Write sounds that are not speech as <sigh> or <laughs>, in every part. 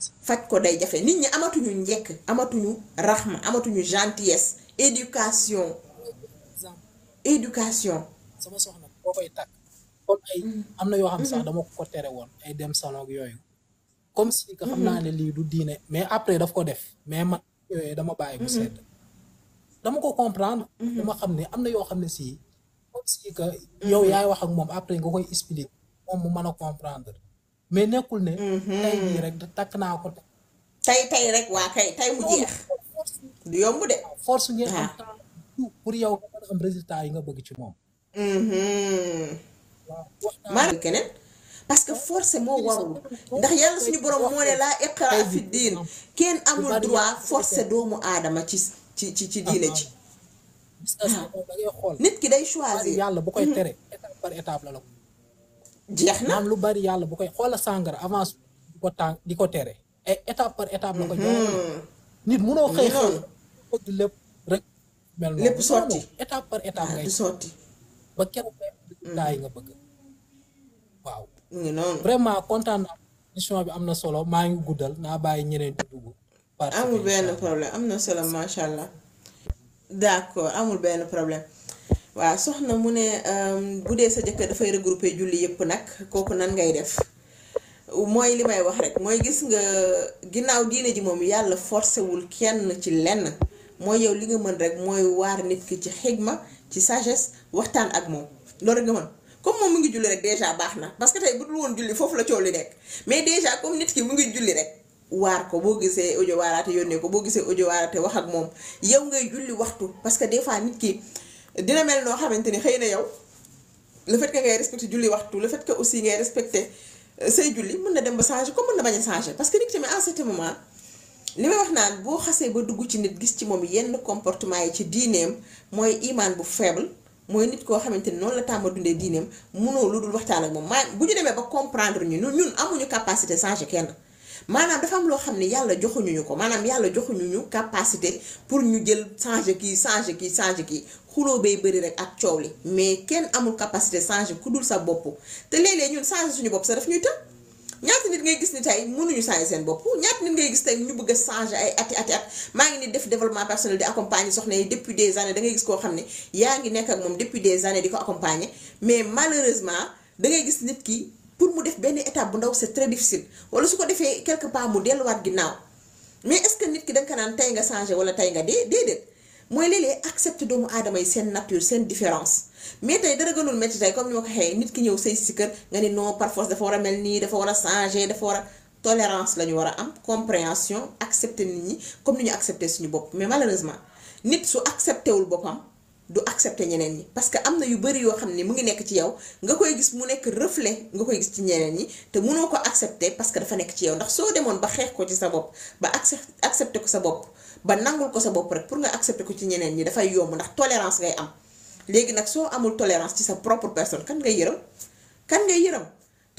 faj ko day jafe nit ñi amatuñu njekk amatuñu raxma amatuñu gentillesse éducation éducation sama soxna boo koy takk mm-hmm. am na yoo xam sax mm-hmm. dama ko tere woon ay dem salon yooyu comme si que xam naa mm-hmm. ne lii du diine mais après daf ko def mais man yooyu dama bàyyi bu sedd dama ko comprendre dama xam ne am na yoo xam ne sii comme si que yow yaay wax ak moom après nga koy expliquer moom mu mën a comprendre mais nekkul ne. Mhm. tey jii rek takk naa ko. tey tey rek waa kay tey mu jeex. yomb de. force ngeen am ah. pour yow nga mën a am résultat yi nga bëgg ci moom. Mhm. maanaam keneen parce que force moo warul ndax yàlla suñu borom moo ne laa iqra fi diin kenn amul droit forcer doomu aadama ci ci ci ci diine ah, ci. Ah. nit ki day choisir. yàlla bu koy mhm. tere étape par étape la la jeex naa lu bari yàlla boo koy xoola sàngara avance di ko tàng di ko tere ay étape par étape la ko jox mm-hmm. nit munoo xëy xëy bëgg lépp rek mel noonu lépp sotti étape par étape ah, ngay sotti ba keroog mm. daay nga bëgg waaw vraiment kontaan naa émission bi am na solo maa ngi guddal naa bàyyi ñeneen di dugg amul benn problème am na solo macha allah d'accord amul benn problème waaw soxna mu ne ehm, bu dee sa jëkkër dafay regrouper julli yëpp nag kooku nan ngay def mooy li may wax rek mooy gis nga ginnaaw diine ji moom yàlla forcé wul kenn ci lenn mooy yow li nga mën rek mooy waar nit ki ci xigma ci sagesse waxtaan ak moom loolu rek nga mën comme moom mu ngi julli rek déjà baax na parce que tey bu dul woon julli foofu la coow li nekk mais déjà comme nit ki mu ngi julli rek. waar ko boo gisee audio waaraate yónnee ko boo gisee audio waaraate wax ak moom yow ngay julli waxtu parce que des fois nit ki dina mel noo xamante ni xëy na yow le fait que ngay respecté julli waxtu le fait que aussi ngay respecté euh, say julli mën na dem ba changer comme mën na bañ a changer parce que nit tamit en moment li may wax naan boo xasee ba dugg ci nit gis ci moom yenn comportement yi ci diineem mooy imaan bu faible mooy nit koo xamante ni noonu la tàmm dundee diineem mënoo lu dul waxtaan ak moom maa bu ñu demee ba comprendre ñu ñun amuñu capacité changer kenn. maanaam dafa am loo xam ne yàlla joxuñu ñu ko maanaam yàlla joxuñu ñu capacité pour ñu jël changer kii changer kii changer kii xuloo bay bëri rek ak coow li mais kenn amul capacité changer ku dul sa bopp te léeg ñun changer suñu bopp sa daf ñuy të ñaata nit ngay gis ni tey mënuñu changer seen bopp ñaata nit ngay gis tey ñu bëgg a changer ay at maa ngi ni def développement personnel di accompagner soxna yi depuis des années da ngay gis koo xam ne yaa ngi nekk ak moom depuis des années di ko accompagner mais malheureusement da ngay gis nit ki pour mu def benn étape bu ndaw c'est très difficile wala su ko defee quelque part mu delluwaat ginnaaw mais est que nit ki da ko naan tey nga changé wala tey nga dee déedéet mooy léeg-léeg accepte doomu aadama yi seen nature seen différence mais tey dara gënul métti tey comme ni ma ko xëyee nit ki ñëw sëy si kër nga ni non par force dafa war a mel nii dafa war a changé dafa war a tolérance la ñu war a am compréhension accepter nit ñi comme ni ñu accepter suñu bopp mais malheureusement nit su accepté wul boppam. du accepter ñeneen ñi parce que am na yu bëri yoo xam ne mu ngi nekk ci yow nga koy gis mu nekk reflet nga koy gis ci ñeneen ñi te mënoo ko accepter parce que dafa nekk ci yow ndax soo demoon ba xeex ko ci sa bopp ba accepter ko sa bopp ba nangul ko sa bopp rek pour nga accepter ko ci ñeneen ñi dafay yomb ndax tolérance ngay am léegi nag soo amul tolérance ci sa propre personne kan ngay yërëm kan ngay yërëm.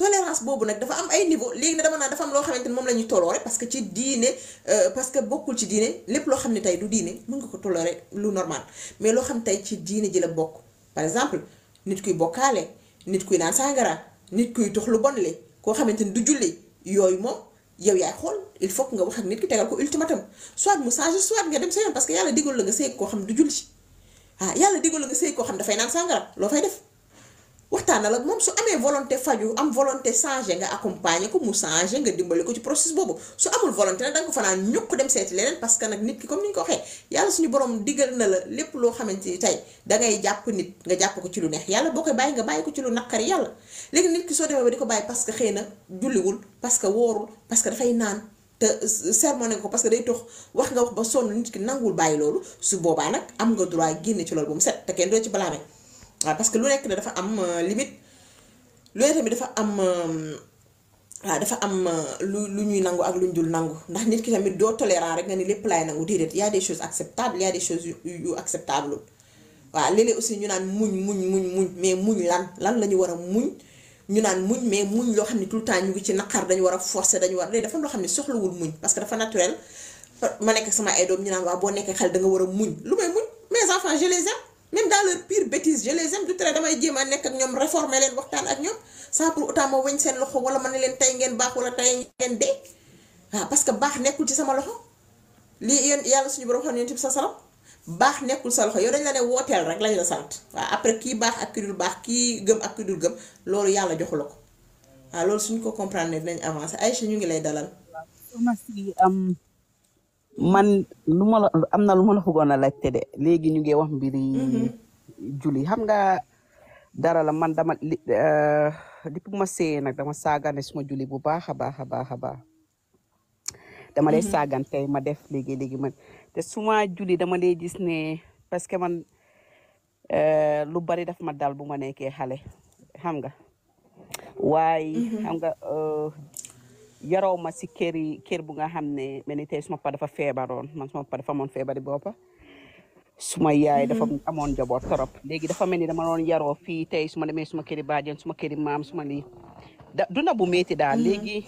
tolérance boobu nag dafa am ay niveau léegi ne dama naa dafa am loo xamante ni moom la ñuy toléré parce que ci diine euh, parce que bokkul ci diine lépp loo xam ne tey du diine mën nga ko toléré lu normal mais loo xam tey ci diine ji la bokk par exemple nit kuy bokkaale nit kuy naan sàngara nit kuy tox lu bon le koo xamante ni du julli yooyu moom yow yaay xool il faut que nga wax ak nit ki tegal ko ultimatum soit mu changé soit nga dem sa yoon parce que yàlla digal la nga sëy koo xam du julli ah yàlla dafay naan sàngara loo fay def. waxtaan waxtaanal ak moom su amee volonté faju am volonté changé nga accompagner ko mu changé nga dimbali ko ci processus boobu su amul volonté nag da ko fanaan ñukk dem seeti leneen parce que nag nit ki comme ni ñu ko waxee yàlla suñu lépp loo xamante ni tey da jàpp nit nga jàpp ko ci lu neex yàlla boo koy bàyyi nga bàyyi ko ci lu naqari yàlla léegi nit ki soo demee ba di ko bàyyi parce que xëy na julliwul parce que woorul parce que dafay naan te sermoné ko parce que day tox wax nga wax ba sonn nit ki nanguwul bàyyi loolu su boobaa nag am nga droit génne ci loolu ba mu set te kenn doo ci waaw ah, parce que lu nekk dafa am euh, limite lu nekk bi dafa am waaw euh, ah, dafa am euh, lu lu ñuy nangu ak lu ñu dul nangu ndax nit ki tamit doo tolérant rek nga ni lépp laay nangu déedéet y a des choses acceptables y a des choses yu acceptable waaw léeg aussi ñu naan muñ muñ muñ muñ mais muñ lan lan la ñu war a muñ ñu naan muñ mais muñ loo xam ne tout le temps ñu ngi ci naqar dañu war a forcer dañu war a léegi dafa loo xam ne soxlawul muñ parce que dafa naturel ma nekk sama ay doom ñu naan waaw boo nekkee xale da nga war a muñ lu may même dans leur pire bêtise je les aime du tere damay jéem a nekk ak ñoom réformer leen waxtaan ak ñoom sans pour autant ma weñ seen loxo wala man ne leen tey ngeen baax wala tey ngeen dee waaw ah, parce que baax nekkul ci sama loxo lii yéen yàlla suñu borom xam ne yéen sa salam baax nekkul sa loxo yow dañ la ne wooteel rek lañ la sant waaw après kii baax ak ki dul baax kii gëm ak ki dul gëm loolu yàlla joxu la ko waaw ah, loolu suñ ko comprendre ne avancé ay Aïcha ñu ngi lay dalal. man lu ma la am na lu ma la bëggoon a te de léegi ñu ngi wax mbiri mhm. julli xam nga dara la man dama li euh, depuis ma seeyee nag dama saagane suma juli bu baax a baax a baax a baax dama le mhm. saagan tey ma def léegi léegi man te suma julli dama lay gis ne parce que man euh, lu bari daf ma daal bu ma nekkee xale xam nga waaye mhm. xam nga euh, yaroo ma si kër yi kër bu nga xam ne mel ni tey suma pa dafa feebaroon man suma pa dafa amoon feebari boppa suma yaay dafa mm-hmm. amoon njaboot trop léegi dafa mel ni dama doon yaroo fii tey suma demee suma këri baajen suma këri maam suma lii duna bu métti daal mm-hmm. léegi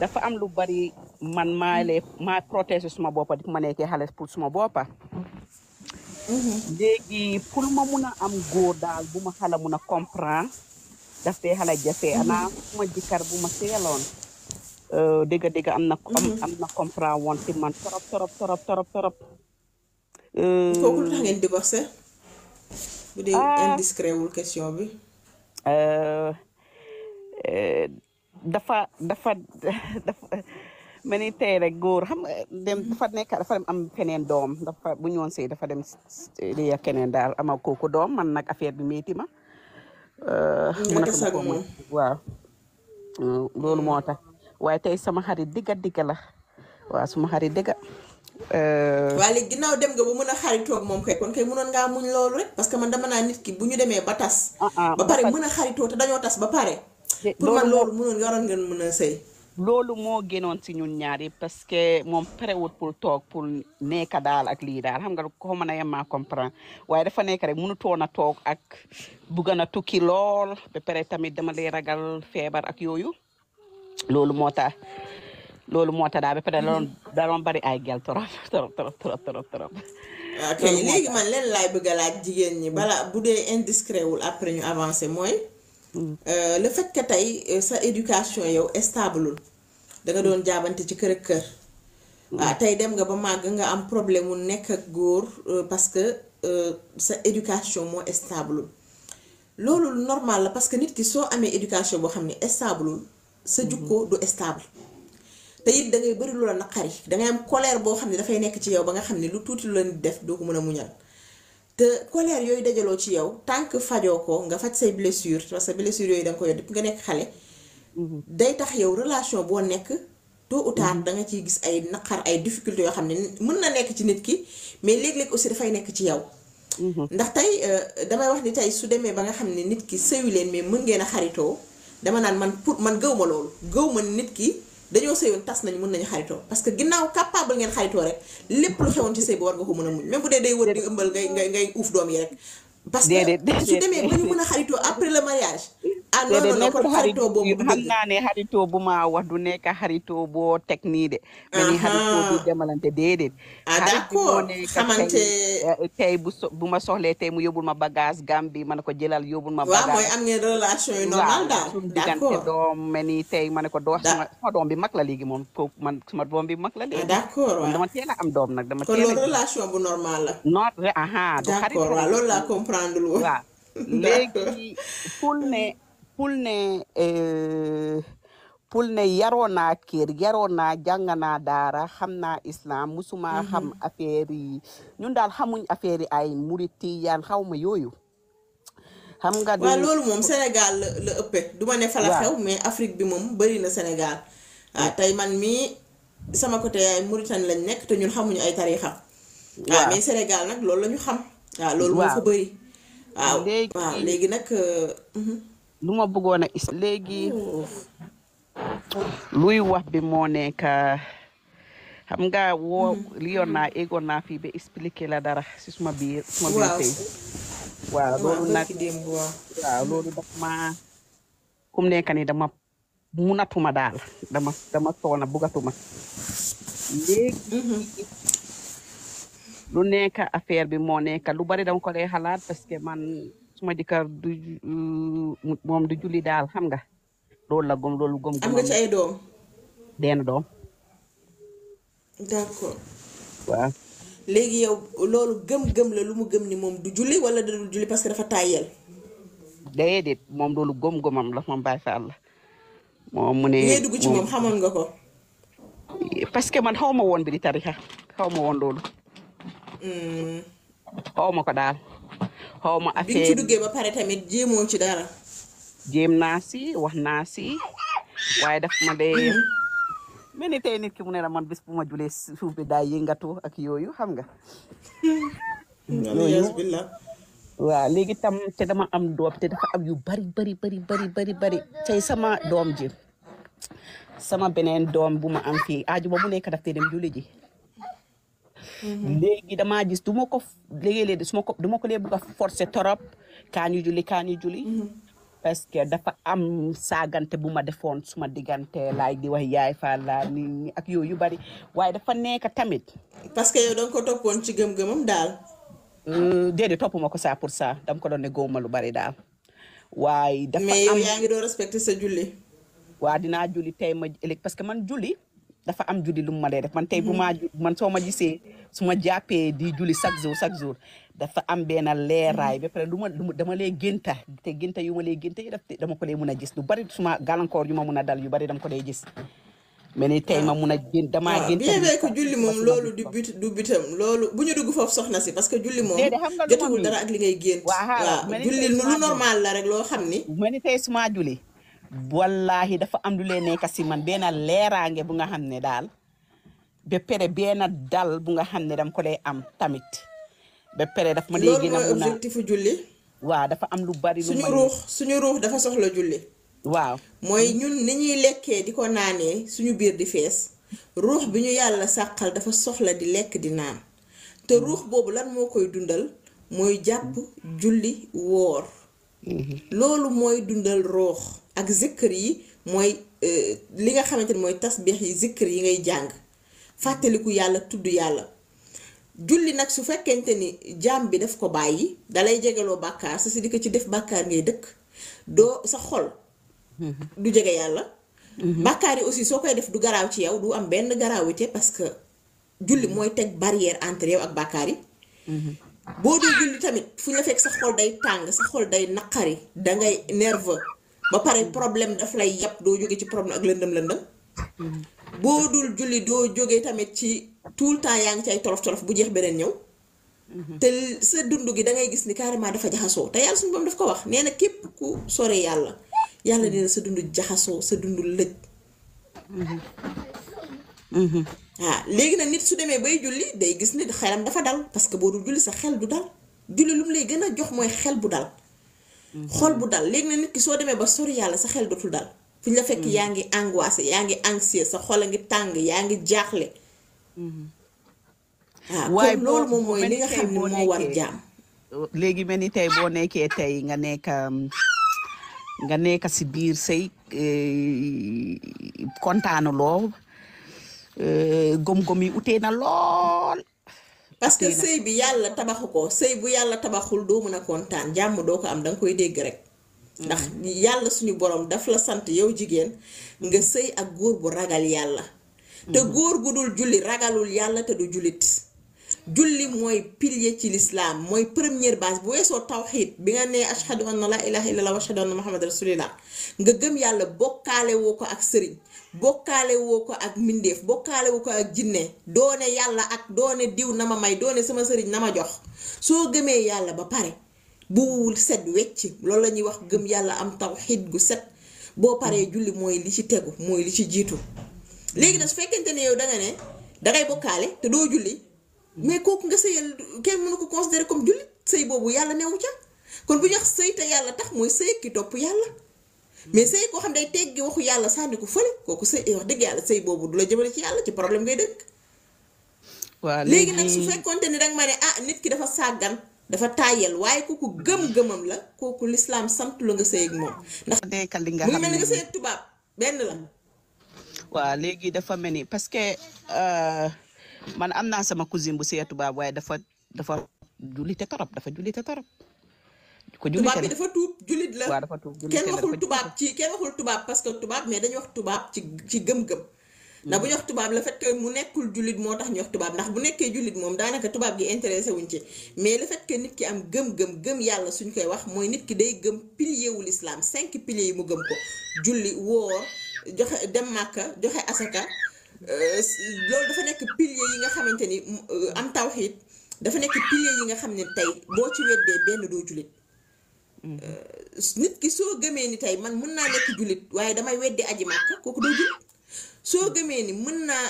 dafa am lu bari man maa lay maa protéger suma boppa di ma nekkee xale pour suma boppa mm-hmm. léegi pour ma mun a am góor daal bu ma xala mun a comprendre daf dee xala jafe ana suma jëkkër bu ma seeloon Euh, dégg dégg am na. Mm-hmm. am na comprendre woon ci man trop trop trop trop trop. kooku lu tax euh, ngeen ah. question bi. Euh, dafa dafa <laughs> ni tey góor xam nga dem mm-hmm. dafa nekk dafa dem am keneen doom dafa bu ñu woon dafa dem liy keneen daal ama kooku doom man nag affaire bi métti mm, waaw loolu moo tax. waaye tey sama xarit digga digga la waaw suma xarit dëgga euh, waaye léegi ginnaaw dem nga ba mën a xaritoog moom kay kon kay mënoon ngaa muñ loolu rek parce que man dama ki bu ñu demee ba tas ah, ah, a xaritoo te dañoo tas ba pare pour man loolu mënoon yoroon loolu moo génnoon si ñun ñaari parce que moom préwut pour toog pour nekk daal ak lii daal xam nga ko mën a yem maa comprendre waaye dafa nekk rek mënutoon a toog ak bugg na tukki lool ba pare tamit dama lay ragal feebar ak yooyu loolu moo tax loolu moo tax daal ba pare danoon danoon bari ay gel trop trop trop trop trop trop. Ah, ok léegi man leen laay bëgg a laaj jigéen ñi balaa bu dee indiscret wul après ñu avancé mooy. Mm. Euh, le fait que tey euh, sa éducation yow staableul da nga doon jaabante ci kër ak kër. waaw mm. ah, tey dem nga ba màgg nga am problème mu nekk ak góor euh, parce que sa éducation moo staableul loolu normal la parce que nit ki soo amee éducation boo xam ne staableul sa jukko du stable te it da ngay bëri lu la naqari dangay am colère boo xam ne dafay nekk ci yow ba nga xam ne lu tuuti lu leen def doo ko mën a muñal te colère yooyu dajaloo ci yow tant que fajoo ko nga faj say blessure parce que blessure yooyu danga nga ko yor depuis nga nekk xale. Mm-hmm. day tax yow relation boo nekk. tôt ou tard mm-hmm. da nga ciy gis ay naqar ay difficultés yoo xam ne mën na nekk ci nit ki mais léeg-léeg aussi dafay nekk ci yow. Mm-hmm. ndax tey euh, damay wax ni tey su demee ba nga xam ne nit ki sëyu leen mais mën ngeen a xaritoo. dama naan man pour man gëw ma loolu gëw ma nit ki dañoo sëyoon tas nañ mën nañu xaritoo parce que ginnaaw capable ngeen xaritoo rek lépp lu xewoon ci sëy bi war nga ko mën a muñ même bu dee day wër di ëmbal ngay ngay uuf doom yi rek parce que su demee ba ñu mën a xaritoo après le mariage ah non non nekkul xaritoo boobu xam naa ne xaritoo bu ma wax du nekk xaritoo boo teg nii de. mais ni xaritoo bi demalante déedéet. ah d'accord xamante euh, tey bu so bu ma soxlee tey mu yóbbul ma bagage Gambie ma ne ko jëlal yóbbul ma. bagage waaw mooy am ngeen relation yu normal daal. d'accord doom mais ni tey ma ne ko doo. sama sama doom bi mag la léegi moom foofu man sama doom bi mag la ah, léegi. d'accord waaw dama teel a am doom nag dama. teel a kon loolu relation bu normal la. non aha du xaritoo d'accord waaw loolu laa comprendre lu. waaw <laughs> léegi ful ne. pour ne eh, pour ne yaroo naa kër yaroo naa jàng naa daara xam naa islam musuma xam mm-hmm. affaire yi ñun daal xamuñ affaire yi ay murit tijaan xaw ma yooyu. xam nga loolu moom Sénégal la la du ma ne fa la xew mais Afrique bi moom bari na Sénégal waaw ah, tey man mii sama côté yaay Mauritanie lañ nekk te ñun xamuñu ay tariixa ah, waaw mais Sénégal nag loolu la xam waaw ah, loolu moo fa bëri waaw léegi nag euh, mm-hmm. lu ma bëggoon léegi luy wax bi moo nekk xam nga woo hmm. liyoon naa éegoon naa fii ba expliqué la dara si suma biir suma biir tey waaw loolu nag waaw loolu daf kum nekk ni dama munatuma daal dama dama soona bugatuma hmm. lu nekk affaire bi moo nekk lu bari dama ko lay xalaat parce que man suma jëkkër du euh, moom du julli daal xam nga loolu la gom loolu gom. am nga ci ay doom. benn doom. léegi yow loolu gëm-gëm la lu mu gëm ni moom du julli wala du julli parce que dafa tàyyeel. déedéet moom loolu gom-gomam la moom Baye Fall la. moom mu ne ngay dugg moom xamoon nga ko. parce que man xaw ma woon bi di tarixa xaw ma woon loolu. Hmm. xaw ma ko daal. xaw ma affaire bi ci duggee jéemoo ci jéem naa si wax naa si waaye daf ma dee. Mm-hmm. mel ni nit ki mu ne la man bis bu ma julee suuf bi daay yëngatu ak yooyu xam nga. Mm-hmm. yooyu waaw léegi tam te dama am doom te dafa am yu bari bari bari bari bari bari tey sama doom ji sama beneen doom bu ma am fii aaju ba mu nekk daf te dem julli ji. Mm-hmm. léegi damaa gis du ma ko léegi-léegi su ko du ma ko lee bëgg a forcer torop kaa ñu julli kaa ñu julli mm-hmm. parce que dafa am saagante bu ma defoon suma diggante laay di wax yaay fa laa nit ak yooyu yu bari waaye dafa nekk tamit. parce que yow da ko toppoon ci gëm-gëmam daal. Euh, déedéet toppuma ko ça pour sa dama ko doon ne góoma lu bari daal. waaye dafa am mais yow yaa ngi doon respecté sa julli. waa dinaa julli tey ma parce que man julli. dafa am julli lu mu ma dee def man tey bu maa mm-hmm. man soo ma gisee su jàppee di julli chaque jour jour dafa am benn leeraay mm-hmm. ba pare lu ma dama lay gënta te gënta yu ma lay gënta yi daf dama ko lee mun a gis lu bari suma gàllankoor yu ma mun a dal yu bari dama ko lay gis mais ni tey ma mun a gën damaa ah, gën bien julli moom loolu du but du loolu bu ñu dugg foofu soxna si parce que julli moom jotagu dara ak li ngay gént waa julli lu normal la rek loo xam ni ma ni tey suma julli wallahi dafa am lu lee nekk man benn leeraange bu nga xam ne daal ba pere benn dal bu nga xam ne dam ko lay am tamit ba pere daf ma dee gën a julli waaw dafa am lu bari lu suñu ruux suñu ruux dafa soxla julli waaw mooy ñun ni ñuy lekkee di ko naanee suñu biir di fees ruux bi ñu yàlla sàqal dafa soxla di lekk di naan te ruux boobu lan moo koy dundal mooy jàpp julli woor mhm. loolu mooy dundal ruux ak zikkër yi mooy euh, li nga xamante ni mooy tasbix yi zikkër yi ngay jàng fàttaliku yàlla tudd yàlla julli nag su fekkente ni jaam bi daf ko bàyyi dalay jegeloo bàkkaar sa si di ko ci def bàkkaar ngay dëkk doo sa xol mm-hmm. du jege yàlla mm-hmm. bàkkaar yi aussi soo koy def du garaaw ci yow du am benn garaawite parce que julli mm-hmm. mooy teg barrière entre ak bàkkaar yi boo dee julli tamit fu ñu la fekk sa xol day tàng sa xol day naqari dangay nerveux ba pare mm. problème daf lay yàpp doo jóge ci problème ak lëndëm lëndëm mm. boo dul julli doo jóge tamit ci tout le temps yaa ngi ci ay tolof tolof bu jeex beneen ñëw mm-hmm. te sa dund gi da ngay gis ni carrément dafa jaxasoo te yàlla suñu boom daf ko wax nee na képp ku sore yàlla yàlla nee na sa dund jaxasoo sa dund lëj waaw mm-hmm. mm-hmm. ah, léegi nag nit su demee bay julli day gis ni xelam dafa dal parce que boo dul julli sa xel du dal julli lu mu lay gën a jox mooy xel bu dal Mm-hmm. xol bu dal léegi na nit soo demee ba sori yàlla sa xel dootul dal fiñ la fekk mm-hmm. yaa ngi angoissé yaa ngi anxieux sa xol a ngi tàng yaa ngi jaaxle waaw mm-hmm. ah, kon loolu moom mooy li nga léegi mel ni tey boo nekkee tey nga nekk um, nga nekk si biir sëy eh, kontaanu eh, gom-gom yi ute na lool parce que sëy bi yàlla tabaxu ko sëy bu yàlla tabaxul doo mën a kontaan jàmm doo ko am danga koy dégg rek. ndax mm. yàlla suñu borom daf la sant yow jigéen nga sëy ak góor bu ragal yàlla. te mm. góor gu dul julli ragalul yàlla te du jullit. julli mooy pilier ci lislaam mooy première base bu weesoo tawxiid bi nga nee ashhadu anna la ilaha illallah wa ashhadu anna muhammad rasulillah nga gëm yàlla bokkaale ko ak sëriñ. bokkaale woo ko ak mbindeef bokkaale woo ko ak jinne doone yàlla ak doone diw na ma may doone sama sëriñ na ma jox soo gëmee yàlla ba pare bu set wecc loolu la ñuy wax gëm yàlla am tawxiid gu set boo paree julli mooy li ci tegu mooy li ci jiitu léegi nag su fekkente ne yow da nga ne da ngay te doo julli mais kooku nga sëyal kenn mënu ko considérer comme julli sëy boobu yàlla newu ca kon bu ñu wax sëy te yàlla tax mooy sëy ki topp yàlla mais sëy koo xam day teggi waxu yàlla sànni ko fële kooku sëy eh, wax dëgg yàlla sëy boobu du la jëmale ci yàlla ci problème ngay dëkk. léegi nag su fekkonte ne ah nit ki dafa sàggan dafa tàyyel waaye kooku gëm-gëmam la kooku lislaam sant la nga sëy ak moom. ndax nekkal li nga xam ne mel nga sëy ak tubaab benn la. waaw léegi dafa mel ni parce que euh, man am naa sama cousine bu sëy ak tubaab waaye dafa dafa jullite torop dafa jullite torop. ko jullit tubaab bi dafa tuub jullit la dafa tuub jullit la kenn waxul tubaab ci kenn waxul tubaab parce que tubaab mais dañu wax tubaab ci gëm-gëm. ndax bu ñu wax tubaab la fait que mu nekkul jullit moo tax ñu wax tubaab bu nekkee jullit moom gi intéressé wuñ ci mais le fait nit ki am gëm-gëm gëm yàlla suñ koy wax mooy nit ki day gëm pilier wu lislaam cinq piliers yi mu gëm ko julli woor joxe dem màkka joxe asaka euh, loolu dafa nekk pilier yi nga xamante ni euh, am tawxiit dafa nekk pilier yi nga xam ne tey boo ci weddee benn doo jullit nit ki soo gëmee ni tey man mën naa nekk jullit waaye damay weddi aji màkka kooku doo jullit soo gëmee ni mën naa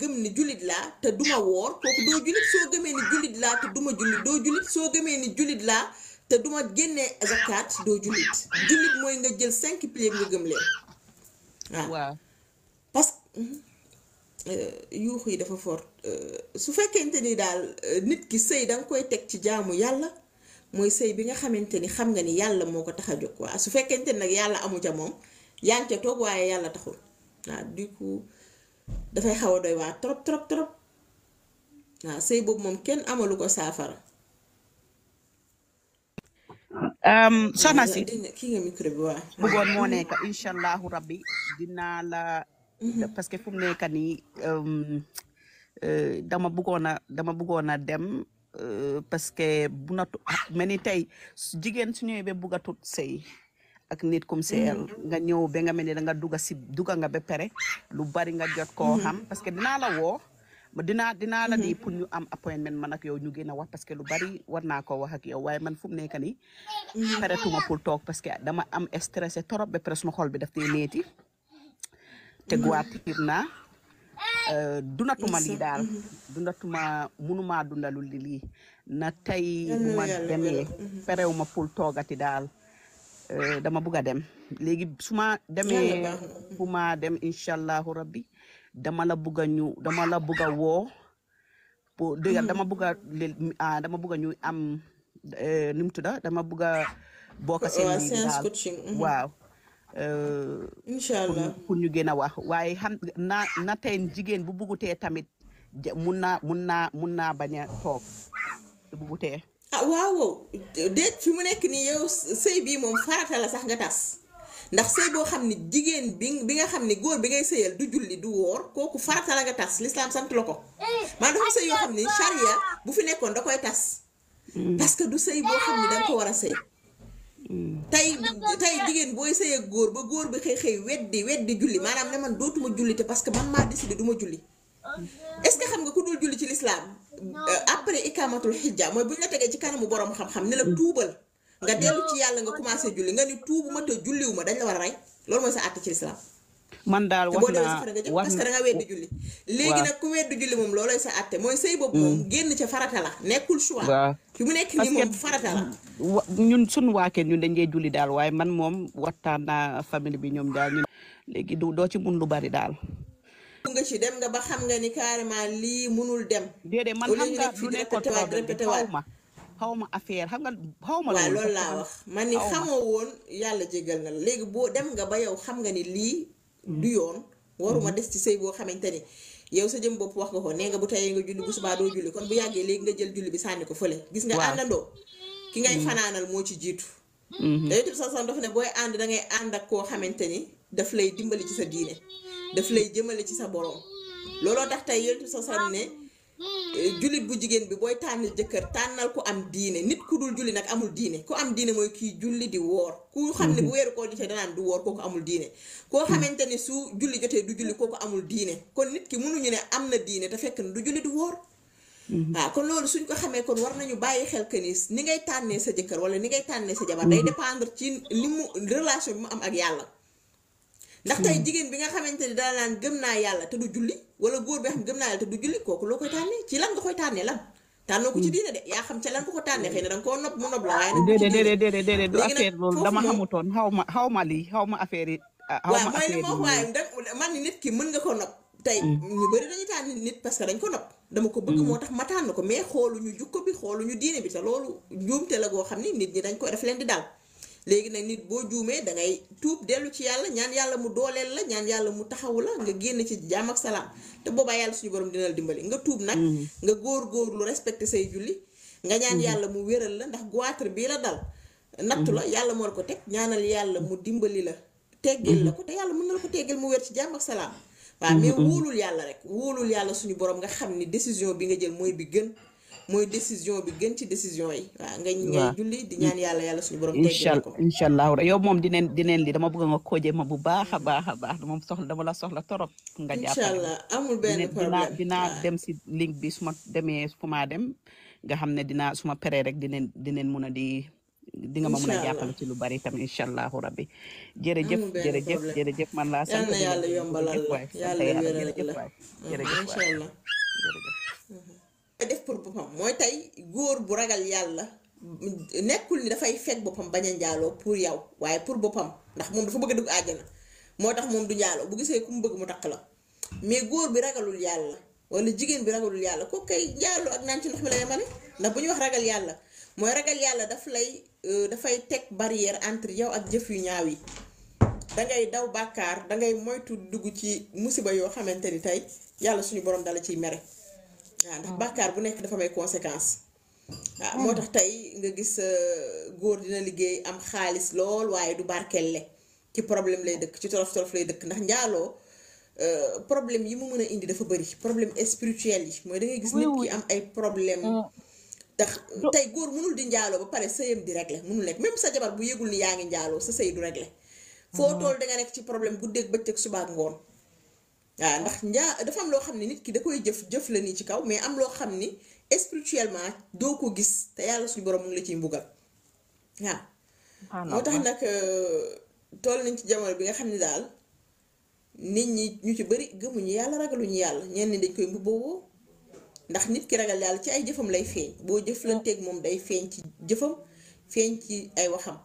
gëm ni jullit laa te duma woor kooku doo jullit soo gëmee ni jullit laa te duma jullit doo soo gëmee ni jullit laa te duma génnee zakat doo jullit jullit mooy nga jël cinq piliers nga gëm leen waaw parce que mm-hmm, euh, yuux yi dafa fort euh, su fekkente ni daal euh, nit ki sëy danga koy teg ci jaamu yàlla mooy sëy bi nga xamante ni xam nga ni yàlla moo ko tax a jóg waa su fekkee fekkente nag yàlla amu ca moom yaa ngi toog waaye yàlla taxul waaw du dafay xaw a doy waa trop trop trop waaw sëy boobu moom kenn amalu ko saafara. Um, soxna si kii nga micro bi waa. bëggoon moo nekk incha allahu rabbi dinaa la. Mhm. parce que fu mu nekk nii um, euh, dama bëggoon dama bëggoon dem. Euh, parce que bu natu ah, mel ni tey jigéen su ñëwee ba bugatut sëy ak nit kum mhm. seyal nga ñëw be nga mel ni da nga dugg si dugg nga ba pere lu bari nga jot koo mhm. xam parce que dinaa la woo dina dinaa la ni mhm. pour ñu am appointment man ak yow ñu gën a wax parce que lu bari war naa koo wax ak yow waaye man fu mu nekk nii pare tuma pour toog parce que dama am stressé trop ba pare suma xol bi daf tee metti te guwaat tiir naa Euh, dundatuma lii daal mhm. dundatuma munuma dundalul li lii na tey bu ma mhm. ma pour toogati daal euh, dama bugg a dem léegi su ma demee bu mhm. dem incha allahu rabbi dama la bugg a ñu dama la woo dama bugg a ah, dama bugg a ñu am euh, nu mu tudd dama bugg a bokk seen waaw Euh, incha allah pour ñu gën a wax waaye xam na na tey jigéen bu bugutee tamit mun naa mun naa mun naa bañ a toog bu bugutee. ah waaw déet fi mu nekk nii yow sëy bii moom farata la sax nga tas ndax sëy boo xam ni jigéen bi bi nga xam ni góor bi ngay sëyal du julli du woor kooku farata la nga tas lislaam sant la ko maa dafa sëy yoo xam ni charia bu fi nekkoon da koy tas hmm. parce que du sëy boo xam ni da ko war a sëy Mm. tey tey jigéen booy sëy góor ba góor bi xëy xëy weddi weddi julli maanaam ne man dootuma julli te parce que man maa décidé duma julli oh, est-ce que xam nga ku dul julli ci lislaam euh, après ikamatul xijja mooy bu ñu la tegee ci kanamu borom xam-xam ne la mm. tuubal nga dellu ci yàlla nga commencé julli nga ni tuubuma te julliwuma dañ la war a rey loolu mooy sa àtt ci lislaam man daal wax eh, na wax parce julli léegi nag ku weddi julli moom loolooy sa àtte mooy sëy boobu moom hmm. génn ca farata la nekkul choix ki mu nekk nii moom farata la ñun suñ waake ñun dañ dee julli daal waaye man moom waxtaan naa famille bi ñoom daal ñun léegi du doo ci mun lu bari daal nga ci dem ba xam nga ni carrément lii munul dem déedéet man xam nga du nekkoon xaw ma affaire xam nga xaw ma loolu laa wax man ni xamoo woon yàlla jégal na la léegi boo dem nga ba yow xam nga ni lii du yoon waruma mhm. des ci sëy boo xamante ni yow sa jëm bopp wax nga ko nee nga bu tayee nga julli bu subaa doo julli kon bu yàggee léegi nga jël julli bi sànni ko fële gis nga àndandoo ki ngay mhm. fanaanal moo ci jiitu mhm. te yonent bi sallallahu alayhi dafa ne booy ànd dangay ànd ak koo xamante ni daf lay dimbali ci sa diine daf lay jëmale ci sa boroom looloo tax tey yonent bi sallallahu ne Eh, jullit bu jigéen bi booy tànn jëkkër tànnal ku am diine nit ku dul julli nag amul diine ku am diine mooy kii julli di woor ku xam ne bu weeru koo jotee danaan du woor kooku amul diine koo xamante ne su julli jotee du julli kooku amul diine kon nit ki mënuñu ne am na diine te fekk na du julli du woor mm-hmm. waaw kon loolu suñ ko xamee kon war nañu bàyyi xel que ni ngay tànnee sa jëkkër wala ni ngay tànnee sa jabar day mm-hmm. dépendre ci li mu relation bi mu am ak yàlla ndax tey mm-hmm. jigéen bi nga xamante ne dana naan naa yàlla te du julli wala góor bi xam gëm naa yàlla te du julli kooku loo koy tànnee ci lan nga koy tànnee lan tànnoo ko ci hmm. diine de lan nga ko tànnee xëy na danga koo nopp mu nopp la waaye nag déedéet déedéet déedéet du affaire loolu dama xamutoon xaw ma xaw ma lii xaw ma affaire yi ah, waaw mooy li waaye man nit ki mën nga koo nopp tey hmm. ñu bëri dañu tànn nit parce que dañ ko nopp dama ko bëgg hmm. moo tax ma tànn ko mais ñu jukko bi xoolu xooluñu diine bi te loolu njuumte la goo xam ni nit ñi dañ ko daf leen di daal léegi nag nit boo juumee da ngay tuub dellu ci yàlla ñaan yàlla mu dooleel la ñaan yàlla mu taxawu la nga génn ci jàmm ak salaam te boobaa yàlla suñu borom dina la dimbali nga tuub nag. Mm-hmm. nga góor góorlu respecté say julli. nga ñaan mm-hmm. yàlla mu wéral la ndax goitre bii la dal. nattu la mm-hmm. yàlla moo la ko teg ñaanal yàlla mu dimbali la. teggeel la te yàlla mën na la ko teggeel mu wér ci jàmm ak yàlla rek wóolul yàlla suñu borom nga xam ni décision bi nga jël mooy bi gën mooy décision bi gën ci décision yi. waaw nga ngay julli yàlla yàlla suñu borom. tegee ko yow moom dineen dineen di dama bëgg nga kooje ma bu baax a baax a baax moom soxla dama la soxla torop. nga jàppale incha dinaa dem si link bi su ma demee fu maa dem nga xam ne dinaa su ma peree rek dineen dineen mun a di. di nga ma mën a jàppale ci lu bari tam incha allahu rabbi jërëjëf jërëjëf jërëjëf man laa sant yàlla yombalal la yàlla wéral la jërëjëf waay jërëjëf waay def pour boppam mooy tey góor bu ragal yàlla nekkul ni dafay fekk boppam bañ a njaaloo pour yow waaye pour boppam ndax moom dafa bëgg a dugg na moo tax moom du njaaloo bu gisee ku mu bëgg mu takk la mais góor bi ragalul yàlla wala jigéen bi ragalul yàlla ko kay njaaloo ak naan ci ndox mi la yemale ndax bu ñuy wax ragal yàlla mooy ragal yàlla daf lay euh, dafay teg barrière entre yow ak jëf yu ñaaw yi dangay daw bàkkaar dangay moytu dugg ci musiba yoo xamante ni tey yàlla suñu borom dala ciy mere waaw ndax ah. bàkkaar bu nekk dafa may conséquence waaw ah, hmm. moo tax tey nga gis euh, góor dina liggéey am xaalis lool waaye du barkelle ci problème lay dëkk ci torof torof lay dëkk ndax njaaloo euh, problème yi mu mën a indi dafa bëri problème spirituel yi mooy da ngay gis nit ki am ay problème hmm. ndax tey góor mënul di njaaloo ba pare sëyam di régler mënul nekk même sa jabar bu yëgul ni yaa ngi njaaloo sa sëy du régler foo hmm. tool da nga nekk ci problème bu guddeeg bëccëg subaak ngoon waaw ah, ndax njaa dafa am loo xam ne nit ki da koy jëf jëf la nii ci kaw mais am loo xam ni spirituellement doo ko gis te yàlla suñu borom mu la ciy mbugal waaw. Ah. moo tax nag euh, toll nañ ci jamono bi nga xam ne daal nit ñi ñu ci bëri gëmuñu yàlla ragaluñu yàlla ñenn dañ koy mbubboo ndax nit ki ragal yàlla ci ay jëfam lay feeñ boo jëflanteeg moom day feeñ ci jëfam feeñ ci ay waxam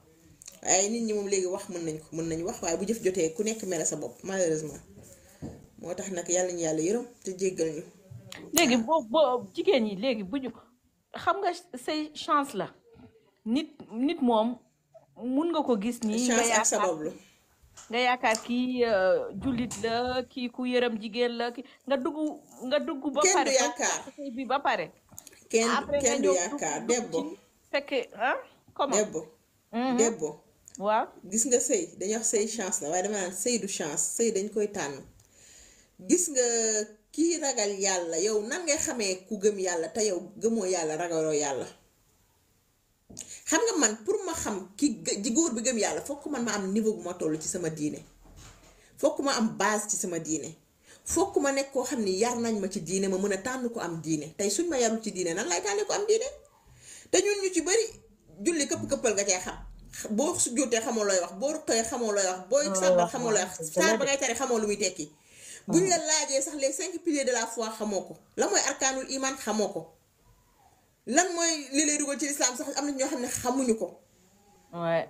waaye nit ñi moom léegi wax mën nañ ko mën nañu wax waaye bu jëf jotee ku nekk mere sa bopp malheureusement. moo tax nag yàlla ñu yàlla yërëm te jéggal ñu. léegi boo boo jigéen ñi léegi bu ñu xam nga say chance la nit nit moom mun nga ko gis nii. chance ak sabab la nga yaakaar kii euh, jullit la kii ku yërëm jigéen la ki nga dugg nga dugg. ba pare kenn du yaakaar bi ba pare. kenn du yaakaar debbo fekke ah comment debbo. Mhm. debbo. waaw gis nga sëy dañuy wax sëy chance la waaye dama naan sëy du chance sëy dañ koy tànn. gis nga kii ragal yàlla yow nan ngay xamee ku gëm yàlla te yow gëmoo yàlla ragaloo yàlla xam nga man pour ma xam ki ji góor bi gëm yàlla fokk man ma am niveau bu toll ci sama diine fokk ma am base ci sama diine fokk ma nekk koo xam ni yar nañ ma ci diine ma mën a tànn ko am diine tey suñ ma yarul ci diine nan lay tànn ko am diine te ñun ñu ci bari julli këpp këppal nga cay xam boo sujjóotee xamoo looy wax boo rukkee xamoo looy wax booy sàbbat xamoo looy wax lu muy tekki bu ñu hmm. la laajee sax les cinq piliers de la fois xamoo ko la mooy arkaanul iman xamoo ko lan mooy li lay dugal ci lislaam sax am na ñoo xam ne xamuñu ko. waay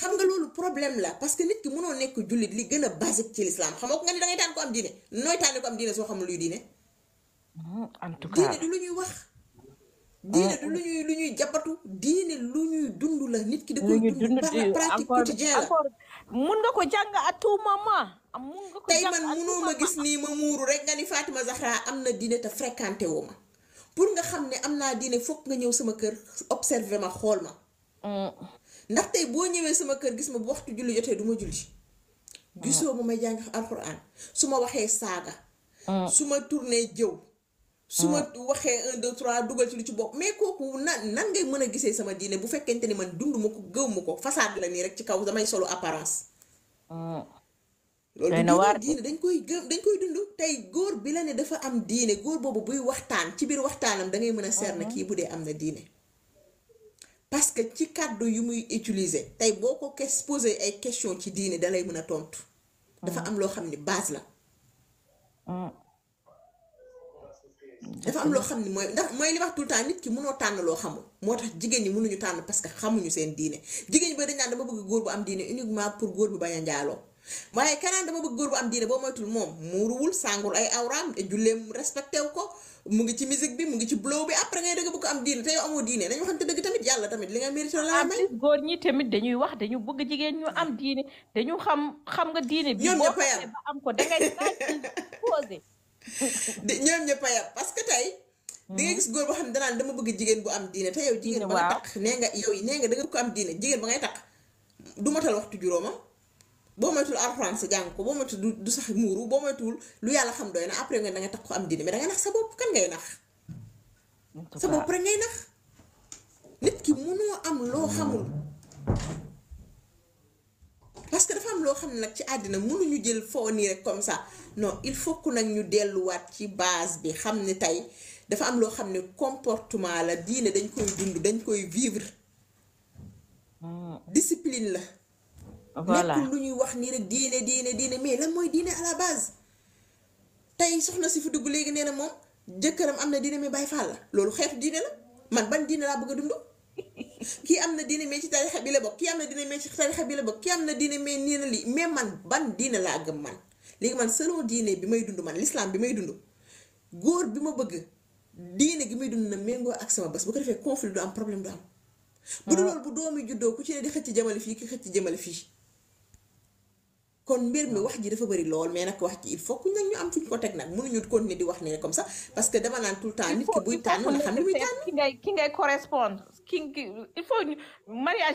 xam nga loolu problème la parce que nit ki mënoo nekk jullit li gën a basique ci lislaam xamoo ko nga ni da ngay ko am diine nooy tànn ko am diine soo xamul luy diine. Hmm, en tout cas diine du lu ñuy wax. diine mm-hmm. lu ñuy lu ñuy jabatu diine lu ñuy dund la nit ki da koy dund par la pratique quotidienne la mun nga ko jàng à tout moment mun nga ko tey man munoo ma gis nii ma muuru rek nga ni Fatima Zahra am na diine te fréquenté woo ma pour nga xam ne am naa diine foog nga ñëw sama kër observé ma xool ma mm. ndax tey boo ñëwee sama kër gis ma bu waxtu julli jotee du julli mm. gisoo ma may jàng alxuraan su ma waxee saaga mm. su ma tourné jëw su ma ah. waxee un deux trois dugal ci lu ci bopp mais kooku na nan ngay mën a gisee sama diine bu fekkente ni man dund ko gëw ko façade la ci kaw damay solo apparence. Ah. loolu du diine dañ koy gëm dañ koy dund tey góor bi la ne dafa am diine góor boobu buy waxtaan ci biir waxtaanam da ngay mën a seer na mhm. kii bu dee am na parce que ci kàddu yu muy utiliser tey boo ko kes ay question ci diine dalay mën a tontu. dafa mhm. am loo xam ne base la. Ah. dafa am loo xam ne mooy ndax mooy li wax tout le temps nit ki mënoo tànn loo xamul moo tax jigéen ñi mënuñu tànn parce que xamuñu seen diine jigéen ñi ba dañ naan dama bëgg góor bu am diine uniquement pour góor bu a njaaloo waaye kanaan dama bëgg góor bu am diine boo moytul moom muuruwul ko mu ngi ci musique bi mu ngi ci blow bi après ngay dëgg bëgg am diine te yow amoo diine dañu waxante dëgg tamit yàlla tamit li nga mérité la may góor ñi tamit dañuy am diine dañu xam xam nga diine bi ñoom ñëpp ba am ko dangay <laughs> posé ñoom ñëpp a yab parce que tey. di nga gis góor boo xam ne danaan dama bëgg jigéen bu am diine te yow. jigéen mm. ba nga takk nee nga yow nee nga da nga ko am diine jigéen ba ngay takk du matal waxtu juróomam boo moytuwul alxuraan sa jàng ko boo moytuwul du du sax muuru boo moytuwul lu yàlla xam doy na après nga da nga takk ko am diine mais da nga nax sa bopp kan ngay nax. sa bopp rek ngay nax. nit ki mënoo am loo xamul. parce que dafa am loo xam ne nag ci àddina mënuñu jël foo nii rek non il faut que nag ñu delluwaat ci base bi xam ne tey dafa am loo xam ne comportement la diine dañ koy dund dañ koy vivre discipline la voilà nekkul lu ñuy wax nii rek diine diine diine mais lan mooy diine à la base tey soxna si fi dugg léegi nee na moom jëkkëram am na diine mais bàyyi faal la loolu xeetu diine la man ban diine laa bëgg a dund <laughs> kii am na diine mais ci tarixa bi la bokk kii am na diine mais ci tarixa bi la bokk kii am na diine mais nii na lii mais man ban diine laa gëm man léegi man selon diinee bi may dund man l'islam bi may dund góor bi ma bëgg diine gi may dund na méngoo ak sama bés bu ko defee conflit du am problème du am. bu dul ah. loolu bu doomi juddoo ku ci ne di xëcc jëmale fii ki xëcc jëmale fii. kon mbir mi wax ji dafa bëri lool mais nag wax ji il faut que nag ñu am fuñ ko teg nag mënuñu continuer di wax ne comme ça parce que dama naan tout le temps nit ki buy tànn na xam li muy tànn ki ngay ki ngay correspondre ki il faut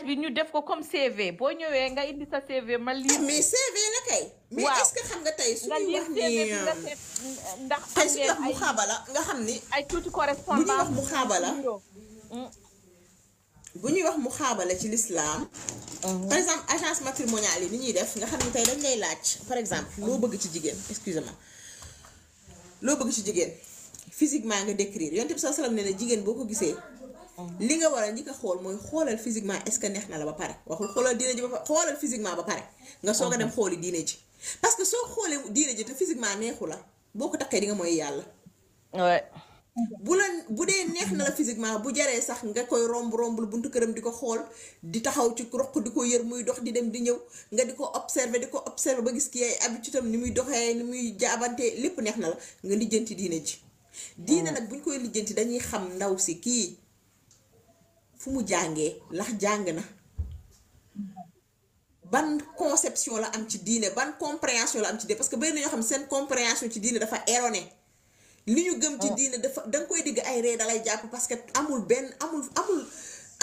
bi ñu def ko comme boo ñëwee nga indi sa CV ma lii ah, mais CV la kay mais est xam nga tey suñuy wax ni ndax tey suñuy wax mu xaabala nga xam ni ay tuuti correspondance bu ñuy wax mu xaabala bu ñuy wax mu xaabale ci lislaam uh-huh. par exemple agence matrimoniale yi ni ñuy def nga xam ne tey dañ lay laaj par exemple loo bëgg ci jigéen excusez-moi loo bëgg ci jigéen physiquement nga décrire yonte bi sallam ne ne jigéen boo ko gisee uh-huh. li nga war a njëkk a xool mooy xoolal physiquement est-ce que neex na la ba pare waxul xoolal diine ji ba pare xoolal physiquement ba pare nga soog a dem uh-huh. xooli diine ji parce que soo xoolee diine ji te physiquement neexu la boo ko takkee di mooy yàlla Mhm. bu la bu dee neex na la physiquement bu jaree sax nga koy romb rombul buntu këram di ko xool di taxaw ci roq di ko yër muy dox di dem di ñëw nga di ko observer di ko observer ba gis ki ay habitude tam ni muy doxee ni muy jaabante lépp neex na la nga lijjanti diine ji. diine mm. nag bu ñu koy lijjanti dañuy xam ndaw si kii fu mu jàngee lax jàng na. ban conception la am ci diine ban compréhension la am ci diine parce que bëri na ñoo xam seen compréhension ci diine dafa erroné. li ñu gëm ci oh. diine dafa da nga koy digg ay ree dalay jàpp parce que amul benn amul amul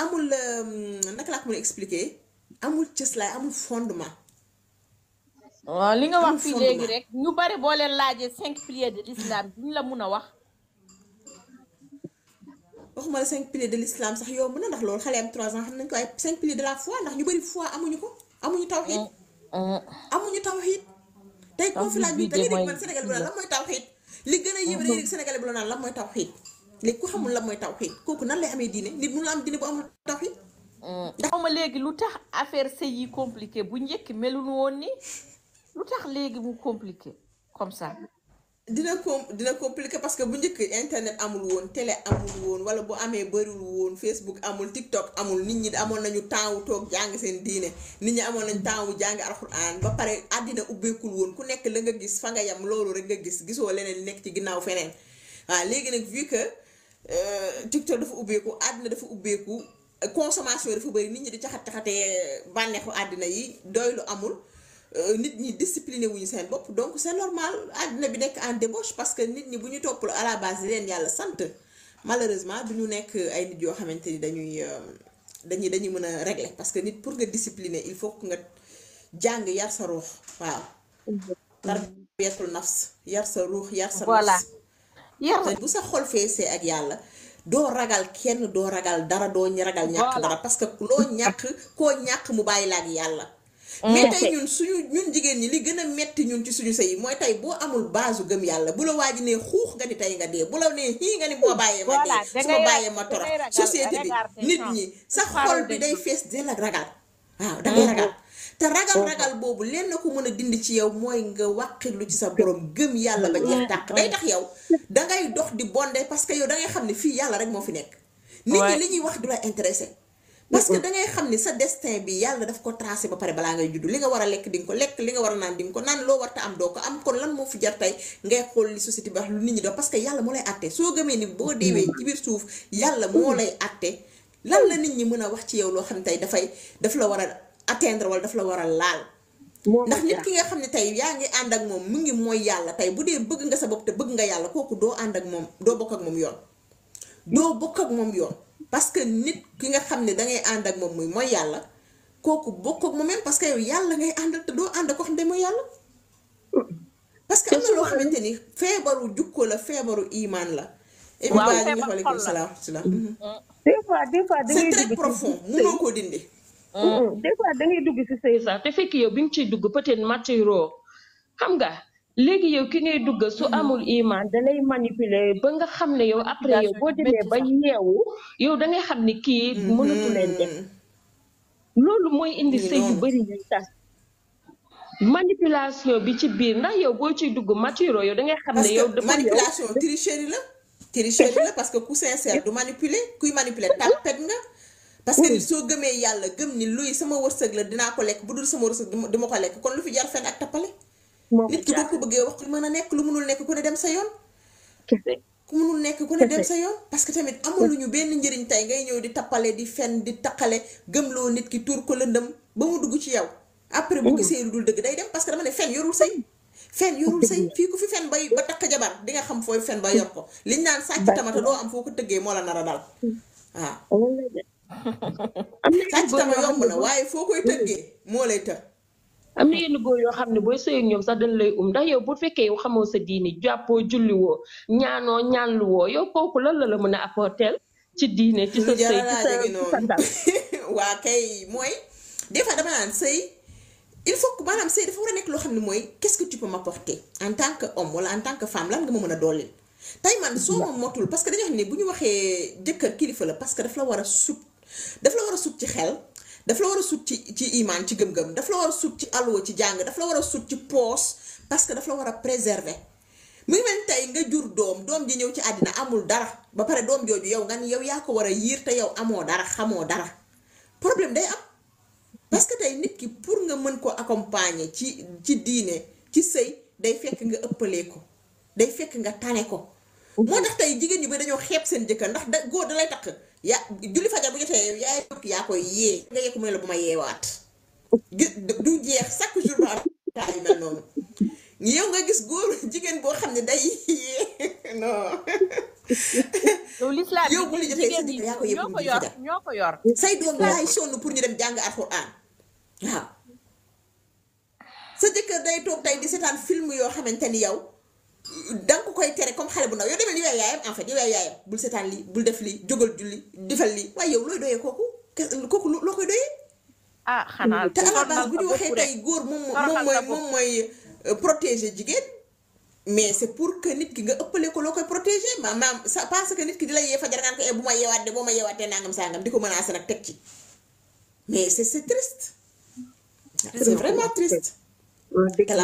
amul euh, naka laa ko mën a expliquer amul cëslaay amul fondement. waaw li nga wax fii léegi rek ñu bari boo laajee cinq piliers de l'islam duñ la mun a wax. waxuma la cinq piliers de l'islam sax yomb na ndax loolu xale am trois ans xam nañ ko ay cinq piliers de la foi ndax ñu bari foi amuñu ko amuñu tawxiid. Mm, mm. amuñu tawxiid. tey conférence bi da nga dégg man bi lan mooy tawxiid. li gën a yëbale rek mhm. sénégalais bu naan lan mooy tawxiid léegi ku xamul lan mooy tawxiid kooku nan lay amee diine nit mënul am diine bu amul tawxiid mm. ndax ma léegi lu tax affaire sëy yi compliqué bu njëkk melul woon ni lu tax léegi mu compliqué comme ça dina com dina compliqué parce que bu njëkk internet amul woon tele amul woon wala bu amee bëriwul woon Facebook amul TikTok amul nit ñi amoon nañu temps wu toog jàng seen diine nit ñi amoon nañu temps wu jàng alxuraan ba pare àddina ubbeekul woon ku nekk la nga gis fa nga yam loolu rek nga gis gisoo leneen nekk ci ginnaaw feneen waaw léegi nag vu que euh, TikTok dafa ubbeeku àddina dafa ubbeeku consommation dafa bëri nit ñi di caxat caxatee bànneexu àddina yi doylu amul. Euh, nit ñi discipliné wuñu seen bopp donc c'est normal àddina bi nekk en débauche parce que nit ñi bu ñu toppul à la base leen yàlla sant malheureusement du ñu nekk ay nit yoo xamante ni dañuy euh, dañuy dañuy mën a régler parce que nit pour nga discipliner il faut que nga jàng yar sa ruux waaw. tarbiyatul yar sa ruux yar sa. voilà yar bu sa xol feesee ak yàlla. doo ragal kenn doo ragal dara doo ragal ñàkk dara parce que loo ñàkk koo ñàkk mu bàyyi la ak yàlla. Mm. mais mm. tey ñun suñu ñun jigéen ñi li gën a metti ñun ci suñu sëy mooy tey boo amul base gëm yàlla bu la waaji nee xuux nga ni tey nga dee bu la nee xii nga ni boo bàyyee ma dee su ma bàyyee ma torox société bi nit ñi sa xol bi day fees del ak ragal waaw dangay mm-hmm. ragal te ragal mm-hmm. ragal boobu lenn ko mën a dind ci yow mooy nga wàqilu ci sa borom gëm yàlla ba jeex mm-hmm. tàq day tax yow dangay dox di bonde parce que yow dangay xam ne fii yàlla rek moo fi nekk nit li ñuy wax du la parce que da ngay xam ni sa destin bi yàlla daf ko tracé ba pare balaa ngay juddu li nga war a lekk di nga ko lekk li nga war a naan di nga ko naan loo warta am doo ko am kon lan moo fi jar tey ngay xool li société bi wax lu nit ñi dox parce que yàlla moo lay àtte soo gëmee ni boo deewee ci biir suuf yàlla lan la nit ñi mën a wax ci yow loo xam ne tey dafay daf la war a atteindre wala daf la war a laal ndax nit ki nga xam ne tey yaa ngi ànd ak moom mu ngi mooy yàlla tey bu dee bëgg nga sa bopp te bëgg nga yàlla kooku doo ànd ak moom doo bokk ak moom yoon doo bokk moom yoon parce que nit ki nga xam ne dangay ànd ak moom muy mooy yàlla kooku bokk ak moom même parce que yow yàlla ngay àndal doo ànd ak koo xam ne mooy yàlla. parce que am na loo xamante ni feebaru jukko la feebaru imaan la. waaw feebaru xol la mm-hmm. Mm-hmm. des fois des da dugg c'est koo dindi. Mm-hmm. des da ngay dugg si sëy sax te fekk yow bi nga ciy dugg peut-être maturoo xam nga. léegi yow ki ngay dugg su mm-hmm. amul iman dalay manipuler ba nga xam ne yow après yow boo demee ba yeewu yow da ngay xam ni kii mm-hmm. mënatu leen def loolu mooy indi sëy yu bëri yuy tas bi ci biir ndax yow boo ciy dugg matiro yow da ngay xam ne yow dafa manipulation tricherie la tricherie parce que ku sincère du manipuler kuy manipuler tàmpet nga parce que nit soo gëmee yàlla gëm ni luy sama wërsëg la dinaa ko lekk bu dul sama wërsëg duma ko lekk kon lu fi jar fen ak tappale moo nit ki boo ko bëggee wax ku mën a nekk lu munul nekk ku ne dem sa yoon. kese ku mënul nekk ku ne dem sa yoon. parce que tamit amaluñu benn njëriñ tey ngay ñëw di tappale di fen di taqale loo nit ki tuur ko lëndëm ba mu dugg ci yow. après bu mm. gisee lu dul dëgg day dem parce que dama ne fen yorul sëy fen mm. yorul sëy fii ku fi fen bay ba takk jabar di nga xam fooy fen ba yor ko liñ naan sàcc tamata doo am foo ko tëggee moo la nar a dal mm. ah. waaw. <laughs> am na sàcc tama yomb na waaye foo koy tëggee moo lay të am na yenn góor yoo xam ne booy sëy ñoom sax dañ lay um ndax yow bu fekkee yow xamoo sa diini jàppoo julliwoo ñaanoo ñaanluwoo yow kooku lan la la mën a apporter ci diine ci sa sëy ci sa sa <laughs> waa kay mooy des fois dama naan sëy il faut que maanaam sëy dafa war a nekk loo xam ne mooy quest que tu ma m'apporter en tan que om wala en tant que femme lan nga ma mën a dooleel tey man soo ma motul parce que dañoo xam ne bu ñu waxee jëkkër kilifa la parce que daf la war a sut daf la a sut ci xel daf la war a sut ci imaan ci gëm-gëm daf la war a sut ci alluwa ci jàng daf la war a sut ci poos parce que daf la war a préserver muy mel tey nga jur doom doom ji ñëw ci àddina amul dara ba pare doom jooju yow nga ni yow yaa ko war a yiir te yow amoo dara xamoo dara problème day am parce que tey nit ki pour nga mën ko accompagner ci ci diine ci sëy day fekk nga ëppalee ko day fekk nga tane ko moo tax tey jigéen ñi ba dañoo xeeb seen jëkkër ndax da góor da lay takk ya julli fajar bu jotee yow yaay yëpp yaa koy yee nga yekk mu la bu ma yeewaat du jeex chaque jour ba am noonu yow nga gis góor <laughs> jigéen boo xam ne day <laughs> yee non. <laughs> yow bu li jotee sa jigéen yaa ñoo ko yor. say doom yaay sonn pour ñu dem jàng alxuraan waaw sa jëkkër day toog tey di seetaan film yoo xamante ni yow. danga koy tere comme xale bu ndaw yow demee yow yaayam en yaayam bul seetaan lii bul def lii jógal julli defal lii waaye yow looy doyee kooku kooku loo koy doyee. ah xanaa te alal bu ñu waxee tey góor moom mooy moom mooy euh, protéger jigéen. mais c'est pour que nit ki nga ëppale ko loo koy protéger maanaam ça parce que nit ki di la yee fajar naan ko eh, bu ma yeewaat de boo ma yeewaatee saa sangam di ko menacer nag teg ci mais c'est c'est triste. c'est vraiment triste. te la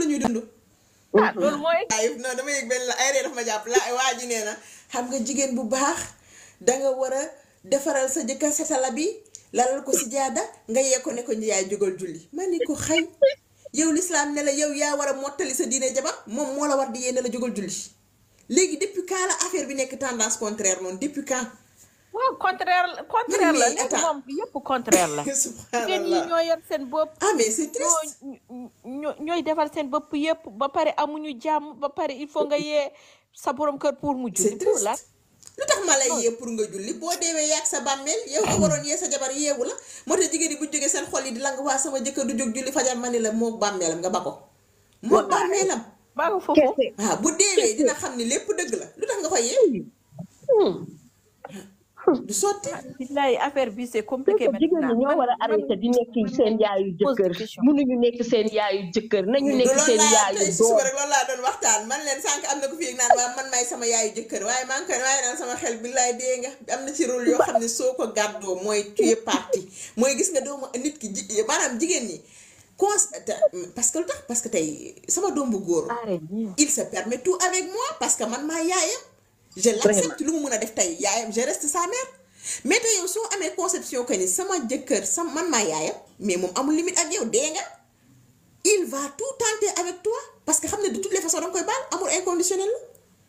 la ñuy dund. ah loolu mooy. non dama yëg benn la ay ree dafa ma jàpp la ay ji nee na xam nga jigéen bu baax danga war a defaral sa jëkkër satala bi lalal ko si jaada nga yee ko ne ko yaay jógal julli ma ni ko xay yow lislaam ne la yow yaa war a mottali sa diine jabar moom moo la war di yee ne la jógal julli léegi depuis quand la affaire bi nekk tendance contraire noonu depuis quand. waaw contraire contraire la lépp moom yëpp contraire la. <laughs> jigéen ñi ñoo yor seen bopp. ah mais c'est triste. ñooy defar seen bopp yëpp ba pare amuñu jàmm ba pare il faut nga yee sa borom kër pour mu julli. pour la lu tax ma lay yee pour nga julli boo deewee yàgg sa bàmmeel yow nga waroon yee sa jabar yeewu la moo tax jigéen yi bu jógee seen xol yi di lang waa sama jëkkër du jóg julli fajar ma ni la moo bàmmeelam nga ba ko. moo bàmmeelam. baa nga foofu waaw ah, bu deewee dina xam ni lépp dëgg la lu tax nga koy yee. Hmm. du sotti. billaay affaire bi c'est compliqué maintenant jigéen ñi ñoo war a arrêté di nekk seen yaayu jëkkër mënuñu nekk seen yaayu jëkkër nañu nekk seen yaayu doom rek loolu laa doon waxtaan man leen sànq am na ku fi naan waa man may sama yaayu jëkkër waaye maa ngi koy waaye naan sama xel billaay dee nga am na ci rôle yoo xam ne soo ko gàddoo mooy tuye parti mooy gis nga doomu nit ki ji maanaam jigéen ñi constat parce que lu tax parce que tey sama doom góor il se permet tout avec moi parce que man maa yaayam je l'accepte lu mu mën a def tey yaayam je reste sa mère mais soo amee conception que ni sama jëkkër sama man maa yaayam mais moom amul limite ak yow dee nga il va tout tenter avec toi parce que xam ne de toutes les façons da koy baal amour inconditionnel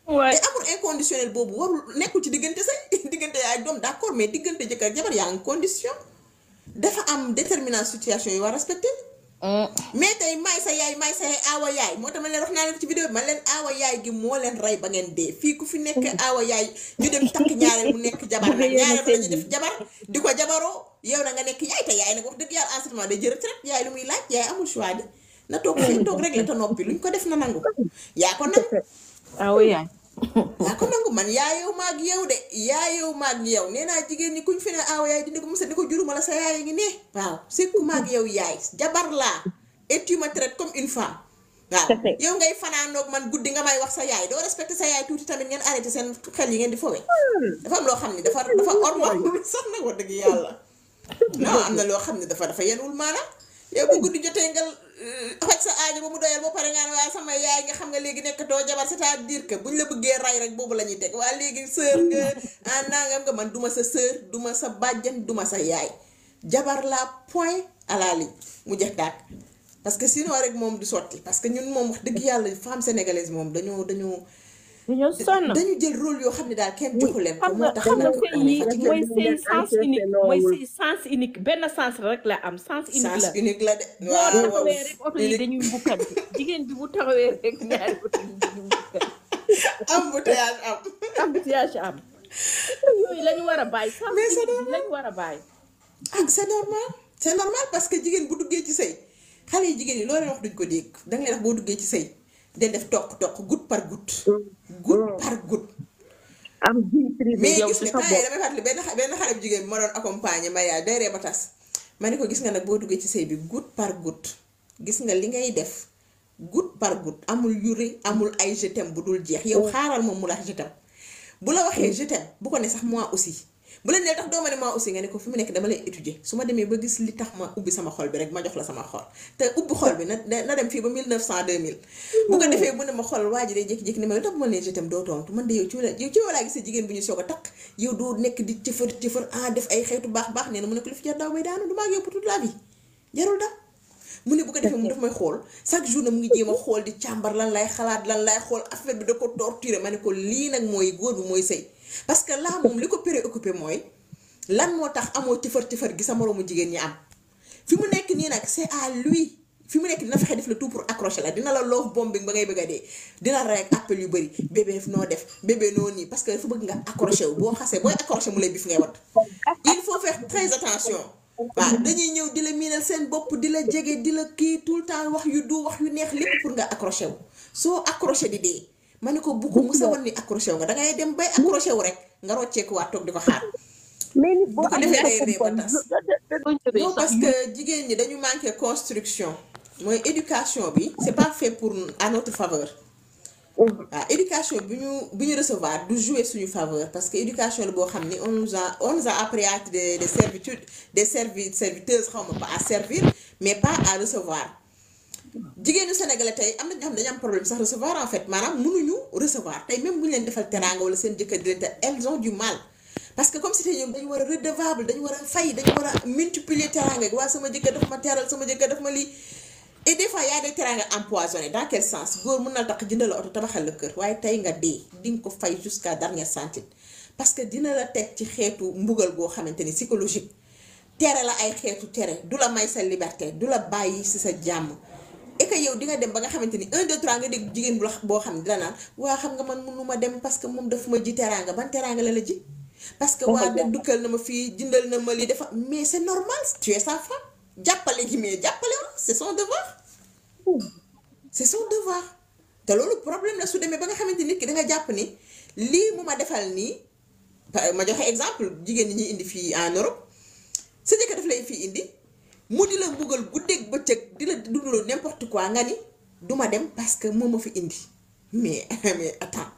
la. te amour inconditionnel boobu warul nekkul ci diggante sax <laughs> diggante yaay doom d' accord mais diggante jëkkër jabar yaa ngi condition dafa am détermination situation yu war respecté. Mm. mais tey may sa yaay may sa yaay aawa yaay moo tax ma leen wax naa leen ci vidéo bi ma leen aawa yaay gi moo leen rey ba ngeen dee fii ku fi nekk aawa yaay ñu dem takk ñaareel mu nekk jabar <laughs> nag ñaareel dañu def jabar di ko jabaroo yow na nga nekk yaay te yaay nag wax dëgg yàlla enseignement day jër retraite yaay lu muy laaj yaay amul choix bi na toog fi toog rek la te noppi luñ ko def na nangu yaa ko nag aawa <laughs> yaay yaa ko nangu man yaayew maag yow de yaayew maag yow nee naa jigéen ñi kuñ fi ne aaw yaay dina ko mos a ko juruma la sa yaay ngi ne waaw sekku maag yow yaay jabar laa et tu me traites comme une femme. waaw yow ngay fanaanoog man guddi nga may wax sa yaay doo respecté sa yaay tuuti tamit ngeen arrêté seen xel yi ngeen di fowe dafa am loo xam ne dafa dafa ormal <laughs> sax nag wax dëgg yàlla non am na loo xam ne dafa dafa yenwul maanaam. yow bu guddi jotee nga eh, faj sa aajo ba mu doyal ba pare ngaan waaye sama yaay nga xam nga léegi nekk doo jabar cest diir dire bu ñu la bëggee ray rek boobu lañuy ñuy waaye léegi sœur nga <laughs> ah nangam nga man duma sa sœur duma sa bàjjan duma sa yaay jabar la point à mu jeex daak parce que sinon moom du sotti parce que ñun moom wax dëgg yàlla femme sénégalaise moom dañoo dañoo dañoo sonn dañu jël rôle yoo xam ne daal kenn joxu leen ko moo tax nag mooy seen sens unique mooy sens unique benn sens rek la am sens unique la sens unique la de waaw boo taxawee rek oto yi dañuy mbukkanti jigéen bi bu taxawee rek ñaari oto yi dañuy mbukkanti <laughs> embouteillage am yooyu lañu war a bàyyi sens unique lañu war a bàyyi ak ah, c'est normal c'est normal parce que jigéen bu duggee ci sëy xale yi jigéen yi loo leen wax duñ ko dégg danga leen wax boo duggee ci sëy day def toq-toq goutte par goutte. Mm. goutte mm. par goutte. am mais gis nga temps yii damay fàttali benn xa benn xale bu jigéen bi ma doon accompagner mariage day ree ba tas ma ne ko gis nga nag boo duggee ci sëy bi goutte par goutte gis nga li ngay def goutte par goutte amul yuri amul ay je bu dul jeex. yow mm. xaaral moom mu la je bu la waxee je bu ko ne sax moi aussi. bu la nee tax doo ma ne maa aussi nga ne ko fi mu nekk dama lay étudier su ma demee ba gis li tax ma ubbi sama xol bi rek ma jox la sama xol te ubbi xol bi fii ba 1900 ne ma xol waa ji day jékki-jékki ne ma a takk yow doo nekk di cëfër cëfër ah baax baax nee na mu ne ko li fi mu ne bu mu daf may xool chaque jour mu ngi jéem a xool di càmbar lan lay xalaat lan lay xool affaire bi da ko torturer ne ko lii nag mooy góor bi mooy sëy parce que là moom li ko préoccupé mooy lan moo tax amoo tifar tifar gi sa moroomu jigéen ñi am fi mu nekk nii nag c'est à lui fi mu nekk dina fexe def la tout pour accrocher la dina la loof bombing ba ngay bëgg a dee dina la rek appel yu bëri bébé noo def bébé noo nii parce que dafa bëgg nga accroché wu boo xasee booy accroché mu lay bif ngay wat il faut faire très attention waaw dañuy ñëw di la miinal seen bopp di la jege di la kii tout le temps wax yu du wax yu neex lépp pour nga accroché wu soo accroché di man ne ko bugg mu sa wan ni accroché wu nga dangay dem bay accroché wu rek nga rocceeku waat toog di ko xaar. bu ko defee day ree ba tas non parce que jigéen ñi dañu manqué construction. mooy éducation bi c'est pas fait pour à notre faveur. waaw mm. ah, éducation bi ñu ñu recevoir du jouer suñu faveur parce que éducation la boo xam ni on nous a on nous a appris à des des servitudes des servi serviteuses xaw ma pas à servir mais pas à recevoir. jigéenu sénégal tey am na ñoo xam ne dañu am problème sax recevoir en fait maanaam mënuñu recevoir tey même bu ñu leen defal teraanga wala seen jëkkër di leen te elles ont du mal parce que comme si ñoom dañu war a redevable dañu a fay dañu war a multiplier teraanga waa sama jëkkër daf ma teral sama jëkkër daf ma lii et des fois yaa des teraanga empoisonné dans quel sens góor mun na tax jëndal la oto tabaxal la kër waaye tey nga dee di ko fay jusqu'à dernier centime parce que dina la teg ci xeetu mbugal goo xamante ni psychologique tere la ay xeetu tere du la may sa liberté du la bàyyi si sa jàmm et que yow di nga dem ba nga xamante ni un deux trois nga dégg boo xam ne dina waa xam nga man mënu ma dem parce que moom daf ma ji teraanga ban teraanga la la ji. parce que waa de dukkal na ma fii jëndal na ma lii dafa mais c'est normal tu es sa jàppale gi mais jàppale woon c'est son devoir. Hmm. c'est son devoir te loolu problème la su demee ba nga xamante nit ki da jàpp ni lii mu ma defal nii ma joxe exemple jigéen ñi ñuy indi fii en Europe sa jëkkër daf lay fii indi. mu di la buggal guddeeg bëccëg di la dundaloo n'importe quoi nga ni duma dem parce que moo ma fi indi mais <laughs> mais attends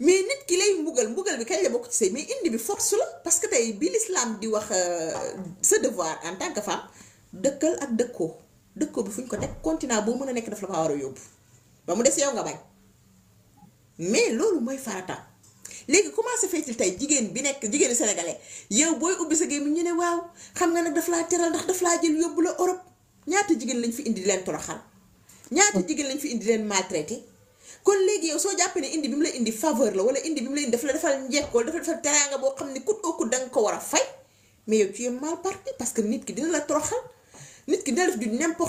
mais nit ki lay mbugal mbugal bi kañ la bokk ci sëy mais indi bi force la parce que tey bi l'islam di wax euh, sa devoir en tant que femme dëkkal ak dëkkoo dëkkoo bi fu ñu ko teg continent boo mën a nekk daf la fa war a yóbbu ba mu des yow nga bañ mais loolu mooy farata léegi comment se fait tey jigéen bi nekk jigéenu sénégalais yow booy ubbi sa gémmiñ ñu ne waaw xam nga nag daf laa teral ndax daf laa jël yóbbu la Europe ñaata jigéen lañ fi indi di leen toroxal ñaata jigéen lañ fi indi di leen maltraité kon léegi yow soo jàppee indi bi mu la indi faveur la wala indi bi mu la indi daf la defal njekkool dafa defal teraanga boo xam ne kut au kut da ko war a fay mais yow tu es mal parti parce que nit ki dina la toroxal nit ki dina def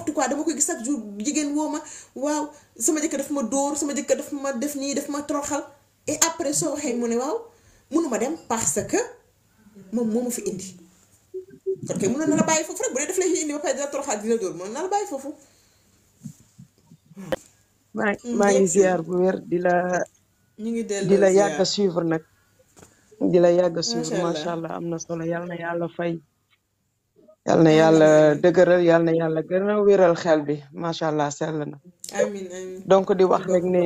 du quoi dama koy gis chaque jour jigéen woo ma waaw sama jëkkër daf ma dóor sama jëkkër daf ma def nii daf ma toroxal et après soo waxee mu ne waaw mënuma dem parce que moom moom ma fi indi kon kay mënoon na la bàyyi foofu rek bu dee daf lay indi ba pare dina toroxaat dina dóor mënoon na la bàyyi foofu. maa ngi mm, ziar bu wér di la. ñu ngi dellu di la yàgg suivre nag. di la yàgg a suivre macha allah am na solo yàlla na yàlla fay. yal na yàlla dëgëral yal na yàlla gën a wéral xel bi macha allah sell na donc di wax rek ne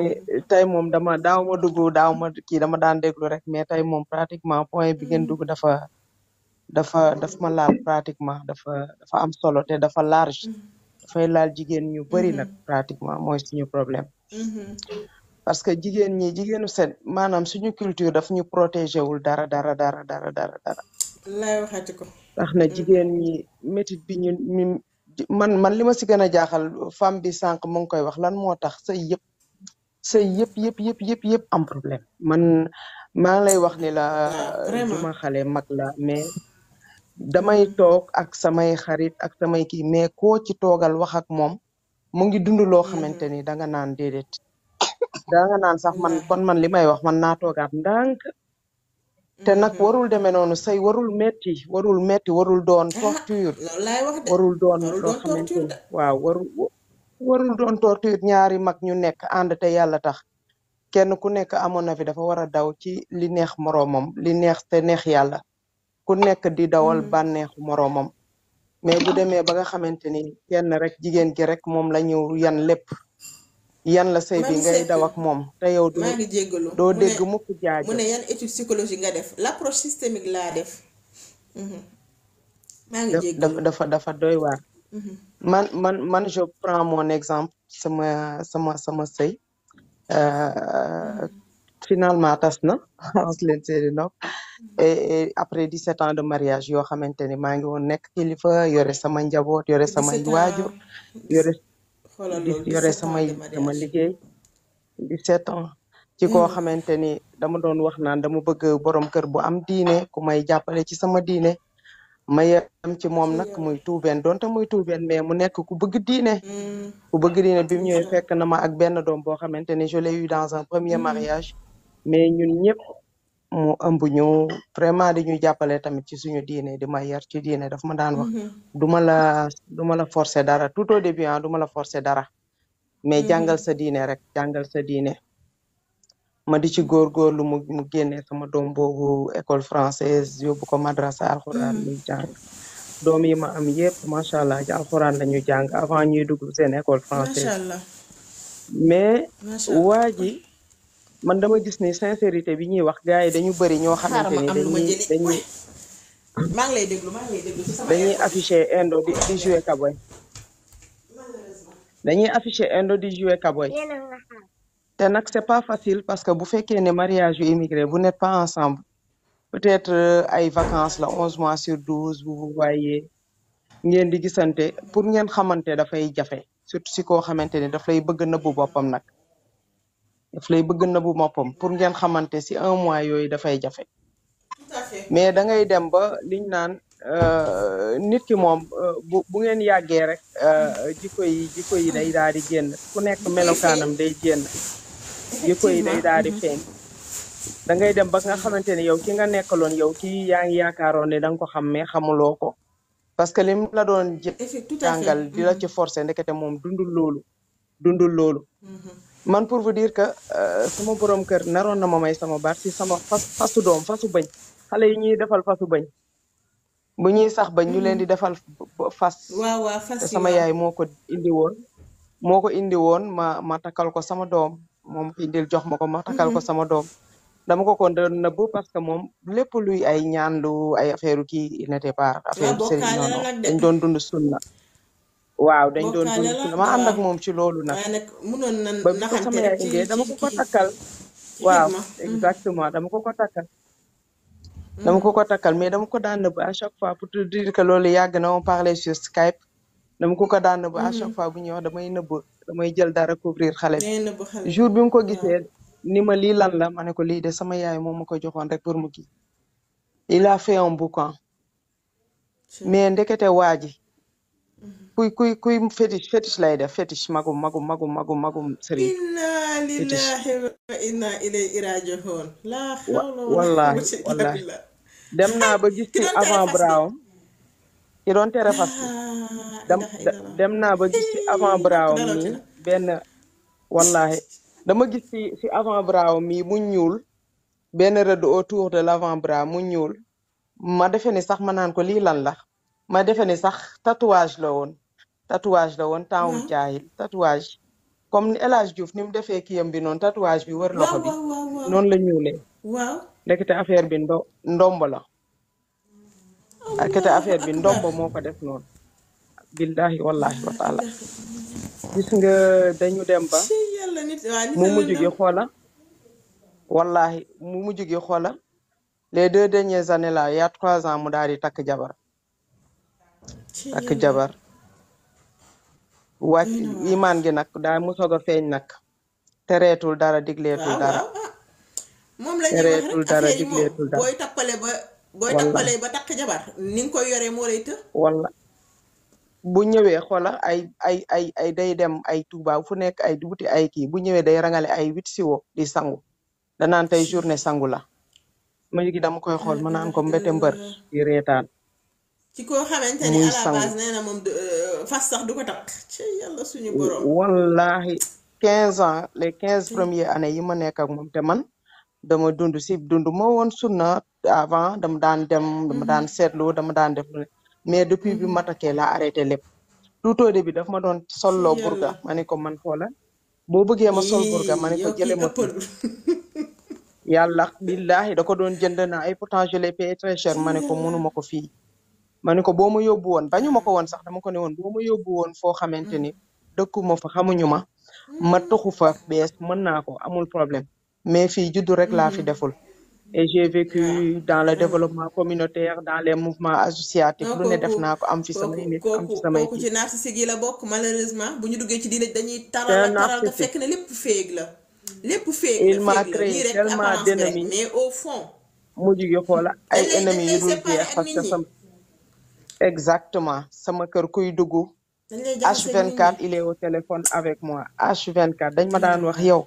tey moom dama daaw ma dugg daaw ma kii dama daan déglu rek mais tey moom pratiquement point bi ngeen mm. dugg dafa dafa daf ma laal pratiquement dafa dafa am solo te dafa large mm. dafay laal jigéen ñu bëri nag mm-hmm. pratiquement mooy suñu problème mm-hmm. parce que jigéen ñi jigéenu set maanaam suñu culture daf ñu protégé wul dara dara dara dara dara dara. tax na jigéen ñi métit bi ñu man man li ma si gën a jaaxal femme bi sànq mu ngi koy wax lan moo tax sëy yëpp sëy yëpp yëpp yëpp yëpp yëpp am problème man maa lay wax ni la duma xale mag la mais damay toog ak samay xarit ak samay kii mais koo ci toogal wax ak moom mu ngi dund loo xamante ni danga naan déedéet <coughs> danga naan sax man kon man li may wax man naa toogaat ndànk te nag mm-hmm. warul demee noonu say warul metti warul metti warul doon ah, torture warul doon torture ñaari mag ñu nekk ànd te yàlla tax kenn ku nekk amoon na fi dafa war a daw ci li neex moroomam li neex te neex yàlla ku nekk di dawal mm-hmm. bànneexu moroomam mais bu demee ba nga xamante ni kenn rek jigéen gi rek moom la ñu yan lépp yan la sëy bi ngay daw ak moom te yow maa ngi jéggalu doo dégg jaajo mu ne yan étude psychologique nga def l'approche systémique laa def mhm. maa dafa dafa doy waar mhm. man man man je prends mon exemple sama sama sama sëy euh, mhm. finalement tas na <laughs> as leen seeni ndox et après 17 ans de mariage yoo xamante ni maa ngi woon nekk kilifa yore sama njaboot yore sama waajur xoolal loolu di yore sama liggéey 17 ci koo mm. xamante ni dama doon wax naan dama bëgg borom kër bu am diine ku may jàppale ci sama diine. ma yem ci moom nag muy doon donte muy tuubeen mais mu nekk ku bëgg diine. Mm. ku bëgg ah, diine bi mu ñëwee fekk na ma ak benn doom boo xamante ni je l'ai dans un premier mm. mariage. mais ñun ñëpp mu ëmb ñu vraiment di ñu jàppale tamit ci suñu diine di ma yar ci diine daf ma daan wax mm-hmm. duma la duma la forcer dara tout au début ah duma la forcer dara mais mm-hmm. jàngal sa diine rek jàngal sa diine ma di ci góorgóorlu mu mu génnee sama doom boobu école française yóbbu ko madrasa alxuraan mm-hmm. muy jàng doom yi ma am yëpp macha allah ci alxuraan la ñu jàng avant ñuy dugub seen école française mais waa man dama gis ni sincérité bi ñuy wax gars yi dañu bëri ñoo xamante ni dañuy dañuy maa ngi affiché indo di di kaboy dañuy affiché indo di joué kaboy te nag c'est pas facile parce que bu fekkee ne mariage yu immigré bu n'êtes pas ensemble peut-être euh, ay vacances la onze mois sur douze bu vous voyez ngeen di gisante pour ngeen xamante dafay jafe surtout si koo xamante ni daf lay bëgg nëbbu boppam nag daf lay bëgg na bu moppam pour ngeen xamante si un mois yooyu dafay jafe mais da ngay dem ba liñ naan euh, nit ki moom euh, bu bu ngeen yàggee rek euh, jikko yi jikko yi day daal di génn ku nekk melokaanam day génn jikko yi day daal di feeñ da ngay dem ba nga xamante ne yow ki nga nekkaloon yow ki yaa ngi yaakaaroon ne da nga ko xam mais xamuloo ko parce que lim la doon jàngal di la ci mm-hmm. forcer ndekete moom dundu loolu dundul loolu mm-hmm. man pour vous dire que euh, sama borom kër naroon na ma may sama baat si sama fas fasu doom fasu bañ xale yi ñuy defal fasu bañ bu ñuy sax bañ ñu leen di mm. defal fas. waaw sama yaay moo ko indi woon. moo ko indi woon ma ma takkal ko sama doom moom ko indil jox ma ko ma takkal ko mm-hmm. sama doom. dama ko kon na nëbb parce que moom lépp luy ay ñaan lu ay affaire kii il n'était pas affaire sëriñ noonu dañ doon dund sunna waaw dañ doon dund dama ànd ak moom ci loolu nag. mënoon na ba ko sama yaay dama ko ko takkal. waaw mm. exactement dama ko ko takkal. Mm. dama ko ko takkal mais dama ko daan nëbb à chaque fois pour te dire que loolu yàgg na on parlait sur Skype. dama ko ko daan nëbb à mm. chaque fois bu ñuy wax damay nëbb damay jël dara couvrir xale jour bi mu ko gisee ni ma lii lan la ma ne ko lii de sama yaay moom ma ko joxoon rek pour mu kii. il a fait un boucan. mais ndekete waa ji kuy kuy kuy fétiche fétiche lay def fétiche magum magum magum magum magum sëriñ inna lillahi wa inna ilayhi dem naa ba gis ci avant brawam ki doon tere fas dem dem naa ba gis ci avant brawam mi dama gis ci avant brawam mi mu ñuul benn rëdd autour de l'avant bras mu ñuul ma defe ni sax ma naan ko lii lan la ma defe ni sax tatouage la woon tatouage la woon temps wu tatouage comme ni El Hadj Diouf ni mu defee kiyam bi noonu tatouage bi wër loxo bi noonu la ñuulee waaw ndekete affaire bi ndo ndomb la oh, ah, ndekete affaire bi ndomb moo ko def noonu billahi wallahi wa taala nga dañu dem ba mu mujj xoola wallahi mu mujj gi xoola les deux dernières années là y a trois ans mu daal di takk jabar takk jabar wàcc imaan gi nag daa mu soog a feeñ nag tereetul dara digleetul dara moom la tereetul dara digleetul dara booy tappale ba booy tappale ba takk jabar ni yoree moo lay bu ñëwee xoola ay ay ay ay day dem ay tubaab fu nekk ay dubuti ay kii bu ñëwee day rangale ay huit siwo di sangu danaan tey journée sangu la ma gi dam koy xool ma naan ko mbete mbër di reetaan ci koo euh, ko takk ci yàlla suñu quinze ans les quinze premières années yi ma nekk moom te man dama dund si dund ma woon sunna avant dama daan dem dama mm-hmm. daan seetlu dama daan def mais depuis bi mm-hmm. ma takkee la arrêté lépp. tout au début daf ma doon solloo burga ma ne ko man xoolal boo bëggee ma sol burga ma ne ko jële ma yàlla billaahi da ko doon jënd na ay pourtant je l'ai payé très cher ma ne ko mënuma ko fii. ma ko boo ma yóbbu woon bañu ma ko woon sax dama ko ne woon boo ma yóbbu woon foo xamante ni dëkkuma fa xamuñu ma ma toxu fa bees mën naa ko amul problème mais fii juddu rek laa fi mm. deful et j'ai vécu dans le développement communautaire dans les mouvements associatifs lu ne def naa ko am fi samay nit am fi samay kii ci narcissique la bokk malheureusement bu ñu duggee ci diine dañuy taral taral nga fekk ne lépp féeg la lépp féeg la il m'a créé tellement d'ennemis mais au fond mujj gi xoola ay ennemis yu jeex parce que sama exactement sama kër kuy dugg H24 il est au téléphone avec mois H24 dañ ma daan wax yow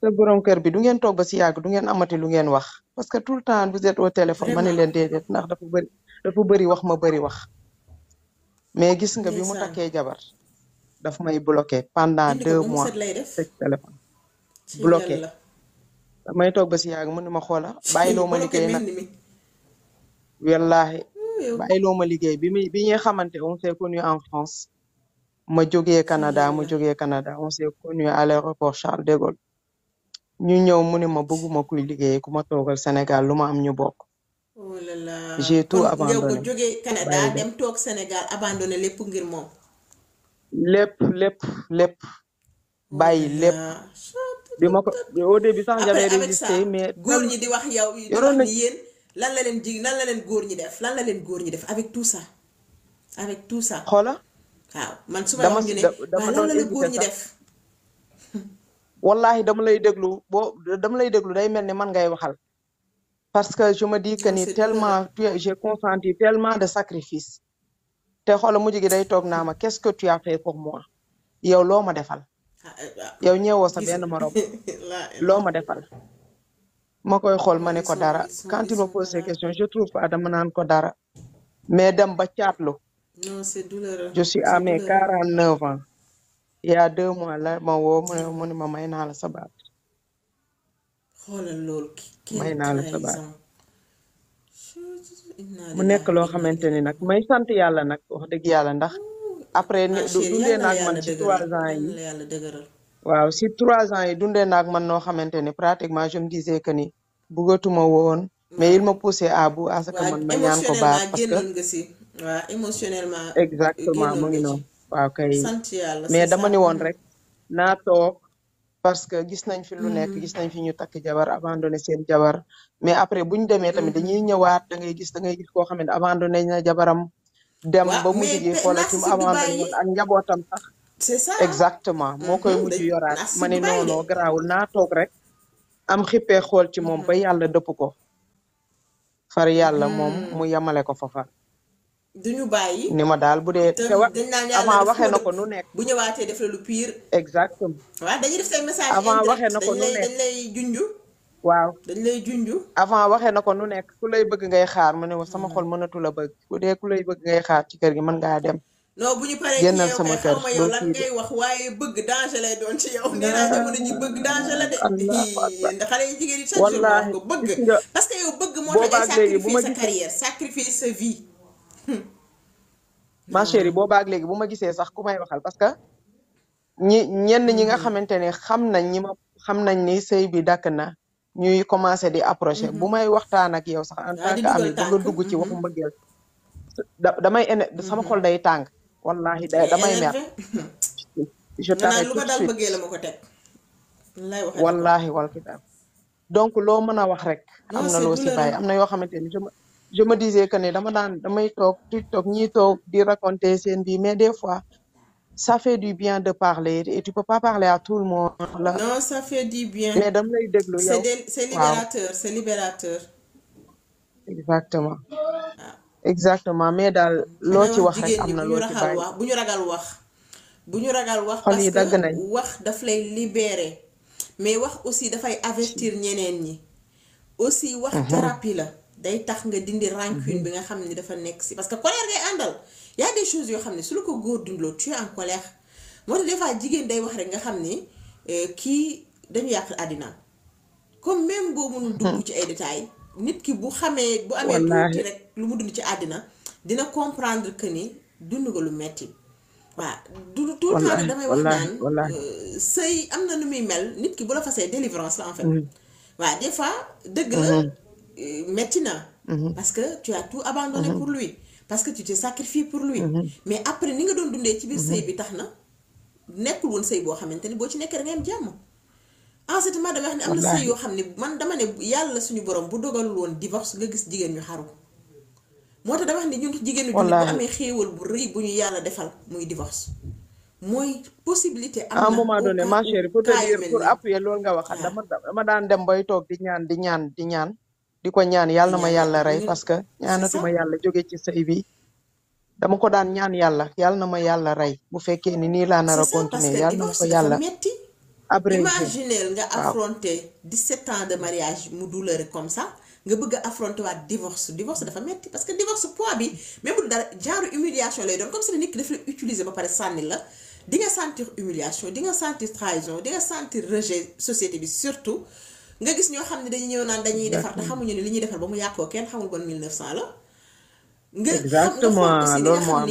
sa borom kër bi du ngeen toog ba si yàgg du ngeen amati lu ngeen wax parce que tout le temps vous êtes au téléphone ma ne leen déedéet ndax dafa bëri dafa bëri wax ma bëri wax mais gis nga bi mu takkee jabar daf may bloqué pendant deux mois teg téléphone bloqué damay toog ba si yàgg mu ne ma xoola bàyyiloo ma <laughs> liggéey nag wallaahi bàyyiloo ma liggéey bi muy bi ñuy xamante on s'est connu en France ma jógee Canada mu jógee Canada on s'est connu Charles de Gaulle ñu ñëw mu ne ma bëgguma kuy liggéey ku ma toogal Sénégal lu ma am ñu bokk oh j'ai tout abandonné toog Sénégal abandonné lépp ngir moom lépp lépp lépp oh bàyyi lépp bi ko au début sax j'avais résisté mais góor ñi di wax yow yoroon na yéen lan la leen ji lan la leen góor ñi def lan la leen góor ñi def avec tout ça avec tout ça. xoola waaw man su ma wax ñu ne waaw la góor ñi def. <laughs> wallahi dama lay déglu boo dama lay déglu day mel ni man ngay waxal. parce que je me dis que ni tellement j'ai consenti tellement de sacrifices. te xoola mu gi day toog naa ma qu'est-ce que tu as pour moi yow loo ma defal. Ah, eh, ah, yow ñëwoo sa benn morom <laughs> loo ma defal. ma koy xool ma ne ko dara quand il me pose des questions je trouve pas dama naan ko dara mais dem ba caatlu non c'est douloureux je suis à mes quarante neuf ans il deux mois la ma woo mu ma may naa la sa baat xoolal loolu may na la sa mu nekk loo xamante ni nag may sant yàlla nag wax dëgg yàlla ndax après dundee naag man ci trois ans yi waaw si trois ans yi dundee naag man noo xamante ni pratiquement je me disais que ni bëggatuma woon. mais il m'a poussé à bout à ce ma ñaan ko baax parce que waaw émotionnellement exactement mu ngi noonu waaw kay mais dama ni woon rek naa toog parce que gis nañ fi nekk mm-hmm. gis nañ fi ñu takk jabar abandonné seen jabar mais après bu ñu demee tamit mm-hmm. dañuy ñëwaat da ngay gis da ngay gis koo xam ne abandonné na jabaram dem ba mujj gi xoola ci mu abandonné ak njabootam sax exactement moo koy mm-hmm. mujj yoraat ma ne noonoo garaawul naa toog rek am xippe xool ci moom ba mhm. yàlla dëpp ko far yàlla mhm. moom mu yamale ko fa far duñu bàyyi ni ma daal bu dee te wa avant waxee na ko nu nekk bu ñëwaatee def la lu pir exactement avant waxee na ko junju waaw dañ lay junju avant waxee na ko nu nekk ku lay bëgg ngay xaar mu ne sama mhm. xol mënatu la bëgg bu ku lay bëgg ngay xaar ci kër gi mën ngaa dem non bu ñu paree génnal sama kër xaw ma yow lan ngay wax waaye bëgg danger lay doon ci yow <laughs> nee naa jamono bëgg danger la de ndax xale yi yi sax boobaag léegi bu ma gisee sax ku may waxal parce que ñi ñenn ñi nga xamante ne xam nañ ñi ma xam nañ ni sëy bi dakk na ñuy commencé di approché hmm. bu may waxtaan ak yow sax en tant que ami bu nga dugg ci waxu hmm. mbëggeel damay en sama hmm. xol day tàng wallahi day damay mer <laughs> je t'arrête tout de suite wal kitaab donc loo mën a wax rek am na loo si bàyyi am na yoo xamante ni je me je me disais que ne dama daan damay toog tiktok ñiy toog di raconter seen bi mais des fois ça fait du bien de parler et tu peux pas parler à tout le monde là. non ça du bien mais dam lay déglu yow c'est libérateur c'est libérateur exactement ah. exactement mais daal loo ci wax rek am na loo ci bàyyi bu ñu ragal wax bu ñu ragal wax parce que wax daf lay libérer mais wax aussi dafay avertir ñeneen ñi aussi wax mhm. thérapie la day tax nga dindi rancune mhm. bi nga xam ne dafa nekk si parce que colère ngay àndal y a des yoo xam ne su la ko góor dundloo tu es en colère moo tax des jigéen day wax rek nga xam ne eh, kii dañu yàq àddina comme même boo mënul dugg mhm. ci ay détails nit ki bu xamee bu amee tuuti rek lu mu dund ci àddina dina comprendre que ni dund nga lu metti waaw du tout le temps damay wax naan euh, sëy am na nu muy mel nit ki bu la fasee délivrance la en fait waaw des dëgg la mhm. euh, metti na mhm. parce que tu as tout abandonné mhm. pour lui parce que tu t'es sacrifié pour lui mais après ni nga doon dundee ci biir sëy bi tax na nekkul woon sëy boo xamante ne boo ci nekkee da ngay am jàmm enseignement damay wax ni na sëy yoo xam ne man dama yàlla suñu borom bu dogalul woon divorce nga gis jigéen ñu xaru moo tax dama wax ni ñun jigéenu bu amee xéewal bu bu ñu yàlla defal muy divorce mooy possibilité am na à un moment donné ma chérie pour te dire pour appuyer ah. daan dem bay toog di ñaan di ñaan di ñaan di ko ñaan yàlla na ma yàlla rey parce que ñaanatuma yàlla jóge ci sëy bi dama ko daan ñaan yàlla yàlla na ma yàlla rey bu fekkee ni nii laa nar continuer yàlla na ma ko yàlla metti abrégé imagineel nga affronter 17 ans de mariage mu douleur comme sax nga bëgg a affronter waat divorce divorce dafa metti parce que divorce poids bi même bu dara genre humiliation lay doon comme si nit ki daf la utiliser ba pare sànni la di nga sentir humiliation di nga sentir trahison di nga sentir rejet société bi surtout nga gis ñoo xam ne dañuy ñëw naan dañuy defar te xamuñu ne li ñuy defar ba mu yàqoo kenn xamul bon 1900 la. nga exactement loolu moo am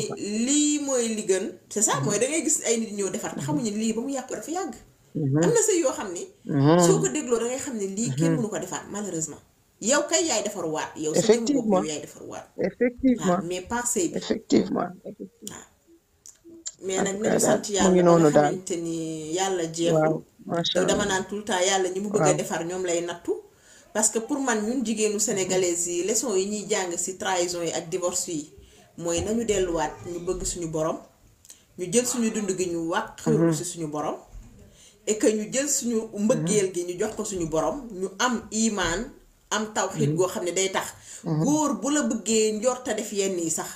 lii mooy li gën. c'est ça mm-hmm. mooy da ngay gis ay nit ñëw defar te xamuñu ne lii ba mu yàqoo dafa yàgg. Mm-hmm. am na sëy yoo xam ni. Mm-hmm. soo ko dégloo da xam ne lii kenn mm-hmm. mënu ko defaat malheureusement. yow kay yaay defar waat. yow sa bopp yaay defar waat. mais pas effectivement waaw. mais nag nañu sant yàlla mu ngi noonu daal xamante ni yàlla jeexul. macha allah naan tout le temps yàlla ñi mu bëgg defar ñoom lay nattu. parce que pour man ñun jigéenu sénégalaises yi leçon yi ñuy jàng ci trahison yi ak divorce yi mooy nañu delluwaat ñu bëgg suñu borom ñu jël suñu dund gi ñu wàq. xëyul ci suñu borom. et que ñu jël suñu mbëggeel gi ñu jox ko suñu borom ñu am imaan am tawxiit goo xam ne day tax góor bu la bëggee njor te def yenn yi sax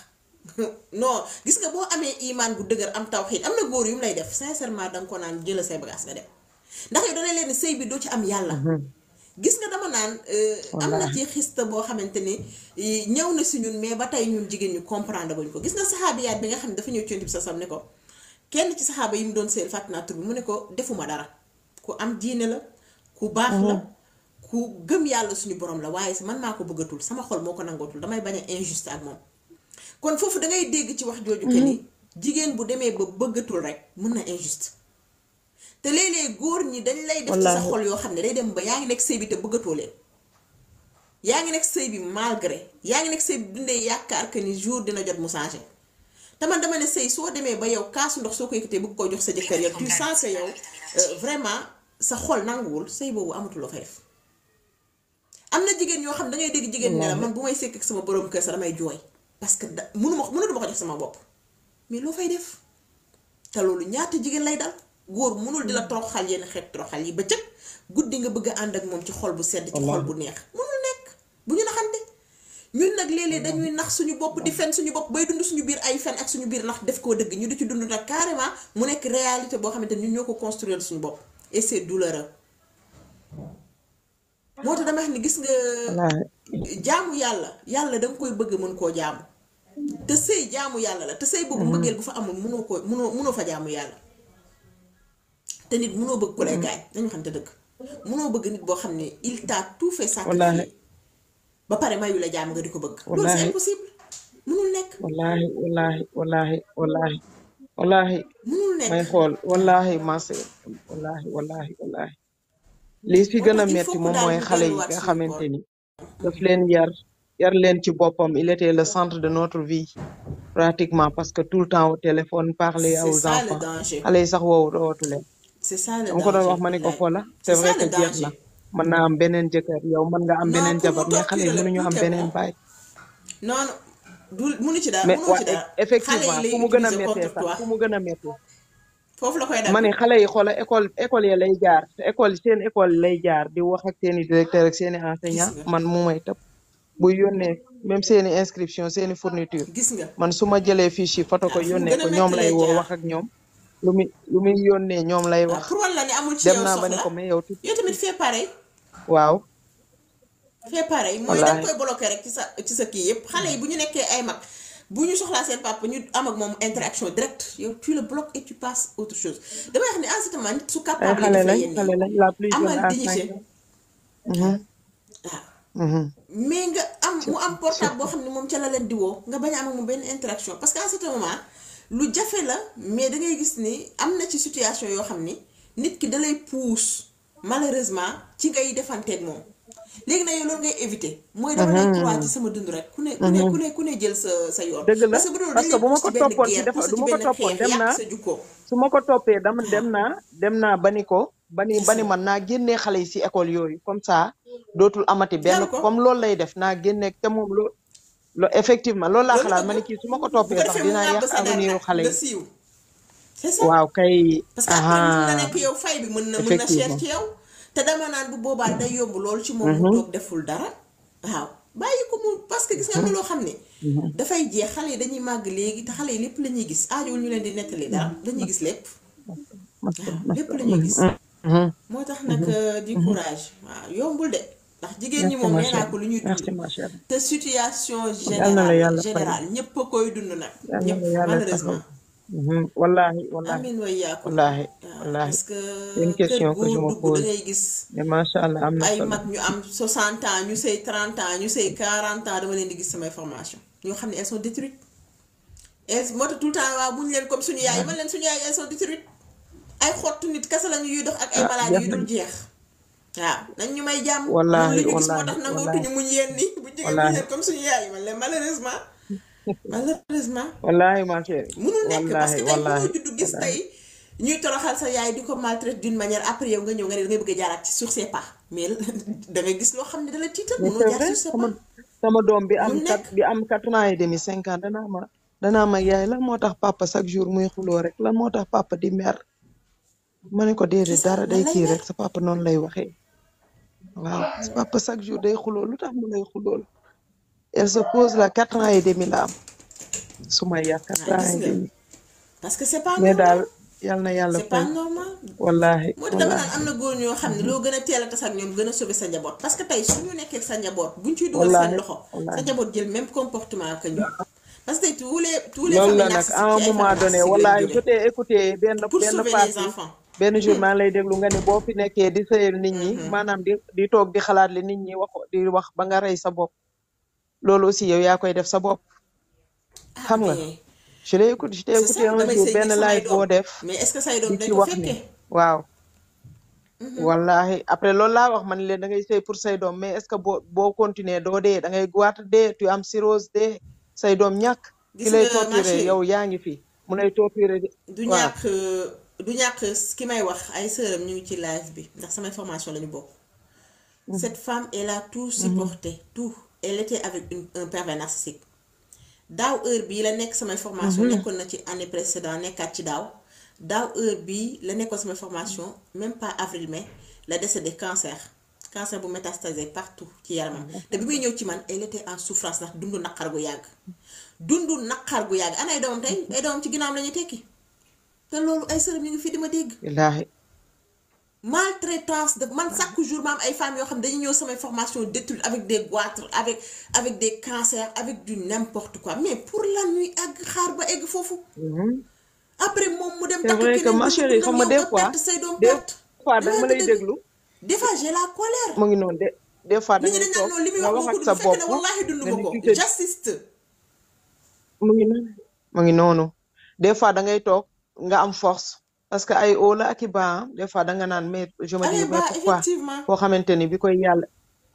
<laughs> non gis nga boo amee imaan bu dëgër am tawxiit am na góor yu mu lay def sincèrement danga ko naan jëla say bagaas nga dem ndax yow dana leen sëy bi doo ci am yàlla mhm. gis nga dama naan euh, am na ci xista boo xamante ni ñëw na si ñun mais ba tey ñun jigéen ñu comprendre bañ ko gis nga saxaabiyaat bi nga xam ne dafa ñëw ci sa sam ne ko kenn ci saxaaba yi mu doon seel fàtt naa bi mu ne ko defuma dara ku am diine la ku baax la mhm. ku gëm yàlla suñu borom la waaye man maa ko bëggatul sama xol moo ko nangootul damay bañ a injuste ak moom kon foofu da ngay dégg ci wax jooju que ni mhm. jigéen bu demee ba bëggatul rek mën na injuste te léeg góor ñi dañ lay def ci sa xol yoo xam ne day dem ba yaa ngi nekk sëy bi te bëggatoo leen yaa ngi nekk sëy bi malgré yaa ngi nekk sëy bi dundee yaakaar que ni jour dina jot mu changé te man dama ne sëy soo demee ba yow kaasu ndox soo ko yëkkatee bëgg koo jox sa jëkkër yow tu sens que yow euh, vraiment sa xol nanguwul sëy boobu amatuloo fa def am na jigéen ñoo xam da ngay dégg jigéen ne la man bu may sekk ak sama borom kër sa damay jooy parce que da mënuma mënuma ko jox sama bopp mais loo fay def te loolu ñaata jigéen lay dal góor mënul dina la toroxal yenn xeet toroxal yi ba cëg guddi nga bëgg ànd ak moom ci xol bu sedd ci xol bu neex mënul nekk bu ñu naxante ñun nag léeg-léeg dañuy nax suñu bopp di fen suñu bopp bay dund suñu biir ay fen ak suñu biir nax def koo dëgg ñu di ci dund nag carrément mu nekk réalité boo xamante ni ñun ñoo ko construire suñu bopp et c'est douloureux moo tax dama xam ne gis nga yàlla yàlla da koy bëgg mën koo jaamu te sëy jaamu yàlla la te sëy boobu mm-hmm. mbëggeel bu fa amul munoo ko mënoo mënoo fa jaamu yàlla te nit mënoo bëgg ko lay mm-hmm. gaañ dañu xam te dëgg mënoo bëgg nit boo xam ne il t'a tout fait sacrifier ba pare mayu la jàmm ko bëgg. loolu c'est impossible may xool wallaahi maase wallaahi wallaahi wallaahi. lii fi gën a metti moom mooy xale yi nga xamante ni daf leen yar yar leen ci boppam il était le centre de notre vie pratiquement parce que tout le temps au téléphone parler aux enfants xale yi sax woowu dootu leen. c'est ça le wax ma ne ko xoola c'est vrai que jeex man naa am beneen jëkkër yow man nga am beneen jabar mais xale yi mënuñu am beneen baay. non du mënu ci daal ci daal e, effectivement fu mu gën a méttee sax fu mu gën a méttee. foofu la ma ne xale yi xoola école école ya lay jaar te école seen école lay jaar di wax ak seen i directeur ak seeni i enseignant man mu may tëb bu yónnee même seen i inscription seeni i fourniture. gis nga man su ma jëlee fiche yi foto ko yónnee ko ñoom lay woo wax ak ñoom. lu muy lu muy yónnee ñoom lay wax. pour dem naa ba ne ko mais yow. tamit fee waaw. c'est pareil mooy da koy bloqué rek ci sa ci sa kii yëpp xale yi bu ñu nekkee ay mag bu ñu soxlaa seen papa ñu am ak moom interaction directe yow tu le bloques et tu passes autre chose damay wax ni en ce moment nit su capable de def yenn yi mm-hmm. Mm-hmm. mais nga am mu am portable boo xam ne moom ca la leen di woo nga bañ a am ak moom benn interaction parce que en ce lu jafe la mais da ngay gis ni am na ci situation yoo xam ni nit ki dalay pousse malheureusement ci ngay defanteeg moom léegi na yow loolu ngay éviter. mooy dama lay croire mhm. ci sama dund rek. ku ne ku mhm. ku ne jël sa sa yoon. dëgg la parce que bu ma ko toppoon ci defa du ma ko toppoon dem naa su ma ko toppee dama ah. dem naa dem naa bani ko. bani bani man naa génnee xale yi si école yooyu comme ça dootul amati benn comme loolu lay def naa génne te moom loo effectivement lool laa xalaat ma ne kii su ma ko toppee sax dinaa yàq avenir xale yi. c'est waaw kay. parce que mën na nekk yow fay bi mën na mën na cher ci yow. te dama naan bu boobaa day yomb loolu ci moom. mu mhm. toog deful dara waaw. bàyyi ko mu parce que gis nga loo xam ne. Mhm. dafay jeex xale yi dañuy màgg léegi te xale yi lépp la ñuy gis aajowul ñu leen di nettali dara mhm. dañuy gis lépp. waaw lépp la ñuy gis. moo tax nag euh, di courage waaw yombul de ndax jigéen ñi moom nee naa ko lu ñuy dund te situation générale général ñëpp a koy dund nag ñëpp Mhm. wallaahi wallaahi amiin waay yaa ko wallaahi wallaahi parce que une question que je gis mais macha am na ay mag ñu am 60 ans ñu say 30 ans ñu say 40 ans dama leen di gis samay formation ñoo xam ne elles sont détruites elles moo tax tout le temps waaw bu ñu leen comme suñu yaay man leen suñu yaay elles sont détruites ay xottu nit kasa lañu yuy dox ak ay ah, maladies yu dul jeex waaw nañ ñu may jàmm wallaahi wallaahi moo tax nangootuñu muñ yenn ni comme suñu yaay ma leen malheureusement malheureusement. wallaahi ma chérie a nekk parce que tey boo gis tey ñuy toroxal sa yaay di ko maltraite d'une manière après yow nga ñëw nga ne dangay bëgg ci sur ses pas mais <laughs> da gis loo xam ne dala tiital. munoo jaar sur sama doom bi am quatre bi am quatre ans et demi cinq ans danaa ma danaa ma yaay lan moo tax papa chaque jour muy xuloo rek lan moo tax papa di mer ma ne ko déedéet dara day kii rek sa papa noonu lay waxe waaw sa papa chaque jour day xuloo lu tax mu lay xulool elle se pose la quatre ans et demi la am su ma yàgg ah, quatre ans demi. parce que c'est pas normal mais daal yal na yàlla. c'est pas normal wallaahi. moo tax dama am na góor ñoo xam ne loo gën a teel a tas ñoom gën a sauver sa njaboot. parce que tey su ñu nekkee sa njaboot. buñ ciy dugal seen loxo sa njaboot jël même comportement que ñoom. parce que tous les tous les familles nag à un benn benn hmm. lay deglu nga ne boo fi nekkee di sëyal nit ñi. Hmm, hmm. maanaam di di toog di xalaat li nit ñi wax di wax ba nga rey sa bopp. loolu aussi yow yaa koy def sa bopp. Ah, xam nga je l'ai écouté je t'ai benn live boo def. mais est-ce que say doom dañ ko fekkee waaw. Mhm. après loolu laa wax man leen da ngay pour say doom mais est-ce que boo boo continuer doo dee da ngay guwaat dee tu am cirrhose dee say doom ñàkk. ki lay torturer yow yaa ngi fi mu lay torturer. du ñàkk du ñàkk ki may wax ay sëram ñu ci live bi ndax samay formation lañu ñu elle était avec une un pervers daaw heure bii la nekk samay formation mhm. nekkoon na ci année précédent nekkaat ci daaw daaw heure bii la nekkoon samay formation même pas avril mai la décédé cancer cancer bu métastasé partout ci yaramam mhm. te bi muy ñëw ci man elle en souffrance ndax dundu naqar gu yàgg dundu naqar gu yàgg ana ay doomam tey ay ci ginnaawam la ñuy tekki te loolu ay sërëm ñu ngi fi di ma dégg maltraitance de man chaque jour ma ay femmes yoo xam dañuy ñëw samay formation d'études avec des goitres avec avec des cancers avec du n'importe quoi mais pour lan ñuy àgg xaar ba egg foofu. Mhm. après moom mu dem. takk keneen ma des fois dama lay déglu. des fois la colère. mu ngi noonu de des fois dañuy toog nga wax ak sa bopp j'assiste. mu ngi noonu ngi noonu des fois da ngay toog nga am force. parce que ay haut la ak i bas des fois naan mais je me dis mais koo xamante ni bi koy yàlla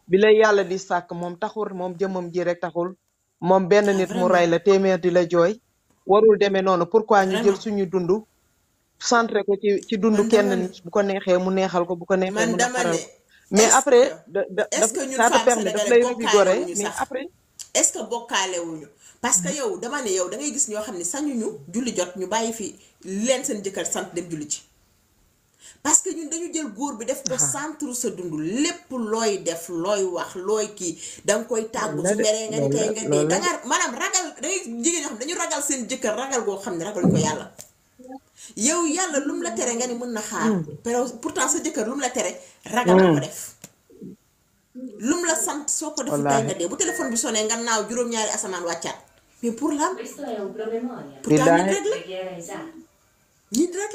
bi lay yàlla di sàkk moom taxul moom jëmmam ji rek taxul moom benn ah, nit mu ray la téeméer di la jooy warul demee noonu pourquoi ñu jël suñu dund centré ko ci ci dund kenn nit bu ko neexee mu neexal ko bu ko neexee mu neexal ko mais après da da ça te permet daf lay revigoré mais après est-ce que bokkaale wuñu parce que mm-hmm. yow dama ne yow da ngay gis ñoo xam ne sañuñu julli jot ñu bàyyi fi leen seen jëkkër sant dem julli ci parce que ñun dañu jël góor bi def ko ah. centre sa dund lépp looy def looy wax looy kii da koy tàggu su meree nga ni nii danga maanaam ragal dangay jigéen ñoo xam dañu ragal seen jëkkër ragal goo xam ne ragal ko yàlla yow yàlla lu la tere nga ni mën na xaar mm. pourtant sa jëkkër lu la tere ragal na mm. ko def lum la sant soo ko defee day nga dee bu téléphone bi sonné nga naaw juróom-ñaari asamaan wàccaat mais pour lan. pour taa nit la nit rek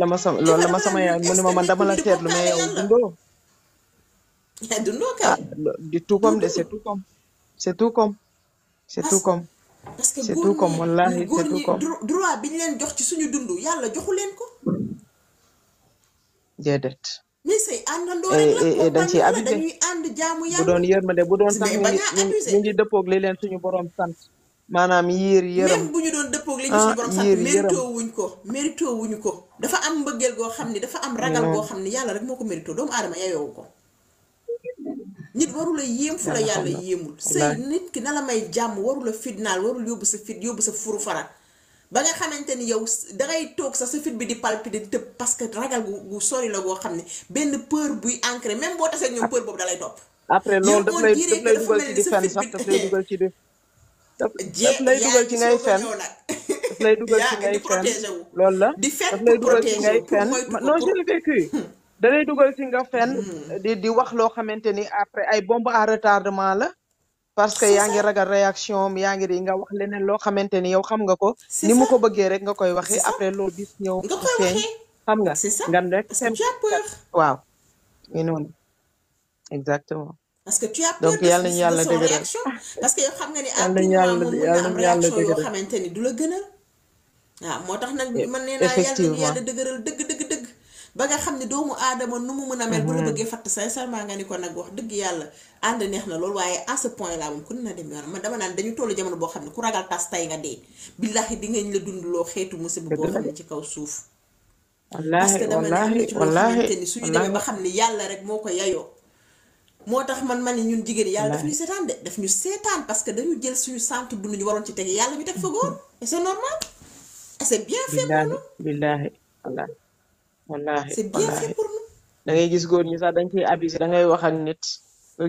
la. ma sama loolu sama yaay mu ne ma man dama la seetlu mais yow dundoo. dundoo kay. Ah, di tout comme de c'est tout comme c'est tout comme c'est tout comme. droit bi leen jox ci suñu dund yàlla joxu leen ko. déedéet. mais say àndandoo rek la dañ ciy abusé dañuy ànd jàmm yàlla bu doon yërmande bu doon sax ñu ngi dëppoog li leen suñu borom sant maanaam yiir yërëm même bu ñu doon dëppoog li ñu ah, suñu borom sant mérito wuñ ko mérito ñu ko dafa am mbëggeel goo xam ne dafa am ragal goo xam ne yàlla rek moo ko mérito doomu aadama yayoowu ko nit warula yéem fu la yàlla yéemul sëy nit ki na la may jàmm warula fitnaal warul yóbbu sa fit yóbbu sa furu farat ba nga xamante ni yow dangay toog sax sa fit bi di palpiter di tëb parce que ragal gu gu sori la goo xam ne benn peur buy ancré même boo tasee ñoom peur boobu dalay topp. après loolu daf lay dugal ci di fen <laughs> sax daf ci di. daf lay dugal ci ngay fen daf loolu la di lay dugal ci ngay fen non je l'ai vécu <laughs> hmm. dugal ci nga fen hmm. di wax loo xamante ni après ay bombe à retardement la. parce que yaa ngi ragal réaction am yaa ngi nga wax leneen loo xamante ni yow xam nga ko. ni mu ko bëggee rek nga koy waxee après loolu bis ñëw. nga koy xam nga nga rek seen. waaw. ñu noonu exactement. parce que tu as peur donc yal nañu yàlla a parce que yow xam nga ni. yal nañu xamante ni du la gënal. waaw moo tax nag eh, man nee naa yàlla ba nga xam ne doomu aadama nu mu mën a mel. bu la mhm. bëggee fatt sincèrement nga ni ko nag wax dëgg yàlla ànd neex na lool waaye à ce point là moom ku ne na dem dama naan dañu tollu jamono boo xam ne ku ragal dund loo xeetu musiba boo xam ne ci kaw suuf. parce que dama ne ci loo ni suñu demee ba xam ne yàlla rek moo ko yayoo. moo tax man ma ne ñun jigéen yàlla daf ñu seetaan de daf ñu seetaan parce que dañu jël suñu sant bu ñu waroon ci teg yàlla ñu teg fa góor et c'est normal et c'est bien fait wallaahi c'est bien fait pour da ngay gis góor ñi sax dañ ciy abusé da ngay wax ak nit.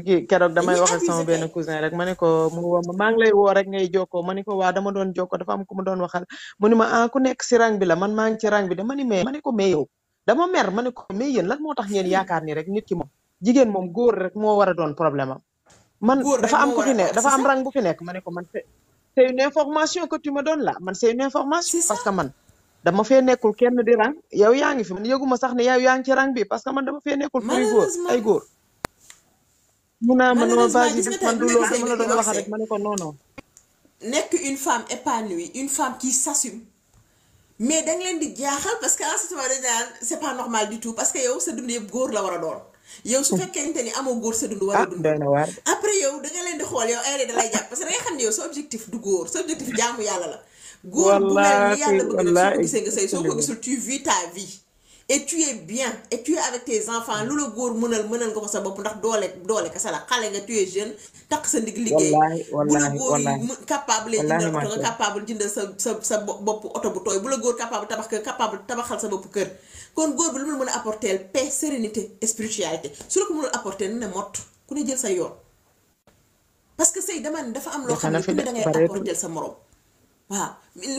kii keroog damay wax ak sama benn cousin rek ma ne ko mu maa ngi lay woo rek ngay jokkoo ma ne ko waa dama doon jokkoo dafa am ku ma doon waxal mu ne ma ah ku nekk si rang bi la man maa ngi ci rang bi de ma ne mais ko mais yow dama mer ma ne ko mais yéen lan moo tax ngeen yaakaar ni rek nit ki moom jigéen moom góor rek moo war a doon problème am. man dafa am ku fi nekk dafa am rang bu fi nekk ma ne ko man c'est une information que tu doon la là man c'est une information parce que man. dama fee nekkul kenn di rang yow yaa ngi fi man yëguma sax ne yow yaa ngi ci rang bi parce que man dama fee nekkul pour góor ay góor mun naa ma noonu basi bi man du loolu dama la doon wax rek ma ne ko non non nekk une femme épanouie une femme qui s'assume mais da leen di jaaxal parce que en ce moment dañ naan que yow sa dund góor la war a doon yow su fekkente ni amoo góor sa dund war a dund ah, après yow leen di xool yow ay da lay que da nga xam ne yow sa objectif du góor sa objectif jaamu yàlla la góor bu mel ni yàlla bëgg na soo ko gisee nga sëy soo ko gisul tu vis ta vie bien et tu es avec tes enfants lu la góor mënal mënal nga ko sa bopp ndax doole doole kese la xale nga tu es jeune takk sa ndig liggéey bu la góor yi capable jëndal oto nga capable jëndal sa sa bopp oto bu tooy bu la góor capable tabax kër capable tabaxal sa bopp kër kon góor bi lu mu la mën a apporter paix sérénité spiritualité su la ko mënul apporter na ne mott ku ne jël sa yoon parce que sëy dama ne dafa am loo xam ne ku ne dangay apporter sa morom waaw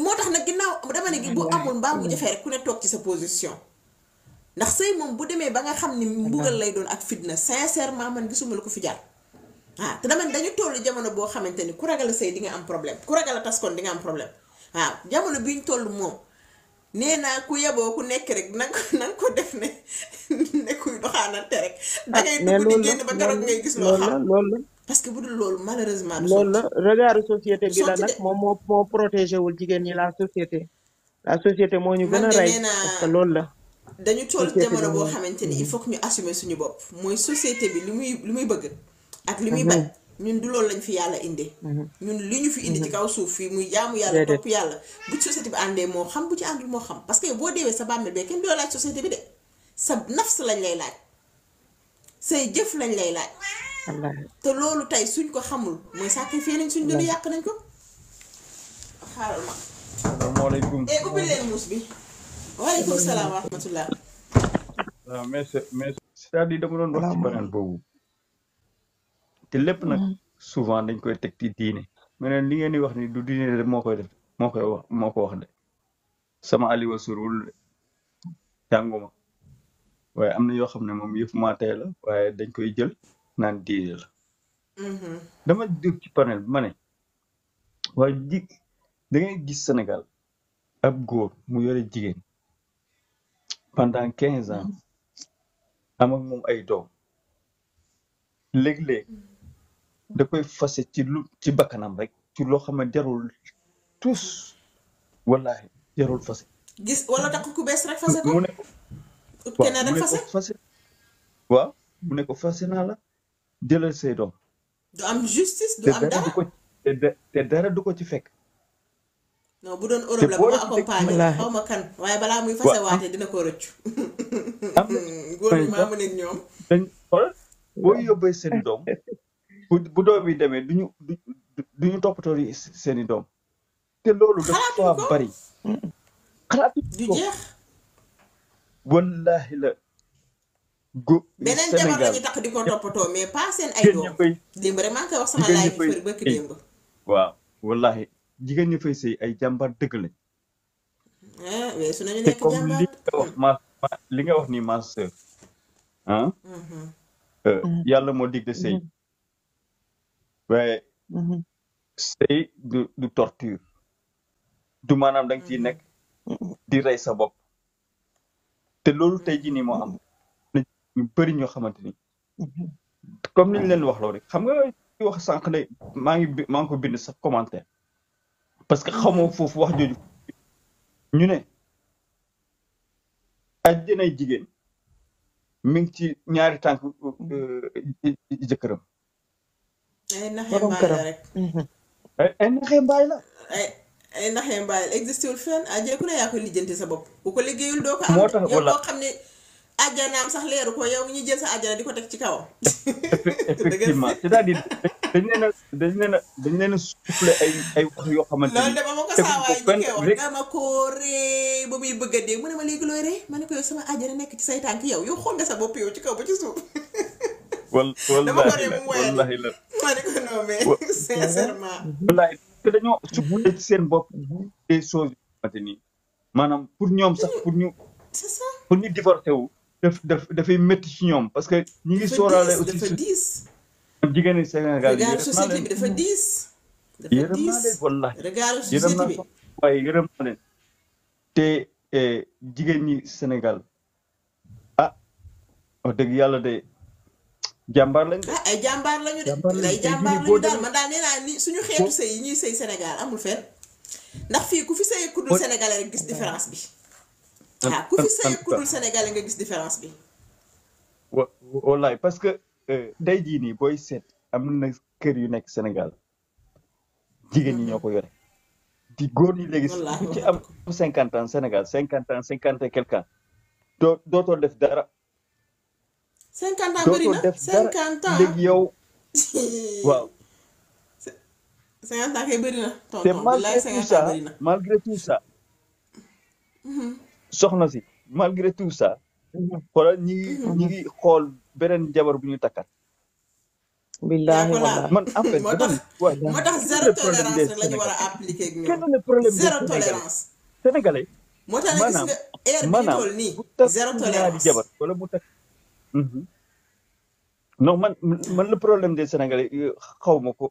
moo tax nag ginnaaw dama ne gi bu amul mbaa mu jafee rek ku ne toog ci sa position ndax sëy moom bu demee ba nga xam ni mbugal lay doon ak fitna sincèrement man gisuma lu ko fi jar waaw te dama ne dañu toll jamono boo xamante ni ku ragal a sëy di nga am problème ku ragal a tas kon di nga am problème waaw jamono bi ñu toll moom nee naa ku yeboo ku nekk rek na nga ko def ne <laughs> ne kuy doxaanante rek. Ah, da ngay dugg di génn ba keroog ngay gis loo xam loolu parce que bu dul loolu malheureusement. loolu la regardu société bi la nag moom moo moo protégé wul jigéen ñi la société. la moo ñu gën a rey parce que loolu la. dañu toll jamono xamante ni il ñu assumer suñu bopp mooy société bi li muy li muy bëgg. ak li muy mhm. bañ ñun du loolu lañ fi yàlla indi. Mhm. ñun li ñu fi indi ci mhm. kaw suuf fii muy jaamu yàlla yàlla. bu ci société moo xam bu ci àndul moo xam parce que boo deewee sa bàmmeel bee kenn doo laaj société bi de sa lañ lay laaj say jëf lañ lay laaj. te loolu tey suñ ko xamul mooy sacrifié nañ suñ dund yàq nañ ko xaaral ma salaamaaleykum eh ubbi leen muus bi waaleykum salaam wa rahmatulah waaw ah, mais dama doon wax ci beneen boobu te lépp nag mm-hmm. souvent dañ koy teg ci diine meneen li ngeen di wax ni du diine de moo koy def moo koy wax moo ko wax de sama aliwa surul jànguma waaye am na yoo xam ne moom yëf maa la waaye dañ koy jël naan diine mm-hmm. dama dégg ci panel bi ma ne waaye gis Sénégal ab góor mu yore jigéen pendant quinze ans am ak moom ay doom léeg-léeg mm-hmm. da koy fase ci lu ci bakkanam rek ci loo xam ne jarul tous wallahi jarul fase. wala takk ku rek fase ko. mu mu ne ko fase naa la. jëlal say doom. du am justice du am dara te dara du ko ci fekk. non bu doon Europe la bu ma accompagné xaw ma kan waaye balaa muy fasewaate dina ko rëccu. am <laughs> góor bi maa mu nekk ñoom. seen doom bu bu doom yi demee du ñu du ñu toppatoo seen i doom. loolu dafa bari. xalaatuñ la go beneen jabar la ñu takk di ko toppatoo mais pas ay doom démb waaw wallahi jigéen ñi fay sëy ay jàmbaar dëgg lañ mais ah, su li nga wax ma li nga nii ma ah mm-hmm. euh, yàlla moo dig de sëy waaye mm-hmm. mm-hmm. sëy du du du maanaam da nga ciy nekk di rey sa bopp te loolu tey jii nii moo am ñu bëri ñoo xamante ni mhm. comme niñ leen wax loo xam nga ci wax sànq ne maa ngi maa ngi ko bind sax commentaire parce que xamoo mhm. foofu wax jooju ñu ne ajjanay jigéen mi ngi ci ñaari tànk mhm. euh, jëkkëram ay naxee mbaay la ay naxee mbaay la ay naxee mbaay la yaa koy lijjanti sa bopp ku ko doo ko am moo tax xam ne ajjanaam sax leeru ko yow ñu jël sa ajjana di ko teg ci kawam. effectivement <laughs> c'est-à-dire dañ leen a dañ leen a dañ leen ay ay wax yoo xamante ni. loolu de ba ma ko saawaay dama ko ree ba muy bëgg dee mu ne ma léegi looy ree ma ne ko yow sama ajjana nekk ci say tànk yow yow xool nga bopp yow ci kaw ba ci suuf. <laughs> wal wallaahi la wallaahi la ma ne ko non mais <laughs> te dañoo soufflé ci seen bopp des choses yoo ni maanaam pour ñoom sax pour ñu. c'est ça pour ñu divorcer wu. daf daf dafay métti ci ñoom parce que. ñu ngi sóoraale aussi dafa diis jigéen ñi Sénégal yi regard société bi dafa diis. dafa diis société bi waaye yërëm naa leen te eh, jigéen ñi Sénégal ah wax dëgg yàlla de jàmbaar lañu de. Ah, ay jàmbaar lañu de ay jàmbaar daal man daal nee naa ni suñu xeetu sëy yi ñuy sëy Sénégal amul fenn ndax fii ku fi sëy ku dul Sénégalais gis différence bi. ah ku fi sëy ku dul sénégalais nga gis différence bi. wa wallaay parce que day euh, jii nii booy seet am na kër yu nekk Sénégal jigéen ñoo ko yore. di góor ñi léegi ku ci am cinquante ans Sénégal cinquante ans cinquante et doo dootoo def dara. cinquante ans bëri na cinquante ans léegi yow <laughs> waaw. cinquante ans kay bëri te malgré tout ça. Mm-hmm. soxna si malgré tout ça. xoolal ñi ñi ngi xool beneen jabar bu ñu takkat. billahi man en fait. moo tax zéro tolérance la problème des sénégalais sénégalais. moo tax gis nga air jabar wala mu takk. non man man problème des sénégalais xaw ma ko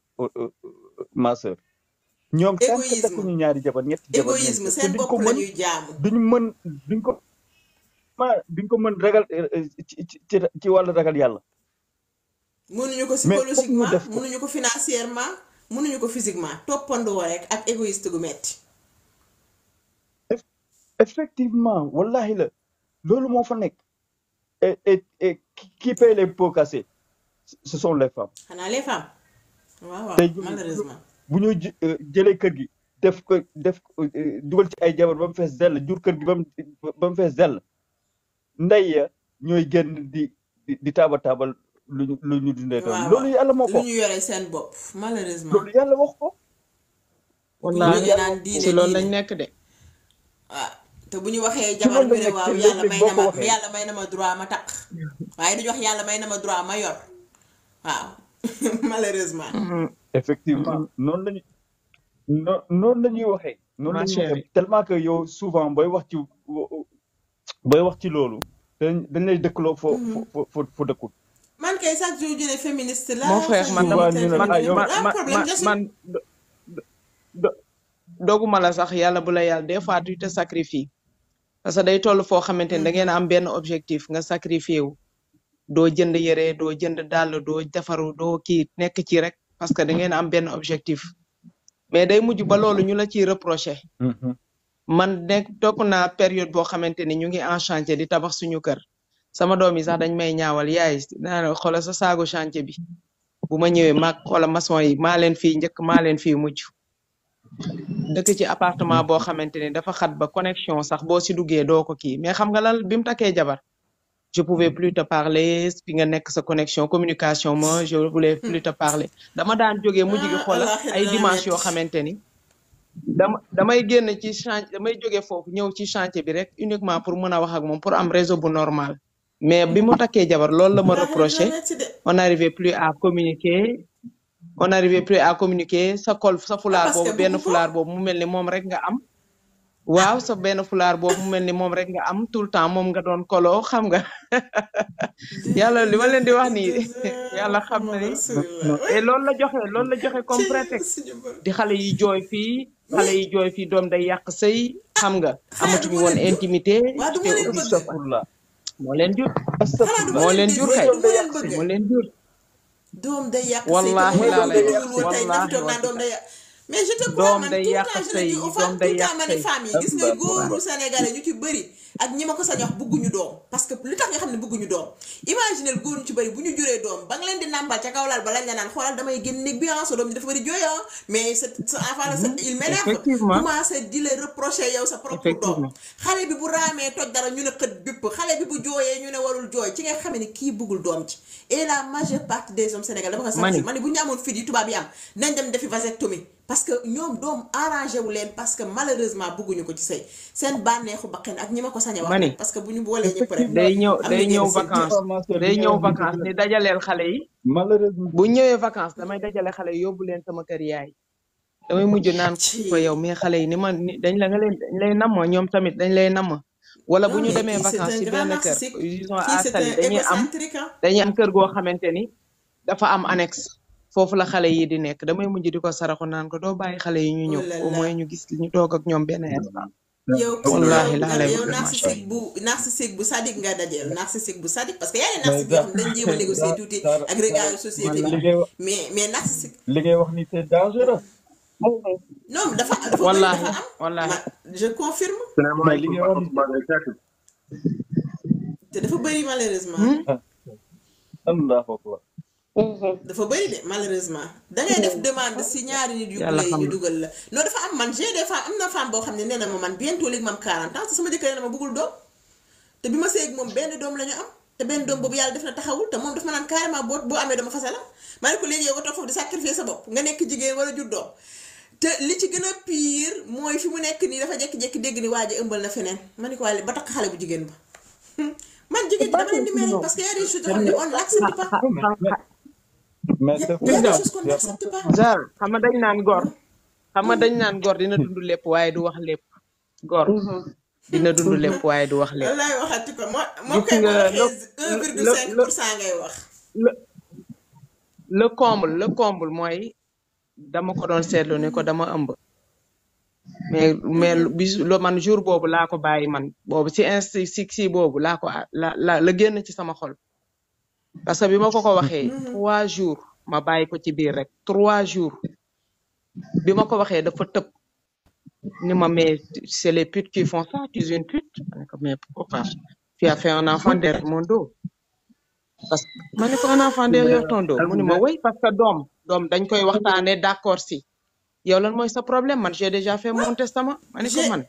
ñoom tant que takkuñu ñaari jabar ñetti jabar égoïsme seen bopp la ñuy jaamu duñ mën duñ ko duñ ko mën ragal euh, euh, ci ci wàllu ragal yàlla mënuñu ko psychologiquement mënuñu ko financièrement mënuñu ko physiquement toppandoo rek ak égoïste gu metti effectivement wallahi la loolu moo fa nekk et et et qui paie les pots cassés ce sont les femmes xanaa les femmes waaw bu ñoo euh, jëlee kër gi def ko def euh, dugal ci ay jabar ba mu fees dell jur kër gi ba fees dell ndey ya ñooy génn di di taabal taabal lu ñu ñu dundee doon loolu yàlla moo ko seen bopp malheureusement loolu yàlla wax ko wallaahi ci loolu lañ nekk de waaw ah, te bu ñu waxee jabar bi ne yàlla may na ma yàlla may na ma droit ma takk waaye duñu wax yàlla may na ma droit ma yor waaw <laughs> malheureusement. Mm-hmm. effectivement mm-hmm. noonu la ñu noo noonu la ñuy waxee. noonu la tellement que yow souvent booy wax ci booy wax ci loolu. dañ lay dëkkaloo mm-hmm. foo foo foo foo dëkkul. man kay chaque jour jëlee féministe la. mon frère man ah, man dooguma la sax yàlla bu la yàlla des fois tu te sacrifies parce que day toll foo xamante ni da ngeen am benn objectif nga sacrifié wu. doo jënd yére doo jënd daal dàll doo defaru doo kii nekk ci rek parce que da ngeen am benn objectif mais day mujj ba loolu ñu la ciy reproché. Mm-hmm. man nekk topp naa période boo xamante ni ñu ngi en changé di tabax suñu kër sama doom yi sax dañ may ñaawal yaay naa xoola sa saagu changé bi bu ma ñëwee maag xoola maçon yi maa leen fii njëkk maa leen fii mujj dëkk ci appartement boo xamante ni dafa xat ba connexion sax boo si duggee doo ko kii mais xam nga lan bi mu takkee jabar je pouvais mm. plus te parler fi nga nekk sa connexion communication ma je voulais <laughs> plus te parler dama daan jógee mujj gi xool ay dimanche yoo xamante ni dama damay génn ci chantier damay jógee foofu ñëw ci chantier bi rek uniquement pour mën a wax ak moom pour am réseau bu normal mais bi mu takkee jabar loolu la ma ah, reproché on n'arrivait plus à communiquer on n'arrivait plus à communiquer sa kol sa ah, fulaar boobu benn fulaar boobu mu mel ni moom rek nga am waaw sa benn fulaar boobu mu mel ni moom rek nga am tout le temps moom nga doon koloo xam nga <laughs> yàlla li ma leen di wax nii yàlla xam na ni et loolu la joxe lool la joxe comme prétexte di xale yi jooy fii xale yi jooy fii doom day yàq sëy xam nga amatuñu woon intimité te ubbi safur la moo leen jur moo leen jur kay moo leen jur. doom day yàq sëy mais je te crois man tout le temps je le dis yi gis nga góoru sénégalais ñu ci bëri ak ñi ma ko sañ wax bëgguñu doom parce que lu tax nga xam ne bëgguñu doom imaginel góor ñu ci bëri bu ñu juree doom ba nga leen di nàmpal ca kaw laal ba lañ la naan xoolal damay génn néeg bi ah sa doom ji dafa bëri jooya ah. mais sa sa sa il mm-hmm. m'énerve commencé di la reprocher yow sa propre doom xale bi bu raamee toj dara ñu ne xët bépp xale bi bu jooyee ñu ne warul jooy ci nga xam ne kii bëggul doom ci et la majeure partie des hommes sénégalais dama parce que ñoom doom arrangé wu leen parce que malheureusement bëgguñu ko ci sëy seen bànneexu bakkan ak ñi ma ko sañ a parce que bu ñu boolee ñëpp rek. day ñëw day ñëw vacance day ñëw vacance ni dajaleel xale yi. malheureusement bu ñëwee vacance damay dajale xale yi yóbbu leen sama kër yaay. damay mujj <laughs> naan ko yow mais xale yi ni ma dañ la nga leen dañ lay namm ñoom tamit dañ lay namm. wala bu ñu demee vacance ci benn kër. disons à Saly dañuy am dañuy am kër goo xamante ni dafa am annexe. foofu la xale yi di nekk damay mujj di ko saraxu naan ko doo bàyyi xale yi ñu ñëw oh au moins ñu gis ñu toog ak ñoom benn instant. yow wallaahi yow narcissique bu narcissique bu sadique nga dajeel narcissique bu sadique parce que yaa ngi narcissique yoo <laughs> mais mais narcissique li ngay wax ni c'est dangereux non je confirme te dafa bëri malheureusement hmm? <laughs> Mhm. dafa bëri de malheureusement. da ngay def mhm. demande si ñaari nit yu. yàlla dugal la. non dafa am man j'ai des am na femme boo xam ne nee na ma man bientôt léegi ma am 40 ans te moom benn doom la ñu am te doom boobu yàlla def na taxawul te moom dafa ma boo boo amee dama fase ne ko léegi yow nga toog li gën a mooy fi mu nekk nii dafa jékki-jékki dégg ni waa ji na feneen ma ne ko waaye ba takk xale bu jigéen ba <laughs> man jigéen dama leen di mel parce que y a des choses yoo xam ne on l'accepte pas mais genre dañ naan gor xam dañ naan gor dina dund lépp waaye du wax lépp gor mhm. dina dund lépp waaye du wax lépp lay waxati ko moo le comble le comble mooy dama ko doon seetlu ne ko dama ëmb mais mais mhm. bi man jour boobu laa ko bàyyi man boobu si insti si si boobu laa ko la la la génn ci sama xol parce que bi ma ko ko waxee mm-hmm. trois jours ma bàyyi ko ci biir rek trois jours bi ma ko waxee dafa tëb ni ma mais c'est les putes qui font ça tu es une pute ma parce que ma ne ko un enfant derrière ton dos mu ne parce que doom doom dañ koy waxtaanee d'accord si yow lan mooy sa problème man j'ai déjà fait mon testament ma ne man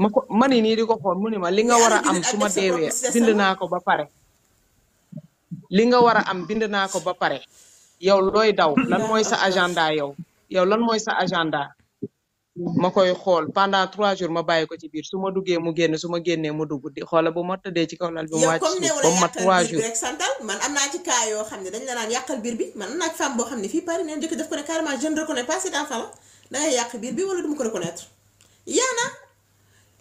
ma mani nii di ko xool mu ne li nga war a am su ma deewee bind naa ko ba pare li nga war a am bind naa ko ba pare yow looy daw lan mooy sa agenda yow yow lan mooy sa agenda ma koy xool pendant trois jours ma bàyyi ko ci biir su ma duggee mu génn su ma génnee mu dugg di xoola bu ma tëddee ci kaw lal bi mu wàcc suuf mat trois jours rek ci cas xam ne dañ naan yàqal biir bi man am naa ci boo xam ne fii pare neen jëkk def ko ne carrément je ne reconnais pas cet enfant dangay yàq biir bi wala du ma ko reconnaître yaa na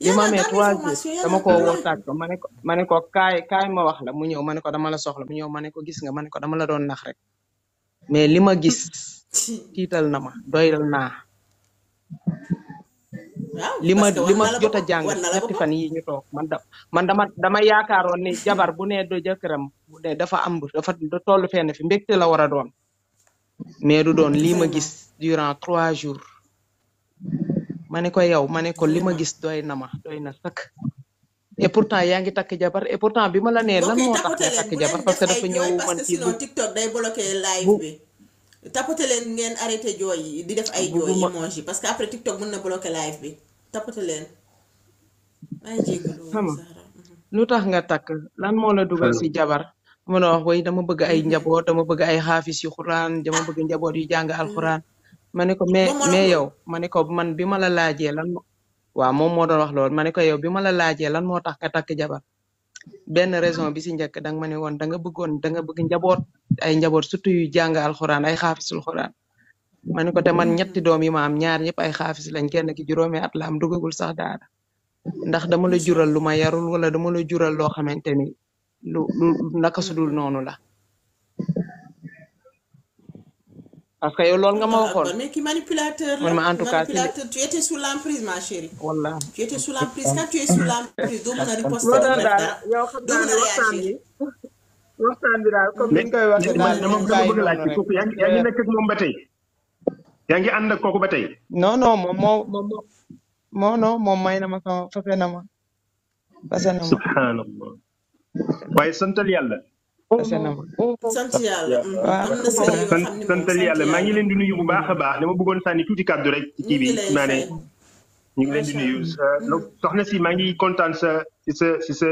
bi ma amee trois jours dama ko woo tàgg ma ne ko ma ne ko kaay kaay ma wax la mu ñëw ma ne ko dama la soxla mu ñëw ma ne ko gis nga mane ko dama la doon nax rek mais li ma gis <laughs> tiital na ma doyal naa li ma li ma jot a jàng ñetti fan ñu toog man man dama dama yaakaaroon ni jabar bu nee do jëkkëram bu ne dafa am dafa tollu fenn fi mbégte la war a doon mais doon lii ma gis durant trois jours ma ne ko yow ma ne ko li ma gis doy na ma doy na sëkk et pourtant yaa ngi takk jabar et pourtant bi ma la nee lan moo tax nga takk parce que dafa ñëw man ci bu TikTok day bloqué live bi leen ngeen arrêté jooy yi di def ay jooy yi parce que après TikTok na bloqué live bi mhm. tax nga takk lan moo la dugal si jabar mën wax way dama bëgg ay njaboot dama bëgg ay xaafis yu xuraan dama bëgg njaboot yu jàng alxuraan ma ne ko mais mais yow ma ne ko man bi ma la laajee lan waaw moom moo doon wax loolu ma ne ko yow bi ma la laajee lan moo tax ka jabar benn raison bi si njëkk danga ma ne woon da nga bëggoon da bëgg njaboot ay njaboot surtout yu jàng alxuraan ay xaafisul xuraan ma ne ko te man ñetti doom yi ma am ñaar ñëpp ay xaafis lañ kenn ki juróomi at la am dugagul sax daara ndax dama la jural lu ma yarul wala dama la jural loo xamante ni lu lu naka sudul noonu la parce que yow loolu nga ma ah, waxoon mais ki manipulateur la man en tout cas manipulateur l'emprise ma chérie. tu étais sous l'emprise quand tu l'emprise doo mën a <laughs> daal comme ni ñu koy waxee yaa ngi yaa ngi nekk ak moom ba tey. yaa ngi ànd ak ba tey. non non moom moom may na ma sama fase na ma fase na ma. subhanallah waaye santal yàlla. sant mm, yàlla sa yoo xam ne maa ngi leen di nuyu bu baax a baax dama bëggoon sànni tuuti kàddu rek ci kii bi naa ne ñu ngi leen di nuyu soxna si maa ngi kontaan sa si sa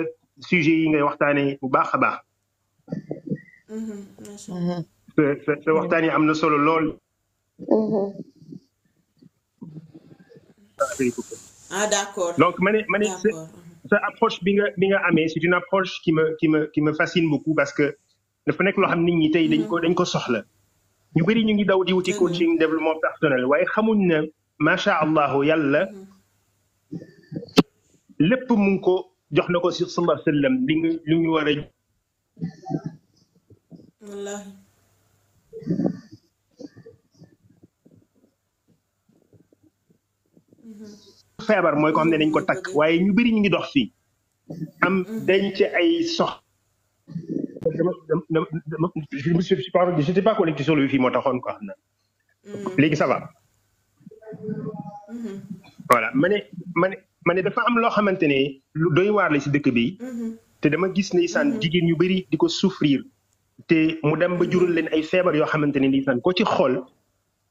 si yi ngay waxtaanee bu baax a baax mm-hmm, mm-hmm. sa sa waxtaan yi am na solo lool mm-hmm. ah, donc ma ne ma sa approche bi nga bi nga amee c'est une approche qui me qui me qui me fascine beaucoup parce que dafa nekk loo xam nit ñi tey dañ ko dañ ko soxla ñu bëri ñu ngi daw di wuti coaching développement personnel waaye xamuñ ne macha allah yàlla lépp mu ngi ko jox na ko si sallallahu alayhi wa nga li ñu li ñu war a. feebar mooy ko xam ne dañ ko takk waaye ñu bëri ñu ngi dox fii am ci ay sox dama dama dama je n'étais pas connecté sur le wifi moo taxoon quoi xam mm. na léegi ça va mm-hmm. voilà ma ne ma ne ma ne dafa am loo xamante ne lu doy waar la si dëkk bi mm-hmm. te dama gis na saan mm-hmm. jigéen ñu bari di ko souffrir te mu dem ba jural leen ay feebar yoo xamante ne nii saan ko ci xool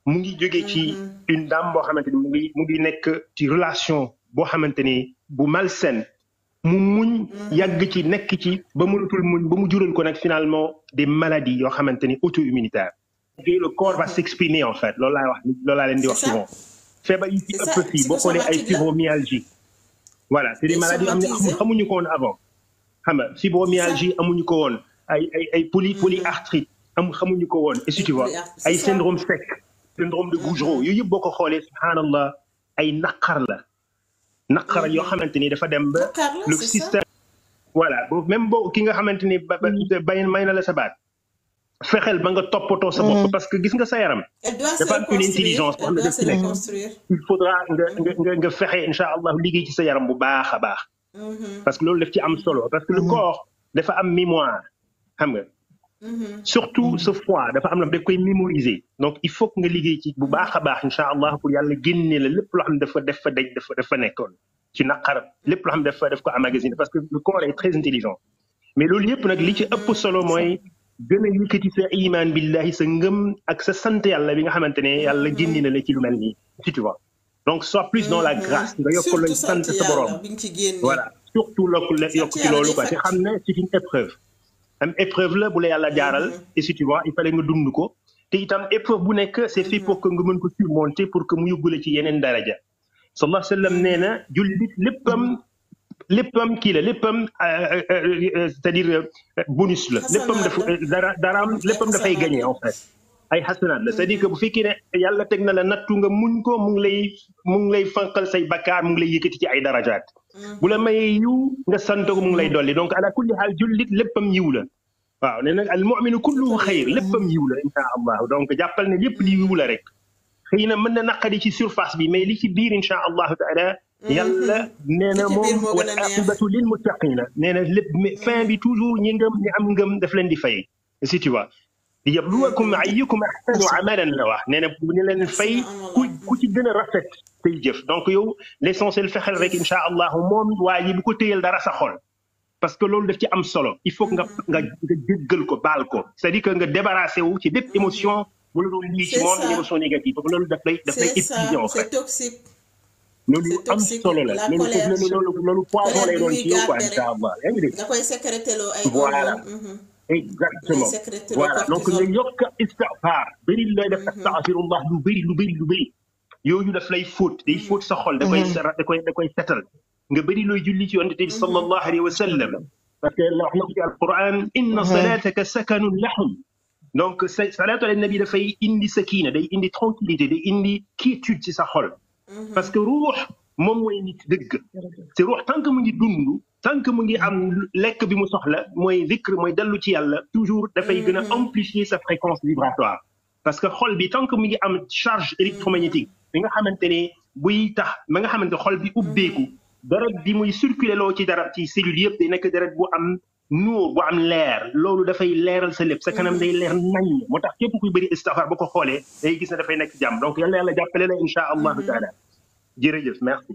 mu ngi jógee ci mm-hmm. une dame boo xamante ni mu ngi mu ngi nekk ci relation boo xamante ni bu malsaine mu muñ mm-hmm. yàgg ci nekk ci ba mënatul muñ ba mu jural ko nag finalement des maladies yoo xamante ni auto-immunitaire le corps va mm-hmm. s'exprimer en fait loolu wax loolu laa leen di wax souvent feebar yi ci boo xoolee ay fibromyalgie voilà c'est des maladies am ne xamuñu ko woon avant xam nga amuñu ko woon ay ay ay poly polyarthrite am xamuñu ko woon et si tu vois ay syndrome sec syndrome de Gougeron yooyu yëpp boo ko xoolee subhanallah ay naqar la naqar mm-hmm. yoo xamante ni dafa dem ba le système voilà même bo ki nga xamante ni ba mm-hmm. bay may na la sa baat fexeel ba nga toppatoo sa bopp mm-hmm. parce que gis nga sa yaram dafa am nga nga nga fexe incha allah liggéey ci sa yaram bu baax a baax parce que loolu daf ci am solo parce que le corps dafa am mémoire xam nga Mm-hmm. surtout mm-hmm. ce froid dafa am na da koy mémoriser donc il faut nga liggéey ci bu baax a baax incha allah pour yàlla génne la lépp loo xam dafa def fa daj dafa dafa nekkoon ci naqar lépp loo xam dafa def ko emmagasiner parce que le corps est intelligent mais loolu yëpp nag li ci ëpp solo mooy gën a yëkkati sa iman billahi sa ngëm ak sa sant yàlla bi nga xamante ne yàlla mm-hmm. génne na la ci lu mel nii si tu vois donc sois plus dans la grâce nga yokk looy sant sa borom voilà surtout lokk yokk ci xam ne c'est am épreuve la bu la yàlla jaaral mhm. et si tu vois dund ko te itam épreuve bu nekk c'est fait mhm. pour que nga mën ko surmonter pour que mu yóbbu la ci yeneen daraja sallallahu alayhi wa sallam nee na jullit léppam léppam kii la léppam euh, euh, euh, c'est-à-dire bonus la léppam dara daraam léppam dafay gagné en fait ay xasanaat la cest dire que bu mhm. fekkee ne yàlla teg na la nattu nga muñ ko mu ngi lay mu ngi lay fanqal say bakkaar mu ngi lay yëkkati ci ay darajaat bu la mayee yiw nga sant ko mu ngi lay dolli donc ala kulli xaal jullit léppam yiw la waaw nee na al muminu kulluhu xayr donc jàppal ne lépp li yiw la rek xëy na mën na naqari ci surface bi mais li ci biir insha allahu taala mhm. yàlla nee na moom wal aqibatu lil muttaqina nee na lépp mhm. fin bi toujours ñi ngëm ñi am ngëm daf leen di fay si tu vois mhm. yabluwakum ayyukum ahsanu amalan la wax nee na bu ñu ku ci gën rafet tey jëf donc yow l'essentiel fexeel rek incha allah moom waa ji bu ko téyal dara sa parce que loolu daf ci am solo il faut nga nga nga jéggal ko baal ko c'est-à-dire que nga débarrassé wu ci bépp émotion bu la doon lii ci moom loolu daf lay daf lay épuisé en fait loolu solo la loolu loolu loolu poison lay doon ci yow quoi incha allah yaa ngi ay voilà mhm. exactement voilà donc nga yokk istighfar bëri looy def astaghfirullah yooyu daf lay fóot day mm. fóot sa xol da koy mm-hmm. da koy da koy setal nga bëri looy julli ci yonent bi mm-hmm. sallallahu alayhi wa sallam parce que yàlla wax na ko ci alquran inna mm-hmm. salataka sakanun lahum donc salaatu ala nabi dafay indi sakina day indi tranquillité day indi quiétude ci sa xol parce que ruux moom mooy nit dëgg te ruux tant que mu ngi dund tant que mu ngi am lekk bi mu soxla mooy zikr mooy dellu ci yàlla toujours dafay gën a amplifier sa fréquence vibratoire parce que xool bi tant que mu ngi am charge électromagnétique bi nga xamante ne buy tax ma nga xamante xool bi ubbeeku deret bi muy circuler loo ci dara ci cellules yëpp day nekk deret bu am nuur bu am leer loolu dafay leeral sa lépp sa kanam day leer nañ moo tax képp kuy bëri istixfaar ba ko xoolee day gis ne dafay nekk jàmm donc yàlla yàlla jàppale la incha allahu taala jërëjëf merci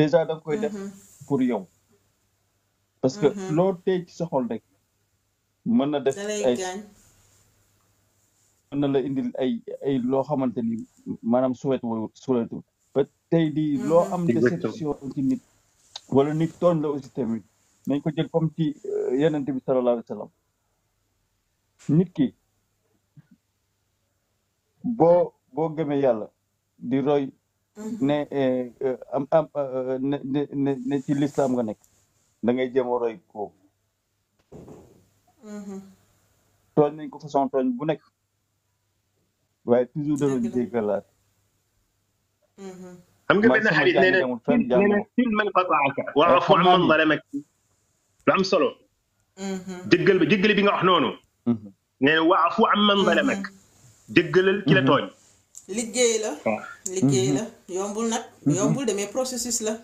déjà da koy def mhm. pour yow parce que mhm. loo tey ci sa rek mën na def ay mën na la indil ay ay loo xamante ni maanaam souhait wala souhaitu ba tey di mhm. loo am déception ci nit wala nit toon la aussi tamit nañ ko jël comme ci euh, yenente bi sallallahu alayhi wa sallam nit ki boo boo gëmee yàlla di roy Mm-hmm. ne eh, eh, am am eh, ne ne ci lislaam nga nekk da ngay jéem a mm-hmm. tooñ nañ ko façon tooñ bu nekk waaye toujours da doon jéggalaat xam nga benn xadis nee na nee na sil man qataaka waafu an man zalamak lu am solo mm-hmm. jéggal ba jéggale bi nga wax noonu nee na waafu man zalamak jéggalal ki la tooñ liggéey la. Ah. liggéey mhm. la yombul nag. Mhm. yombul demee processus la.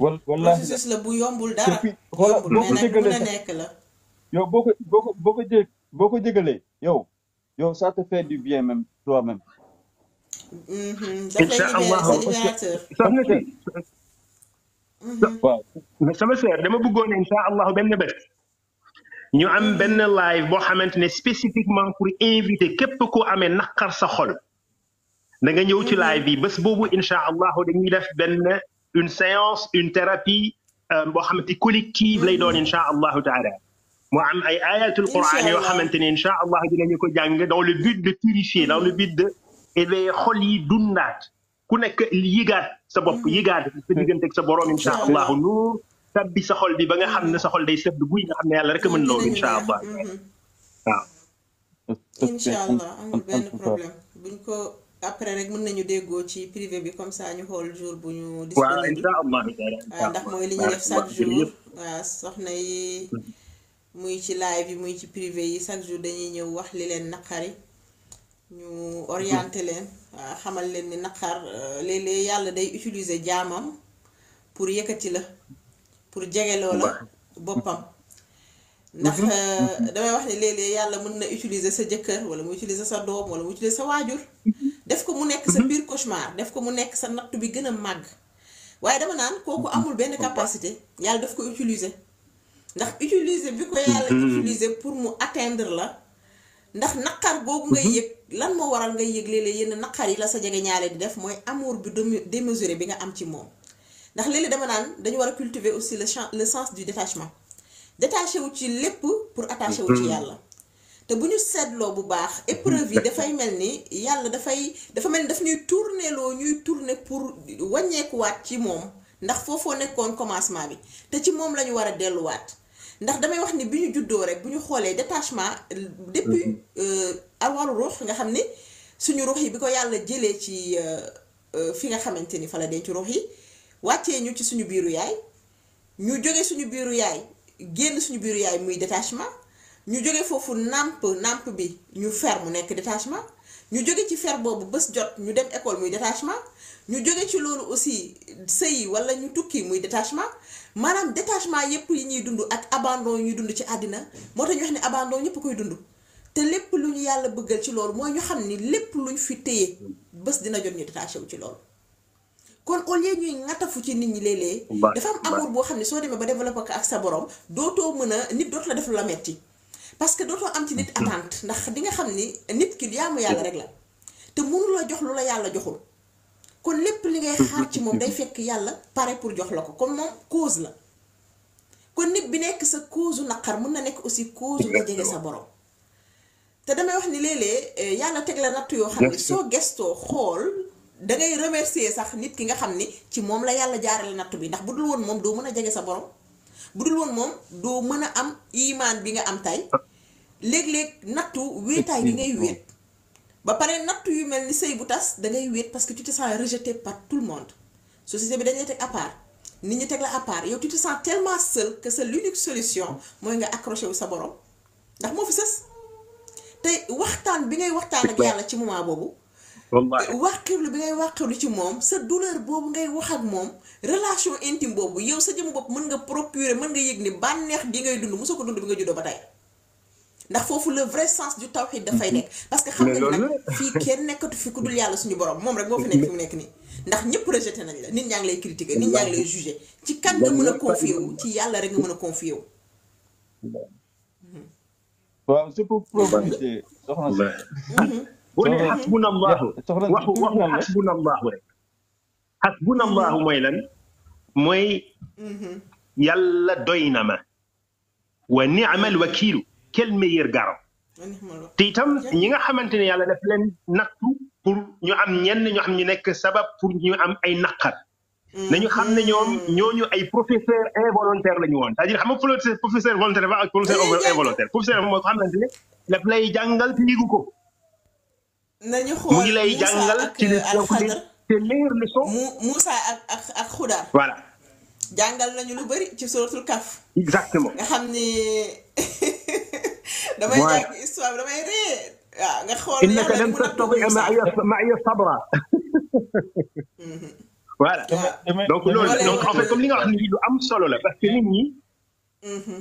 wallaahi la bu yombul dara. yombul mais nag mën a nekk la. yow boo ko boo ko boo ko jé boo ko jégalee yow yow ça te fait du bien même toi-même. Mhm. sama sœur dama bëggoon incha allahu benn bés ñu am benn live boo xamante ne spécifiquement pour inviter képp ku amee naqar sa xol. da nga ñëw ci mm-hmm. live bi bés boobu incha allahu dañuy def benn une séance une thérapie euh, boo xamante collective lay doon mm-hmm. incha allahu taala mu am ay ayatul quran yoo xamante ne incha allah dinañu ko jàng dans le but de purifier dans le but de éveiller xol yi dundaat ku nekk yëgaat sa bopp mm-hmm. yëgaat sa diggante ak sa borom incha allahu nuur tabbi sa xol bi ba nga xam ne sa xol day sedd guy nga xam ne yàlla rek a mën loolu incha allah waaw. incha allah amul benn problème buñ ko. après rek mën nañu déggoo ci privé bi comme ça ñu xool jour bu ñu. disponible waaw ndax mooy li ñuy def chaque jour mm-hmm. muy ci live yi muy ci privé yi chaque jour dañuy ñëw wax li leen naqari ñu orienté leen xamal leen ni naqar euh, léeg-léeg yàlla day utiliser jaamam pour yëkkati la pour jege loola boppam mm-hmm. ndax euh, mm-hmm. damay yàlla mën na utiliser sa jëkkër wala mu utiliser sa doom wala mu utiliser sa waajur def ko mu nekk sa mhm. pire cauchemar def ko mu nekk sa nattu bi gën a màgg waaye dama naan kooku amul benn capacité yàlla daf ko utiliser ndax utiliser bi ko yàlla mhm. utiliser pour mu atteindre la ndax naqar boobu ngay mhm. yëg lan moo waral nga yëg léeg-léeg yenn naqar yi la sa jege ñaale di def mooy amour bi démesuré bi nga am ci moom ndax léeg-léeg dama naan dañu war a cultiver aussi le champ le sens du détachement détaché wu ci lépp pour attaché wu ci yàlla te bu ñu seetloo bu baax épreuve yi dafay mel ni yàlla dafay dafa mel ni daf ñuy tourneloo ñuy tourner pour wàññeekuwaat ci moom ndax foofoo nekkoon commencement bi te ci moom la ñu war a delluwaat ndax damay wax ni bi ñu juddoo rek bu ñu xoolee détachement depuis mm-hmm. euh, awaru ruux nga xam ni suñu ruux yi bi ko yàlla jëlee ci euh, euh, fi nga xamante ni fa la ci ruux yi wàccee ñu ci suñu biiru yaay ñu jóge suñu biiru yaay génn suñu biiru yaay muy détachement ñu jóge foofu nàmp nàmp bi ñu fer mu nekk détachement ñu jóge ci fer boobu bés jot ñu dem école muy détachement ñu jóge ci loolu aussi sëyi walla ñu tukki muy détachement maanaam détachement yépp yi ñuy dund ak abandon yi ñuy dund ci àddina moo tax ne abandon ñépp koy dund te lépp lu ñu yàlla bëggal ci loolu mooy ñu xam ni lépp lu ñu fi téye bés dina jot ñu détaché wu ci loolu kon au lieu ñuy ngatafu ci nit ñi léeg-léeg dafa am amour boo xam ne soo demee ba développé ko ak sa borom dootoo mën a nit dootu la def lu la parce que dootoo am ci nit attente ndax di nga xam ni nit ki yaamu yàlla rek la te mënuloo jox lu la yàlla joxul kon lépp li ngay xaar ci moom day fekk yàlla pare pour jox la ko kon moom cause la kon nit bi nekk sa cause naqar mën na nekk aussi cause nga jege sa borom te damay wax ni léeg-léeg eh, yàlla teg la natt yoo xam ne soo gestoo xool da ngay remercier sax nit ki nga xam ni ci moom la yàlla jaarale natt bi ndax bu dul woon moom doo mën a jege sa borom bu woon moom doo mën a am imaan bi nga am tey léeg-léeg nattu wéetaay bi ngay wéet ba pare nattu yu mel ni sëy bu tas da wéet parce que tu te sens rejeté par tout le monde société bi dañuy teg à part nit ñi teg la à part yow tu te sens tellement seul que l'unique solution mooy nga accroché wu sa borom ndax moo fi sës te waxtaan bi ngay waxtaan ak yàlla ci moment boobu wax wàqirlu bi ngay wax wàqirlu ci moom sa douleur boobu ngay wax ak moom relation intime boobu yow sa jëm bopp mën nga procurer mën nga yëg ni bànneex gi ngay dund mosoo ko dund bi nga juddoo ba tey ndax foofu le vrai sens du tawhid dafay mhm. nekk parce que xam nga nag fii kenn nekkatu fi ku dul yàlla suñu borom moom rek moo fi nekk fi mu nekk nii ndax ñëpp rejeté nañ la nit ñaa lay critiquer nit ñaa lay jugé ci kan nga mën a confier wu ci yàlla rek nga mën a confier wu waaw c'est pour profiter soxna si <laughs> boo nee xasbunallaahu waxu waxu xasbunallaahu rek xasbunallaahu mm-hmm. mooy lan mooy mm-hmm. yàlla doy na ma wa ni'mal wakiilu quel meilleur garant te itam ñi nga xamante ne yàlla daf leen nattu pour ñu am ñenn ñu xam ñu nekk sabab pour ñu am ay naqar mm-hmm. nañu xam ne ñoom ñooñu ay professeur involontaire la ñu woon c'est-à-dire xam nga professeur volontaire ba ak professeur involontaire professeur moo ko xamante ne daf lay jàngal te yëgu ko nañu xool mu ngi lay jàngal ci euh, te meilleure leçon Moussa ak ak ak Xudaar voilà jàngal nañu lu bëri ci suratul kaf exactement nga xam ne <laughs> damay jàng histoire damay réer. waaw nga xool innaka lan tastatia ma'iya ma'iya sabra <laughs> voilà donc loolu donc en fait comme li nga wax ni lu am solo la parce que nit ñi. Mm-hmm.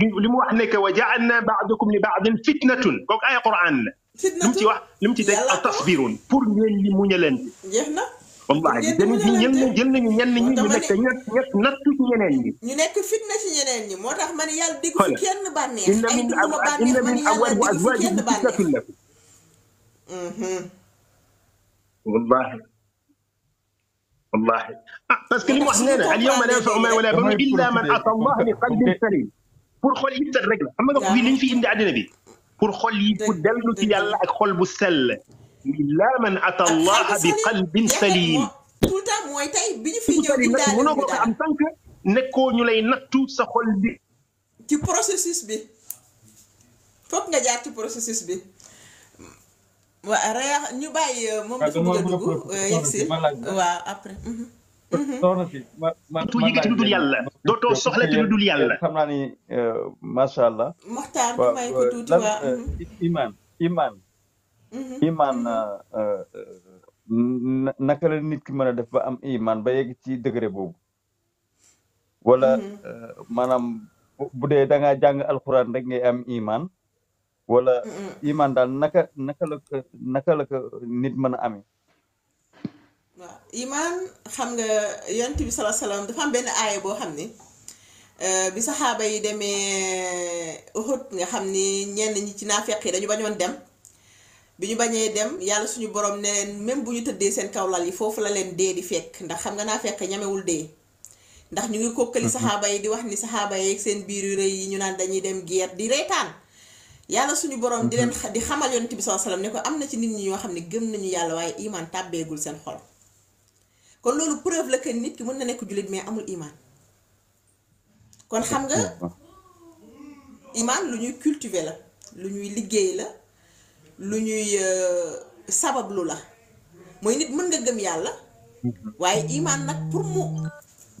li li mu wax ne que wa ja'alna ba'dakum li ba'din fitnatun kooku ay Qur'an la. fitnatun lu mu ci wax lu mu ci teg atasbirun pour ngeen li muñalante. jeex na. wallaahi dañu jël nañu jël nañu ñenn ñi ñu nekk ñett ñett nattu ci ñeneen ñi. ñu nekk fitna ci ñeneen ñi moo tax man yàlla dégg fi kenn bànneex. ay dugg ma bànneex man yàlla dégg fi kenn bànneex. wallaahi wallaahi ah parce que li mu wax nee na al yawma laa yanfa'u maalun wa laa banuun illaa man ataa Allaha bi qalbin saliim pour xol yi set rek la xam nga ko fii li ñu fi indi àddina bi pour xol yi pour dellu ci yàlla ak xol bu sell. illaa man ata allah bi qalbin salim tout le temps bi ñu fi ñëw ci daal mënoo ko am tant que nekkoo ñu lay nattu sa xol bi nga jaar ci bi euh, euh, waa mhm. mhm. dul yàlla dootoo soxla ci lu dul yàlla. xam euh, may ko tuuti waa mhm. imaan. Mm-hmm. iman mm-hmm. Uh, uh, naka la nit ki mën a def ba am iman ba yegg ci degré boobu wala mm-hmm. uh, maanaam bu dee da jàng alxuraan rek ngay am iman wala iman daal naka naka la ko naka la ko nit mën a amee waaw iman xam nga yanti bi salaa salaam dafa am xam ni bi saxaaba yi demee Uhud nga xam ni ñenn ñi ci naafeq yi dañu bañoon dem bi ñu bañee dem yàlla suñu borom ne leen même bu ñu tëddee seen kawlal yi foofu la leen dee di fekk ndax xam nga naa fekk ñamewul dee ndax ñu ngi kokkali saxaaba yi di wax ni saxaaba yi ak seen biir yu rëy yi ñu naan dañuy dem guerre di reetaan yàlla suñu borom di leen di xamal yonent bi sallallahu ne ko am na ci nit ñi ñoo xam ne gëm nañu yàlla waaye iman tàbbeegul seen xol kon loolu preuve la que nit ki mën na nekk jullit mais amul iman kon xam nga iman lu ñuy cultiver la lu ñuy liggéey la lu ñuy euh, sabablu la mooy nit mën nga gëm yàlla mhm. waaye imaan nag pour mu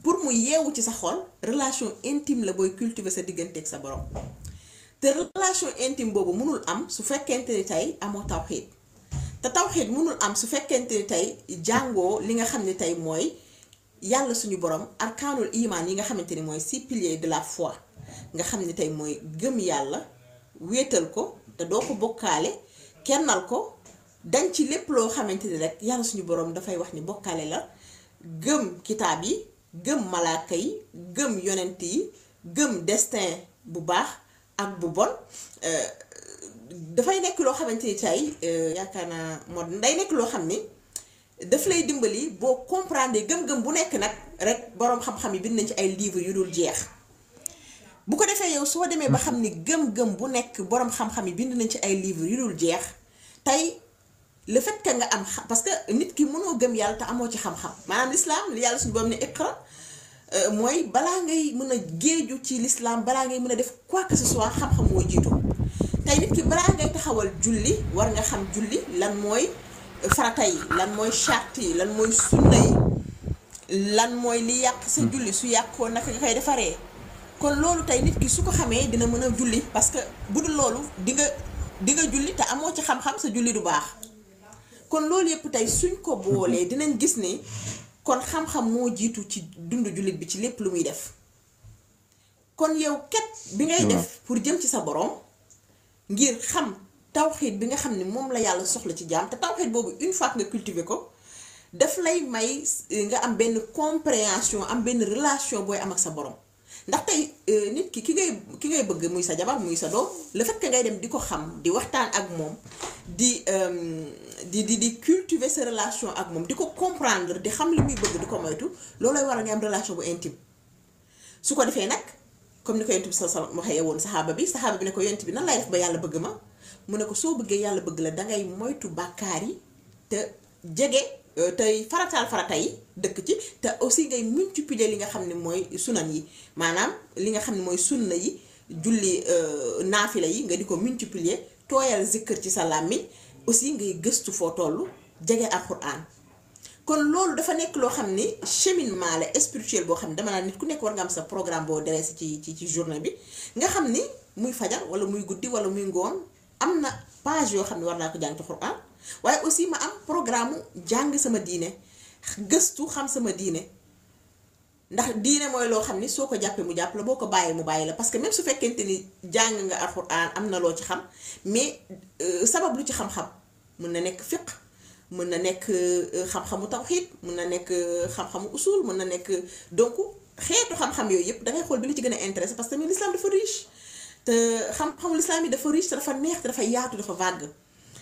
pour mu yeewu ci sa xol relation intime la booy cultiver sa diggante ak sa borom te relation intime boobu mënul am su fekkente ni tey amoo tawxiid te tawxiid mënul am su fekkent ni tey jàngoo li nga xam ne tey mooy yàlla suñu borom arkaanul imaan yi nga xamante ni mooy six piliers de la fois nga xam ne tey mooy gëm yàlla wéetal ko te doo ko bokkaale kennal ko dañ ci lépp loo xamante ni rek yàlla suñu borom dafay wax ni bokkaale la gëm kitaab yi gëm malaaka yi gëm yonent yi gëm destin bu baax ak bu bon euh, dafay nekk loo xamante ni tey euh, yaakaar naa moo day nekk loo xam ni daf lay dimbali boo comprendre gëm-gëm bu nekk nag rek boroom xam-xam yi bind nañ ci ay livres yu dul jeex bu ko defee yow soo demee ba mm-hmm. xam ni gëm-gëm bu nekk borom xam-xam yi bind nañ ci ay livre yu dul jeex tey le fait nga am parce que nit ki mënoo gëm yàlla te amoo ci xam-xam maanaam l'islam li yàlla suñu borom ne iqra euh, mooy balaa ngay mën a géeju ci l'islam balaa ngay mën a def quoi que ce soit moo jiitu tey nit ki balaa ngay taxawal julli war nga xam julli lan mooy farata yi lan mooy charte yi lan mooy sunna yi lan mooy li yàq sa mm. julli su yàqoo nag nga koy defaree kon loolu tey nit ki su ko xamee dina mën a julli parce que bu dul loolu dinga nga di nga julli te amoo ci xam-xam sa julli du baax kon loolu yëpp tey suñ ko boolee mhm. dinañ gis ni kon xam-xam moo jiitu ci dundu jullit bi ci lépp lu muy def kon yow ket bi ngay def pour jëm ci sa borom ngir xam tawxiit bi nga xam ne moom la yàlla soxla ci jaam te tawxiit boobu une fois nga cultiver ko daf lay may eh, nga am benn compréhension am benn relation booy am ak sa borom ndax tey euh, nit ki ki ngay ki ngay bëgg muy sa jabar muy sa doom la fekk que ngay dem di ko xam di waxtaan ak moom di euh, di di di cultiver sa relation ak moom di ko comprendre di xam li muy bëgg di ko moytu lay war a am relation bu intime su ko defee nag comme ni ko yonent bi sa sal waxee woon saxaaba bi saxaaba bi ne ko yent bi nan lay def ba yàlla bëgg ma mu ne ko soo bëggee yàlla bëgg la dangay moytu bàkkaar yi te jege Euh, tey farataal farata yi dëkk ci te aussi ngay multiplier li nga xam ne mooy sunan yi maanaam li nga xam ne mooy sunna yi julli euh, naafila yi nga di ko multiplier tooyal zikkër ci sa làmmiñ aussi ngay gëstu foo toll jege alxuraan kon loolu dafa nekk loo xam ni cheminement la spirituel boo xam ne dama naan nit ku nekk war nga am sa programme boo dressé ci ci ci journée bi nga xam ni muy fajar wala muy guddi wala muy ngoon am na page yoo xam ne war naa ko jàng waaye aussi ma am programme jàng sama diine gëstu xam sama diine ndax diine mooy loo xam ni soo ko jàppee mu jàpp la boo ko bàyyi mu bàyyi la parce que même su fekkente ni jàng nga alxuraan am na loo ci xam mais euh, sabab lu ci xam-xam mun na nekk fiq mën na nekk euh, xam-xamu tawxiid mun na nekk euh, xam-xamu usul mun na nekk donc xeetu xam-xam yooyu yëpp dangay xool bi lu ci gën a intéressé parce que tamit l'islam dafa riche te xam-xamu l'islam yi dafa riche te dafa dafa yaatu dafa vague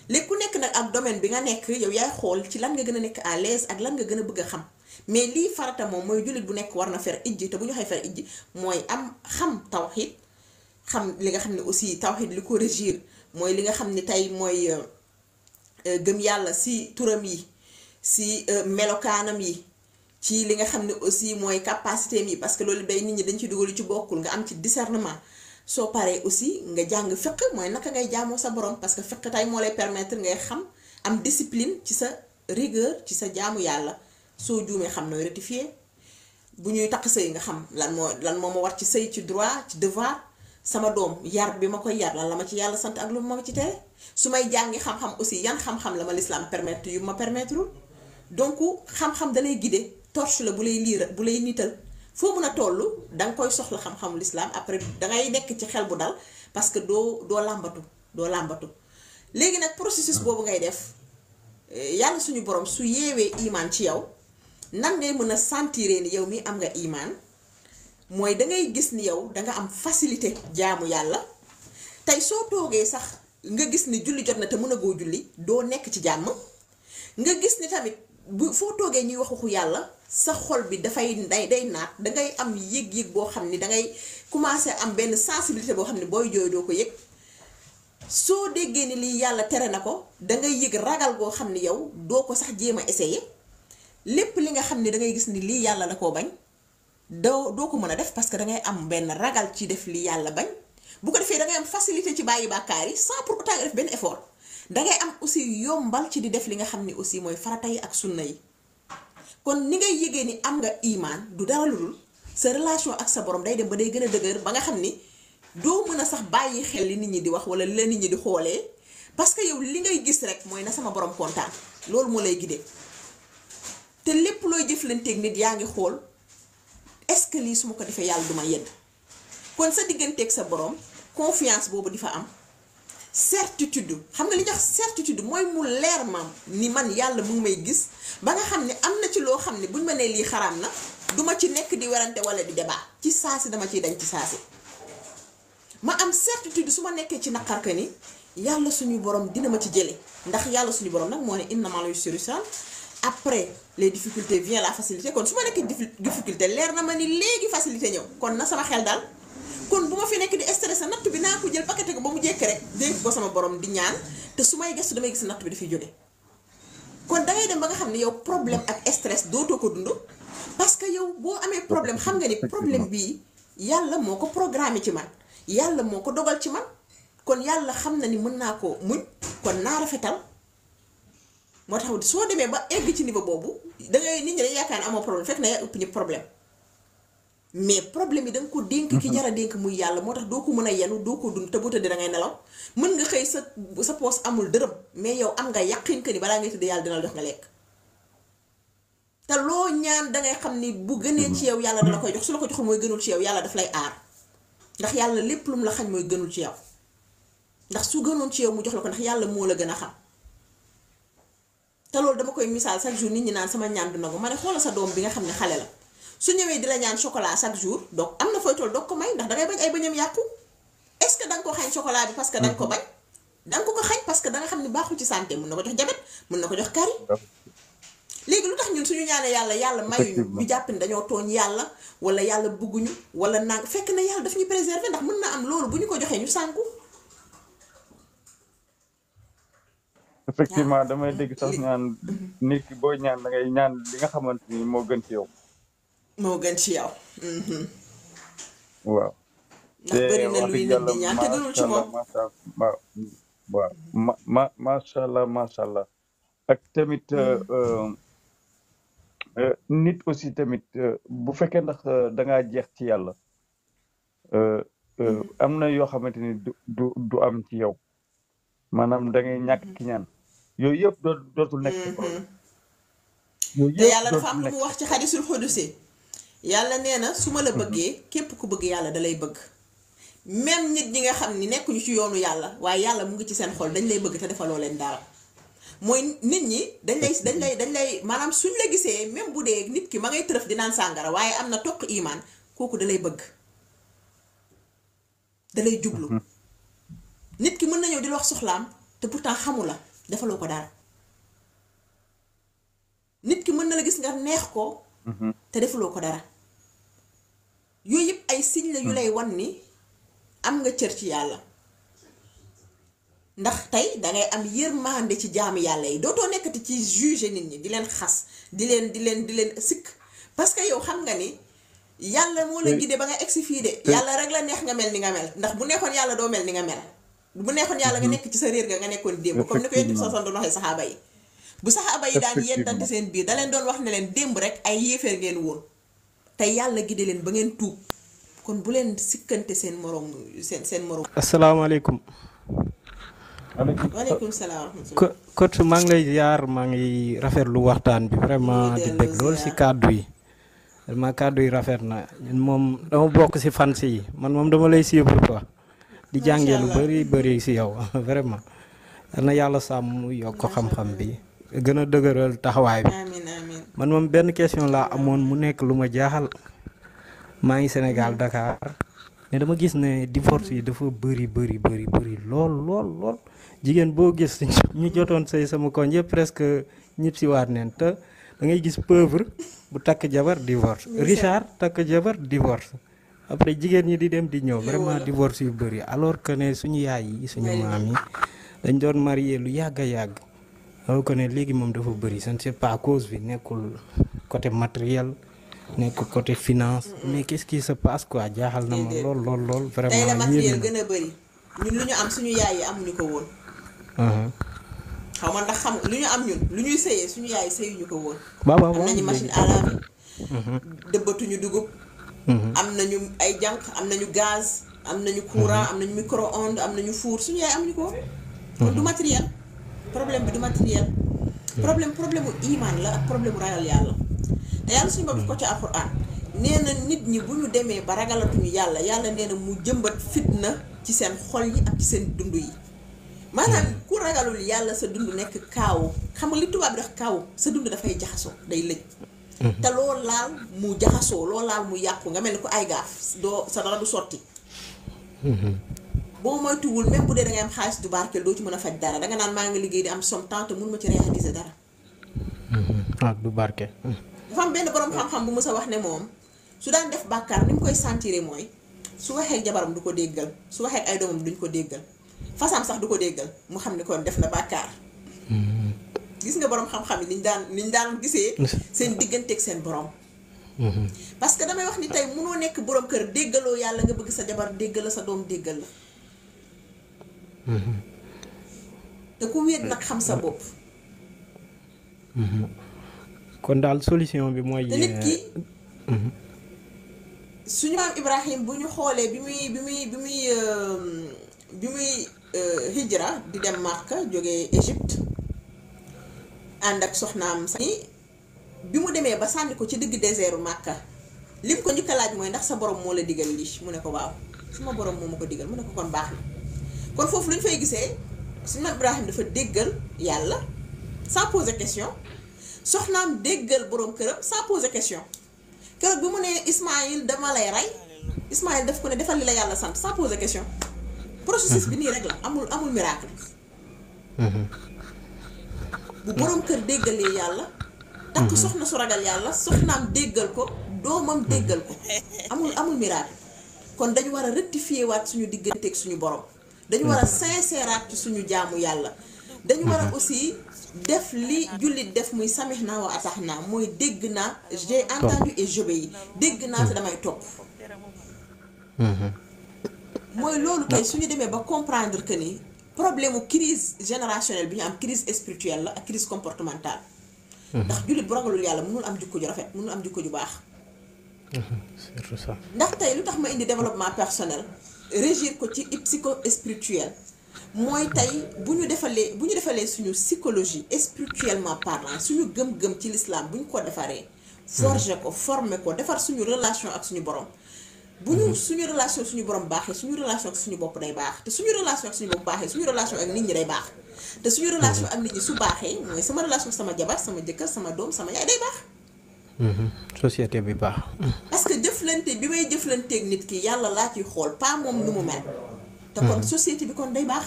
léegi ku nekk nag ak domaine bi nga nekk yow yaay xool ci lan nga gën a nekk à ak lan nga gën a bëgg a xam mais lii farata moom mooy jullit bu nekk war na fer ijji te bu ñu waxee fer ijji mooy am xam tawxid xam li nga xam ne aussi tawxid li ko régir mooy li nga xam ne tey mooy euh, euh, gëm yàlla si turam yi si euh, melokaanam yi ci li nga xam ne aussi mooy capacité mi parce loolu day nit ñi dañ ci dugal ci bokkul nga am ci discernement soo paree aussi nga jàng fiq mooy naka ngay jaamoo sa borom parce que fiq tey moo lay permettre ngay xam am disipline ci sa rigueur ci sa jaamu yàlla soo juumee xam nooy rectifier bu ñuy takk sëy nga xam lan moo lan moo ma war ci sëy ci droit ci devoir sama doom yar bi ma koy yar lan la ma ci yàlla sant ak lu ma ci tere su may jàngi xam-xam aussi yan xam-xam la ma l'islam permettre yu ma permettre donc xam-xam dalay guider torche la bu lay liir bu lay niital foo mun a toll danga koy soxla xam-xamul islam après da ngay nekk ci xel bu dal parce que doo doo làmbatu doo làmbatu léegi nag processus boobu ngay def eh, yàlla suñu borom su yeewee imaan ci yow nan ngay mën a sentir ni yow mii am nga imaan mooy da ngay gis ni yow da nga am facilité jaamu yàlla tey soo toogee sax nga gis ni julli jot na te mën a goo julli doo nekk ci jàmm nga gis ni tamit bu foo toogee ñuy wax waxu yàlla. sa xol bi dafay day day naat dangay am yëg-yëg boo xam ni dangay commencé am benn sensibilité boo xam ni booy jooy doo ko yëg soo déggee ni lii yàlla tere na ko dangay yëg ragal boo xam ni yow doo ko sax jéem a essayer lépp li nga xam ni dangay gis ni lii yàlla la koo bañ doo doo ko mën a def parce que dangay am benn ragal ci def lii yàlla bañ bu ko defee dangay am facilité ci bàyyi bàkkaar yi sans pour autant nga def benn effort dangay am aussi yombal ci di def li nga xam ni aussi mooy farata yi ak sunna yi. kon ni ngay yëgee ni am nga imaan du dara lu sa relation ak sa borom day dem ba day gën a dëgër ba nga xam ni doo mën a sax bàyyi xel li nit ñi di wax wala li la nit ñi di xoolee parce que yow li ngay gis rek mooy na sama borom kontaan loolu moo lay gidee te lépp looy jëflanteeg nit yaa ngi xool est-ce que lii su ma ko defee yàlla du ma yedd kon sa digganteeg sa borom confiance boobu di fa am. certitude xam nga li tax certitude mooy mu leer maam ni man yàlla mu ngi may gis ba nga xam ne am na ci loo xam ne buñ ma nee lii xaraam na duma ci nekk di werante wala di débat ci saasi dama ciy dañ ci saasi ma am certitude su ma nekkee ci naqar ka ni yàlla suñu borom dina ma ci jële ndax yàlla suñu borom nag moo ne innamal yusru après les difficultés vient la facilité kon su ma nekkee difficulté leer na ma ni léegi facilité ñëw kon na sama xel daal kon bu ma fi nekk di stressé natt bi naa ko jël paquet ko ba mu jekk rek dégg ko sama borom di ñaan te su may gëstu damay gis natt bi dafay jóge kon dangay dem ba nga xam ne yow problème ak stress dootoo ko dund parce que yow boo amee problème xam nga ni problème bii yàlla moo ko programme ci man yàlla moo ko dogal ci man kon yàlla xam na ni mën naa ko muñ kon naa rafetal moo tax soo demee ba egg ci niveau boobu dangay nit ñi dañ yaakaar ne amoo problème fekk na yaa ëpp problème mais problème yi da nga ko dénk ki mhm. jara dénk muy yàlla moo tax doo ko mën a yenu doo ko dund te boo tëddee da ngay nelaw mën nga xëy sa sa poos amul dërëm mais yow am nga yàqin que ni balaa ngay tëddee yàlla dina la jox nga loo ñaan dangay xam ni bu gënee ci yow yàlla dala koy jox su la ko joxul mooy gënul ci yow yàlla daf lay aar ndax yàlla lépp lu la xañ mooy gënul ci yow ndax su gënoon ci yow mu jox la ko ndax yàlla moo la gën a xam te loolu dama koy misaal chaque jour nit ñi naan sama ñaan du nangu ma ne doom bi nga ne xale la su ñëwee di la ñaan chocolat chaque jour donc am na fooy toll doog ko may ndax dangay bañ ay bëñam yàqu est-ce que da ko xañ chocolat bi parce que da ko bañ da ko ko xañ parce que da nga xam ne baaxul ci santé mun na ko jox jabet mun na ko jox kari léegi lu tax ñun suñu ñaanee yàlla yàlla mayuñu ñu jàpp ni dañoo tooñ yàlla wala yàlla bëgguñu wala nang fekk na yàlla daf ñu préserver ndax mën na am loolu bu ñu ko joxee ñu sànku effectivement damay dégg sax ñaan nit ki booy ñaan da li nga xamante ni moo gën ci yow moo gën ci yow. Mhm. waaw. ndax eh, te gënul ci moom waaw ma macha allah macha allah ak tamit mm. euh, euh, euh, nit aussi tamit bu fekkee ndax da jeex ci yàlla mm-hmm. am na yoo xamante ni du du am ci yow maanaam da ngay ñàkk mm-hmm. ki yooyu yëpp dootul nekk ci mm-hmm. yàlla dafa am lu wax ci xadisul xudusi yàlla nee na su ma la mhm. bëggee képp ku bëgg yàlla dalay bëgg même nit ñi nga xam ni nekkuñu ci yoonu yàlla waaye yàlla mu ngi ci seen xol dañ lay bëgg te defaloo leen dara mooy nit ñi dañ lay dañ lay dañ lay maanaam suñ la gisee même bu dee nit ki ma ngay tërëf di naan sàngara waaye am na toq imaan kooku dalay bëgg dalay jublu mhm. nit ki mën na ñëw di la wax soxlaam te pourtant xamu la defaloo ko dara nit ki mën na la gis nga neex ko mhm. te defaloo ko dara yooyu yëpp ay signe la yu hmm. lay wan ni am nga cër ci yàlla ndax tey dangay am yërmande ci jaamu yàlla yi dootoo nekkati ci juger nit ñi di leen xas di leen di leen di sikk parce que yow xam nga ni yàlla moo la gidee ba nga egsi fii de yàlla rek la neex nga mel ni nga mel ndax bu neexoon yàlla doo mel ni nga mel bu neexoon yàlla nga hmm. nekk ci sa réer ga nga nekkoon démb comme ni ko yéen sa doon waxee saxaaba yi bu saxaaba yi daan yeddante seen biir da leen doon wax ne leen démb rek ay yéeféer ngeen woon te yàlla gide leen ba ngeen tuub kon bu leen sikkante seen morom seen seen morom. asalaamaaleykum. waaleykum salaam. coach maa ngi lay ziar maa ngi rafetlu waxtaan bi vraiment di bëgg lool ci kàddu yi. vraiment kàddu yi rafet na ñun moom dama bokk ci fans yi man moom dama lay suivre quoi. di jàngee lu bëri bari si yow <laughs> vraiment. na yàlla sàmm yokk xam-xam bi. gën a dëgëral taxawaay bi. man moom benn question laa amoon mu nekk lu ma jaaxal maa ngi Sénégal mm. Dakar mais dama gis ne divorce yi dafa bëri bëri bëri bëri lool lool lool jigéen boo gis <laughs> ñu jotoon say sama koñ yëpp presque ñëpp si waat neen te da ngay gis pauvre bu takk jabar divorce. Richard takk jabar divorce. après jigéen ñi di dem di ñëw vraiment divorce yu bëri alors que ne suñu yaay yi suñu maam yi dañ doon marié lu yàgg a yàgg. ko ne léegi moom dafa bëri je ne sais pas cause bi nekkul côté matériel nekk côté finance mais qu'est-ce sa se passe quoi jaaxal na ma lool lool lool. vraiment tey la gën a bëri ñun lu ñu am suñu yaay yi amuñu ko woon. Uh-huh. xaw ma ndax xam lu ñu lu ñuy sëyee suñu yaay sëyuñu ko woon. waaw waaw am nañu machine à laver. Uh-huh. dugub. Uh-huh. am nañu ay jànq am nañu gaz am nañu courant am nañu micro-ondes am nañu four suñu yaay amuñu ko. kon du matériel. problème bi du matériel. problème problème bu la ak problème bu ragal yàlla. te yàlla suñ bopp ko ci alxuraan nee nit ñi bu ñu demee ba ragalatuñu yàlla yàlla nee mu jëmbat fitna ci seen xol yi ak seen dund yi. maanaam hmm. ku ragalul yàlla sa dund nekk kaawu xam nga li tubaab bi def kaawu sa dund dafay jaxasoo day lëj hmm. te loolu laal mu jaxasoo loolu laal mu yàqu nga mel ni ku ay gaaf doo sa dara du sotti. Hmm. boo moytuwul même bu dee da am xaalis du barkeel doo ci mën a faj dara danga naan maa ngi liggéey di am somme tant te mun ma ci dara. Mm-hmm. Ah, barke. Mm. dafa am benn borom xam-xam bu mës a wax ne moom su daan def bàkkaar koy sentiré mooy su waxee jabaram du ko déggal su waxee ay doomam duñ ko déggal façam sax du ko déggal mu xam ne kon def na bàkkaar. Mm-hmm. gis nga borom xam-xam yi niñ daan niñ daan gisee. seen digganteeg seen borom. Mm-hmm. parce que damay wax ni tey munoo nekk borom kër déggaloo yàlla nga bëgg sa jabar déggal la sa doom déggal la. te ku wéet nag xam sa bopp. kon daal solution bi mooy. te nit ki. Eh, mhm. suñu maam Ibrahim bu ñu xoolee bi muy bi muy bi muy euh, bi muy euh, hijra di dem Màkka jóge Égypte ànd ak soxnaam sani bi mu demee ba sànni ko ci digg désertu Màkka lim ko njëkk laaj mooy ndax sa borom moo la digal lii mu ne ko waaw suma borom moo ma ko digal mu ne ko kon baax na. kon foofu lu ñu fay gisee suñu Ibrahim dafa déggal yàlla sans poser question soxnaam déggal boroom këram sans poser question keroog bi mu ne Ismaïl dama lay rey Ismaïl daf ko ne defal li la yàlla sant sans poser question. processus bi nii rek la amul amul miracle. bu boroom kër déggalee yàlla. takk soxna su ragal yàlla soxnaam déggal ko doomam déggal ko amul amul miracle kon dañu war a rectifier waat suñu digganteeg suñu borom. dañu war a sincéraat ci suñu jaamu yàlla dañu war a aussi def li jullit def muy samih naa wa atax naa mooy dégg naa j'ai entendu et j'obéis dégg naa te hmm. damay topp hmm. mooy loolu tey suñu demee ba comprendre que ni problème u crise générationnelle bi ñu am crise spirituelle la ak crise comportementale hmm. ndax jullit bu ragalul yàlla mënul am jikko ju rafet mënul am jikko ju baax surtout ndax tey lu tax ma indi développement personnel régir ko ci psycho spirituel mooy tey bu ñu defalee bu ñu defalee suñu psychologie spirituellement parlant suñu gëm-gëm ci l'islam bu ñu ko defaree forger ko forme ko defar suñu relation ak suñu borom bu ñu mhm. suñu relation suñu borom baaxee suñu relation ak suñu bopp day baax te suñu relation ak suñu bopp baaxee suñu relation ak nit ñi day baax te suñu relation mhm. ak nit ñi su baaxee mooy sama relation sama jabar sama jëkkër sama doom sama yaay day baax société bi baax. parce que jëflante bi may jëflanteeg nit ki yàlla laa ciy xool pas moom nu mu mel. te kon mm-hmm. société bi kon day baax.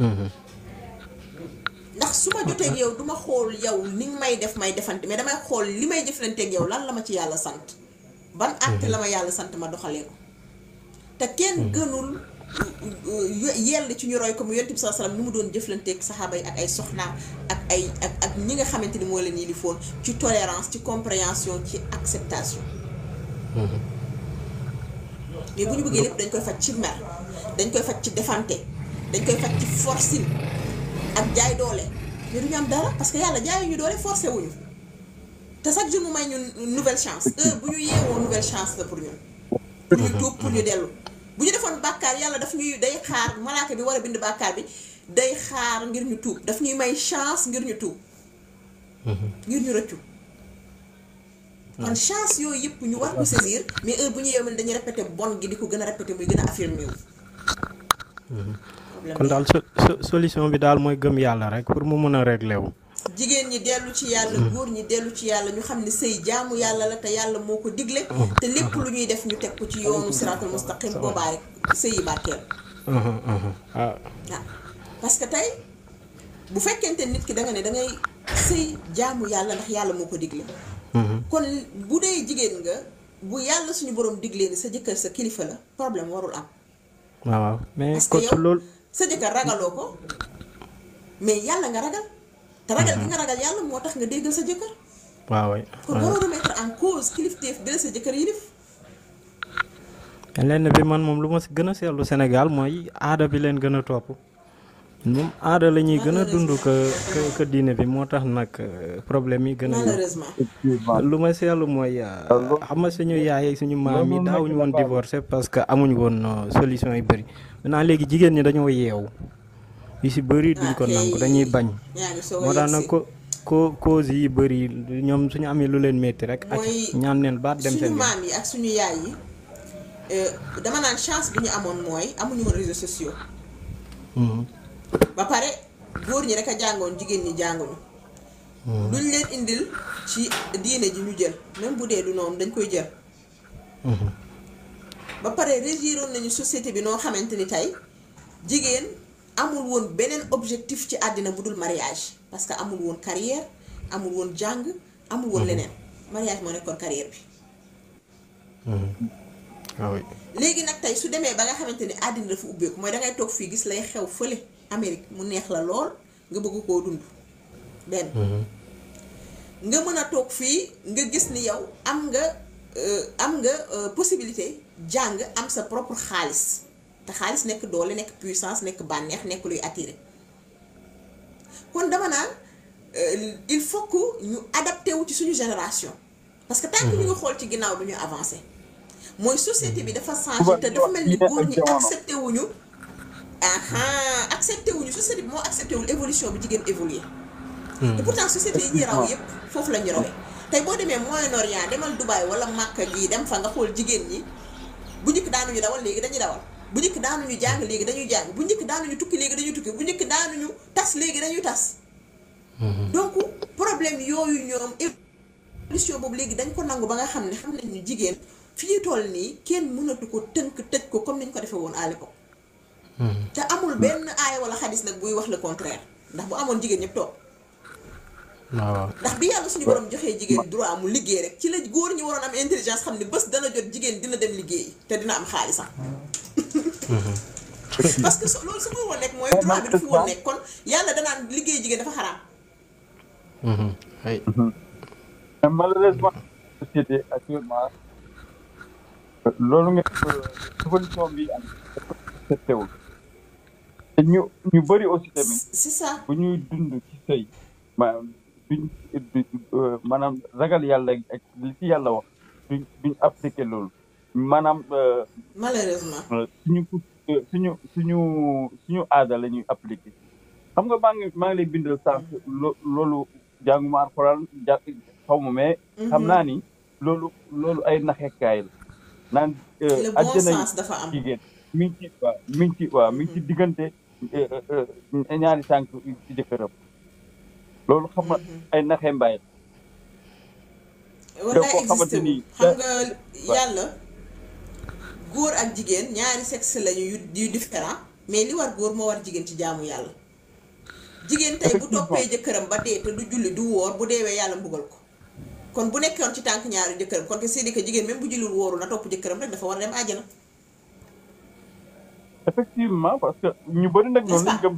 Mm-hmm. ndax su ma jotee ak yow xool yow ni may def may defante mais damay xool li may jëflanteeg yow lan la ma ci yàlla sant. ban acte mm-hmm. la ma yàlla sant ma doxalee ko. te kenn gënul. yell ci ñu roy comme mu yonent bi sallallahu alayhi wasallam ni mu doon jëflanteeg saxaaba yi ak ay soxnaam ak ay ak ak ñi nga xamante ni moo leen yilifoon ci tolérance ci compréhension ci acceptation mais bu ñu bëggee lépp dañ koy faj ci mer dañ koy faj ci defante dañ koy faj ci forcing ak jaay doole mais du ñu am dara parce que yàlla jaayuñu doole forcé wuñu te chaque jour mu may ñu nouvelle chance heure bu ñu yeewoo nouvelle chance la pour ñun pour ñu dellu bu ñu defoon bàkkaar yàlla daf ñuy day xaar malaaka bi war a bind bàkkaar bi day xaar ngir ñu tuub daf ñuy may chance ngir ñu tuub mm-hmm. ngir ñu rëccu kon chance yooyu yëpp ñu war ko saisir mais heure bu ñu yeewee dañuy répété bon gi di ko gën a répété muy gën a affirmé wu. Mm-hmm. kon daal solution bi daal mooy gëm yàlla rek pour mu mën a réglé wu. jigéen ñi dellu ci yàlla mm-hmm. góor ñi dellu ci yàlla ñu xam ne sëy jaamu yàlla la te yàlla moo ko digle mm-hmm. te lépp lu ñuy def ñu teg ko ci yoonu siraatul mustaqim mm-hmm. boobaa rek sëy yi barkeel waaw ah. ah. que tey bu fekkente nit ki da ne da sëy jaamu yàlla ndax yàlla moo ko digle kon bu dee jigéen nga bu yàlla suñu borom diglee ni sa jëkkër sa kilifa la problème warul am ah, waaw mais parce que yow sa jëkkër ragaloo ko mais yàlla nga ragal te ragal mhm. bi lenn bi man moom lu ma gën a seetlu Sénégal mooy aada bi leen gën a topp moom aada la ñuy gën a dund que que diine bi moo tax nag euh, problème yi gën a lu ma seelu mooy euh, xam suñu yaay suñu maam yi daawuñu woon divorcé parce que amuñu woon euh, solution yu bëri maintenant léegi jigéen ñi dañoo yeewu yu si bëri duñ ko ah, nangu dañuy bañ moo tax nag ko ko cause yi bëri ñoom suñu amee lu leen métti rek ak ñaan leen baat dem seen maam yi ak suñu yaay yi euh, dama naan chance bi ñu amoon mooy amuñu woon réseaux sociaux mm-hmm. ba pare góor ñi rek a jàngoon jigéen ñi jànguñu mm-hmm. luñ leen indil ci diine ji ñu jël même bu dee du noonu dañ koy jël mm-hmm. ba pare régiroon nañu société bi noo xamante ni tey jigéen amul woon beneen objectif ci àddina bu dul mariage parce que amul woon carrière amul woon jàng amul woon mhm. leneen mariage moo nekkoon carrière bi mhm. ah léegi nag tey su demee ba nga xamante ni àddina dafa ubbeeku mooy dangay toog fii gis lay xew fële Amérique mu neex la lool nga bëgg koo dund benn mhm. nga mën a toog fii nga gis ni yow am nga euh, am nga euh, possibilité jàng am sa propre xaalis te xaalis nekk doole nekk puissance nekk bànneex nekk luy attiré kon dama naan euh, il faut que ñu adapté wu ci suñu génération. parce que tant que ñu ngi mhm. xool ci ginnaaw du ñu avancé. mooy société bi dafa mhm. changé te dafa mel ni góor ñi accepté wuñu aha accepté wuñu société bi moo accepté wul évolution bi jigéen évoluer mhm. te pourtant société yi ñuy raw yëpp foofu la ñu rawee tey boo demee Moyen-Orient demal Dubaï wala Màkka gii dem fa nga xool jigéen ñi bu njëkk daanuñu dawal léegi dañuy dawal bu njëkk ñu jàng léegi dañuy jàng bu njëkk ñu tukki léegi dañuy tukki bu njëkk daanuñu tas léegi dañuy tas mm-hmm. donc problème yooyu ñoom évolution boobu léegi dañ ko nangu ba nga xam ne xam ñu jigéen fii tool nii kenn mënatu ko tënk tëj ko comme niñ ko defee woon à ko mm-hmm. te amul benn aay wala xabis nag buy wax le contraire ndax bu amoon jigéen ñëpp toog waaw ndax bi yàlla suñu borom joxee jigéen droit amul liggéey rek ci la góor ñi waroon am intelligence xam ne bés dana jot jigéen dina dem liggéey te dina am xaalisam. Mm-hmm. parce que so loolu su ma woon nekk mooy droit bi dafa woon nekk kon yàlla danaan liggéey jigéen dafa xaraam. ay. Mm-hmm. Mm-hmm. malheureusement société actuellement loolu nga évolution bi am settewul te ñu ñu bëri aussi tamit. c'est ça bu ñuy dund ci sëy maanaam duñ euh, maanaam ragal yàlla ak li ci yàlla wa duñ duñ appliqué loolu maanaam. Euh, malheureusement. Euh, suñu suñu suñu suñu aada la ñuy appliqué xam nga maa ngi maa ngi lay bindal sax loolu jàngumaar alxuraan ja ma mais. Mhm. xam naa ni loolu loolu ay naxekaay la naan. àjjana jigéen mi ngi ci waaw mi ngi ci waaw mi ci diggante mhm. ñaari tànk ci jëkkëram loolu xam nga mhm. ay naxee war naa existé yàlla góor ak jigéen ñaari sexe lañu yu yu différent mais li war góor moo war jigéen ci jaamu yàlla. jigéen tey bu toppee jëkkëram ba dee te du julli du wóor bu deewee yàlla mbugal ko kon bu nekkoon ci tànk ñaari jëkkëram kon que c'est-à-dire jigéen même bu jullul wooru na topp jëkkëram rek dafa war a dem na effectivement parce que ñu bëri nag. ñoom lañ gëm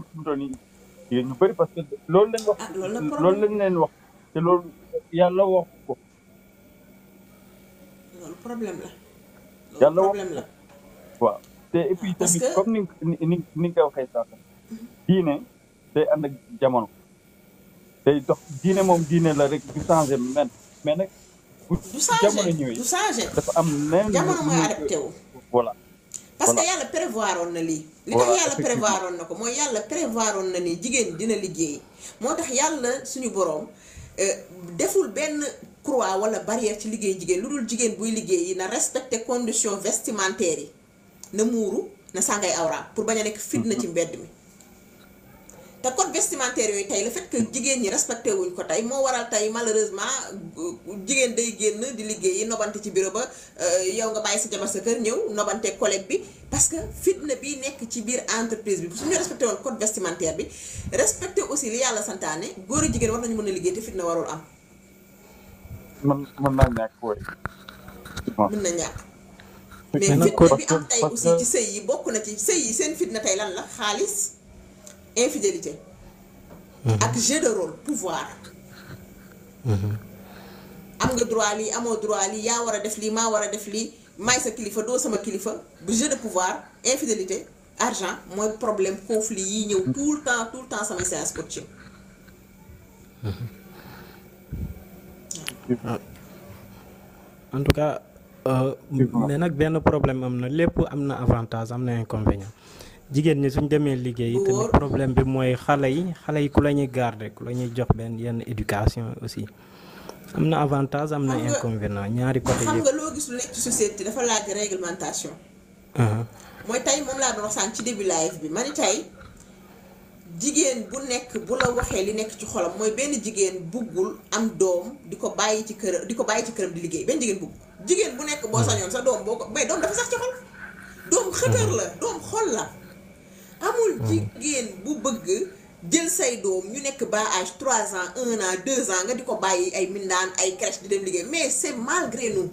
jigéen ñu bëri parce que loolu lañ wax ah, loolu lañ leen wax te loolu yàlla wax ko loolu problème la yàlla wax la waaw te et tamit comme ni ni ni nga koy waxee sànq mhm. diine day ànd ak jamono day dox diine moom diine la rek du changé men mais nag bu jamono ñëwee dafa am neen jamono mooy adapté wu voilà parce que yàlla prévoir woon na lii li tax yàlla prévoir woon na ko mooy yàlla prévoir na ni jigéen dina liggéey moo tax yàlla suñu boroom euh, deful benn croix wala barrière ci liggéey jigéen lu dul jigéen buy liggéey yi na respecter conditions vestimentaires yi na muuru na sàngay awra pour bañ a nekk fitna ci mbedd mi te code vestimentaire yooyu tey le fait que jigéen ñi respecté wuñ ko tey moo waral tey malheureusement jigéen day génn di liggéeyi nobante ci bureau ba euh, yow nga bàyyi sa jabar sa kër ñëw nobante collègue bi parce que fitna bi nekk ci biir entreprise bi suñu respecté woon code vestimentaire bi respecté aussi li yàlla santaane góor jigéen war nañu mën a liggéey te fitna warul am. mën mën naa ñàkk woy. mën na ñàkk. mais fitna bi am tey aussi ci sëy yi bokk na ci sëy yi seen fitna tey lan la xaalis. infidélité. Mm-hmm. ak jeu de rôle pouvoir. Mm-hmm. am nga droit lii amoo droit lii yaa war a def lii maa war a def lii maay sa kilifa doo sama kilifa bu jeu de pouvoir infidélité argent mooy problème conflit yi ñëw mm-hmm. tout le temps tout le temps samay séance coaching. en tout cas. Euh, mais nag benn problème am na lépp am na avantage am na inconvénient. jigéen ñi suñ demee liggéey tamit problème bi mooy xale yi xale yi ku la ñuy garder ku la ñuy jox benn yenn éducation aussi am na avantage am na inconvénient ñaari côté yëpp xam ci société dafa uh-huh. mooy tey moom laa doon ma waxee li nekk ci xolam mooy benn jigéen buggul am doom di ko bàyyi ci kër di ko bàyyi ci këram di liggéey benn jigéen bugg jigéen bu nekk boo uh-huh. sañoon sa doom boo ko bay doom dafa sax ci xol. doom xëtër la doom xol la. amul jigéen bu bëgg jël say doom ñu nekk ba âge trois ans un an deux ans nga di ko bàyyi ay mindaan ay crèche di dem liggéey mais c'est malgré nous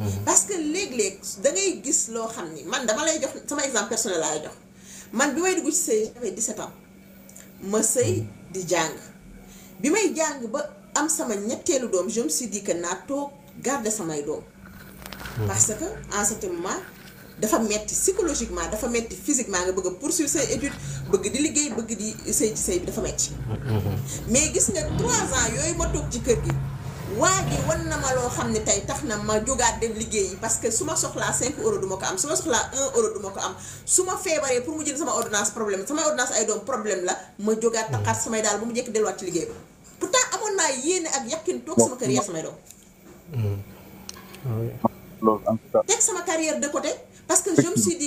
mhm. parce que léeg-léeg da ngay gis loo xam ni man dama lay jox sama exemple personnel laa jox man bi may dugg ci sëy j'avais 17 ma sëy mhm. di jàng bi may jàng ba am sama ñetteelu doom je me suis dit naa toog garder samay doom mhm. parce que en ce dafa metti psychologiquement dafa metti physiquement nga bëgg a poursuivre say études bëgg di liggéey bëgg di sëy ci sëy bi dafa metti mm-hmm. mais gis nga trois ans yooyu ma toog ci kër gi waa ji wan na ma loo xam ne tey tax na ma jógaat dem liggéeyi parce que su ma soxlaa 5 ko am su ma soxlaa 1 euro du ko am su ma feebaree pour mu jël sama ordonnance problème sama ordonnance ay doom problème la ma jógaat mm-hmm. taxaat samay daal ba mu jekk delluwaat ci liggéey ba pourtant amoon naa yéene ak yàqin toog sama kër yar samay parce que je me suis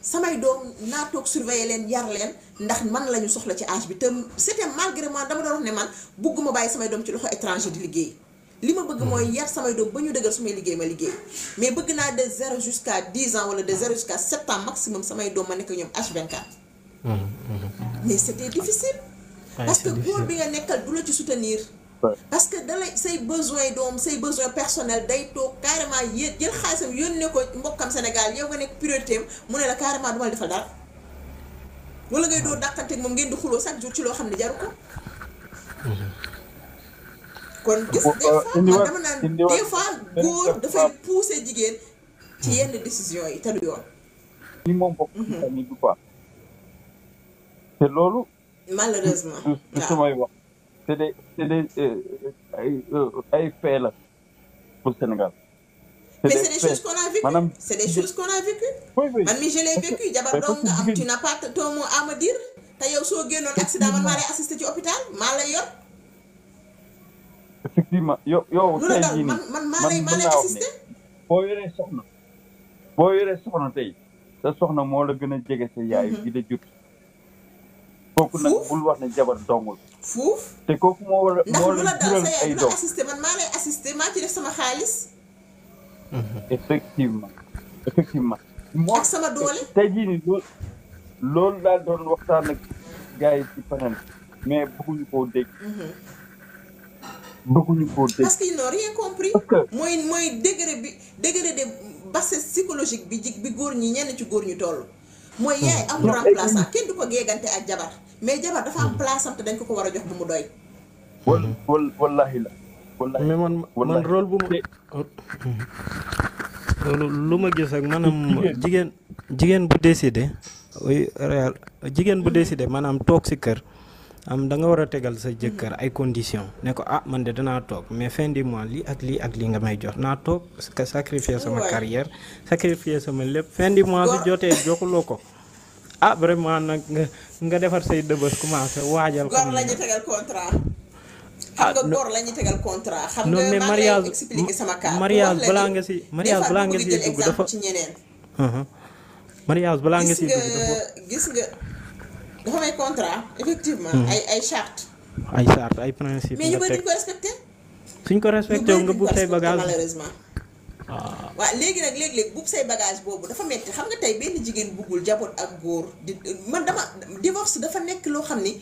samay doom naa toog surveiller leen yar leen ndax man la ñu soxla ci âge bi te c'était malgré moi dama doon wax ne man bugguma bàyyi samay doom ci loxo étranger di liggéey li ma bëgg mooy yar samay doom ba ñu dëgër su may liggéey ma liggéey mais bëgg naa de zéro jusqu'à dix ans wala de zéro jusqu'à sept maximum samay doom ma nekk ñoom H24 mm-hmm, mm-hmm. mais c'était difficile parce que góor bi nga nekkal du la ci soutenir parce que dalay say besoin doom say besoin personnel day toog carrément yéen jël xaalisam yónnee ko mbokkam Sénégal yow nga nekk priorité am mu ne la carrément duma la defal dara wala ngay doo dàqante moom ngeen di xuloo chaque jour ci loo xam ne jaru ko kon gis des fois dama naan des fois góor dafay pousser jigéen ci yenn décision yi te du yoon li moom bokk ci mhm. famille bi quoi te loolu malheureusement du c'est des c'est des ay ay fait la pour Sénégal. c'est des mais c'est a vécues maanaam c'est des choses qu'on man mii je l'ai vécu jabar doom nga am tu n'as pas ton te yow soo génnoon accident man maa lay assisté ci hôpital maa lay yor. effectivement yow yow. tey jii man maa lay maa lay assisté. boo yoree soxna boo yoree soxna tey sa soxna moo la gën a jege sa yaay. di mhm. la jur. kooku nag bul wax ne jabar dongul. fuuf. te kooku moo war a moo la jural ay man maa lay assisté maa ci def sama xaalis. <laughs> effectivement effectivement. ak sama doole tey jii nii loolu loolu daal doon waxtaan ak gars yi ci panel mais bëgguñu koo dégg. Mhm. bëgguñu koo dégg. parce qu'ils n'ont rien compris. parce que mooy mooy degré bi degré de bassesse psychologique bi jig bi góor ñi ñenn ci góor ñu toll. mooy hmm. yaay amul remplaçant kenn du ko géegante ak jabar mais jabar dafa am hmm. place te dañ ko ko war a jox bu mu doy. man man bu mu. loolu lu ma gis ak maanaam jigéen jigéen bu décidé. jigéen bu décidé maanaam toog si kër. am da nga war a tegal sa jëkkër ay conditions ne ko ah man de danaa toog mais fin du mois lii ak lii ak lii nga may jox naa toog sacrifier sama carrière sacrifier sama lépp fin du bi jotee joxuloo ko ah vraiment nag nga nga defar say dëbës commencé waajal. gor la ñu tegal contrat. ah xam nga balaa nga si uh-huh. mariage balaa nga si dugg dafa. mariage balaa nga si dugg dafa. gis nga. dafa may contrat effectivement. Hmm. ay ay charte ay charte ay principe. mais ñu bëri duñ ko respecté. suñ ko respecté wu nga buub say bagage ah. léegi nag léeg-léeg buub say bagage boobu dafa metti xam nga tey benn jigéen buggul jaboot ak góor di man dama divorce dafa nekk loo xam ni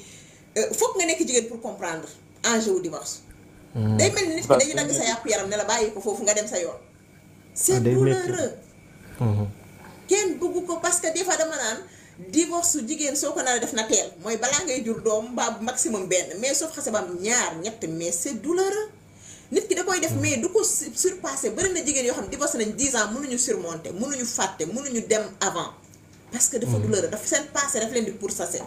euh, foog nga nekk jigéen pour comprendre enjeu wu divorce. Hmm. day mel ni nit ki dañu sa yàpp yaram ne la bàyyi ko foofu nga dem sa yoon. Ah, c'est douloureux. Hmm. kenn bugg ko parce que dama naan. divorce su jigéen soo ko nar def na teel mooy balaa ngay jur doom mbaa bu maximum benn mais soo xasee ba am ñaar ñett mais c'est douloureux nit ki da koy def mais du ko surpassé bëri na jigéen yoo xam divorce nañ 10 ans mënuñu surmonter mënuñu fàtte mënuñu dem avant. parce que dafa hmm. douloureux dafa seen passé daf leen di pourchasser.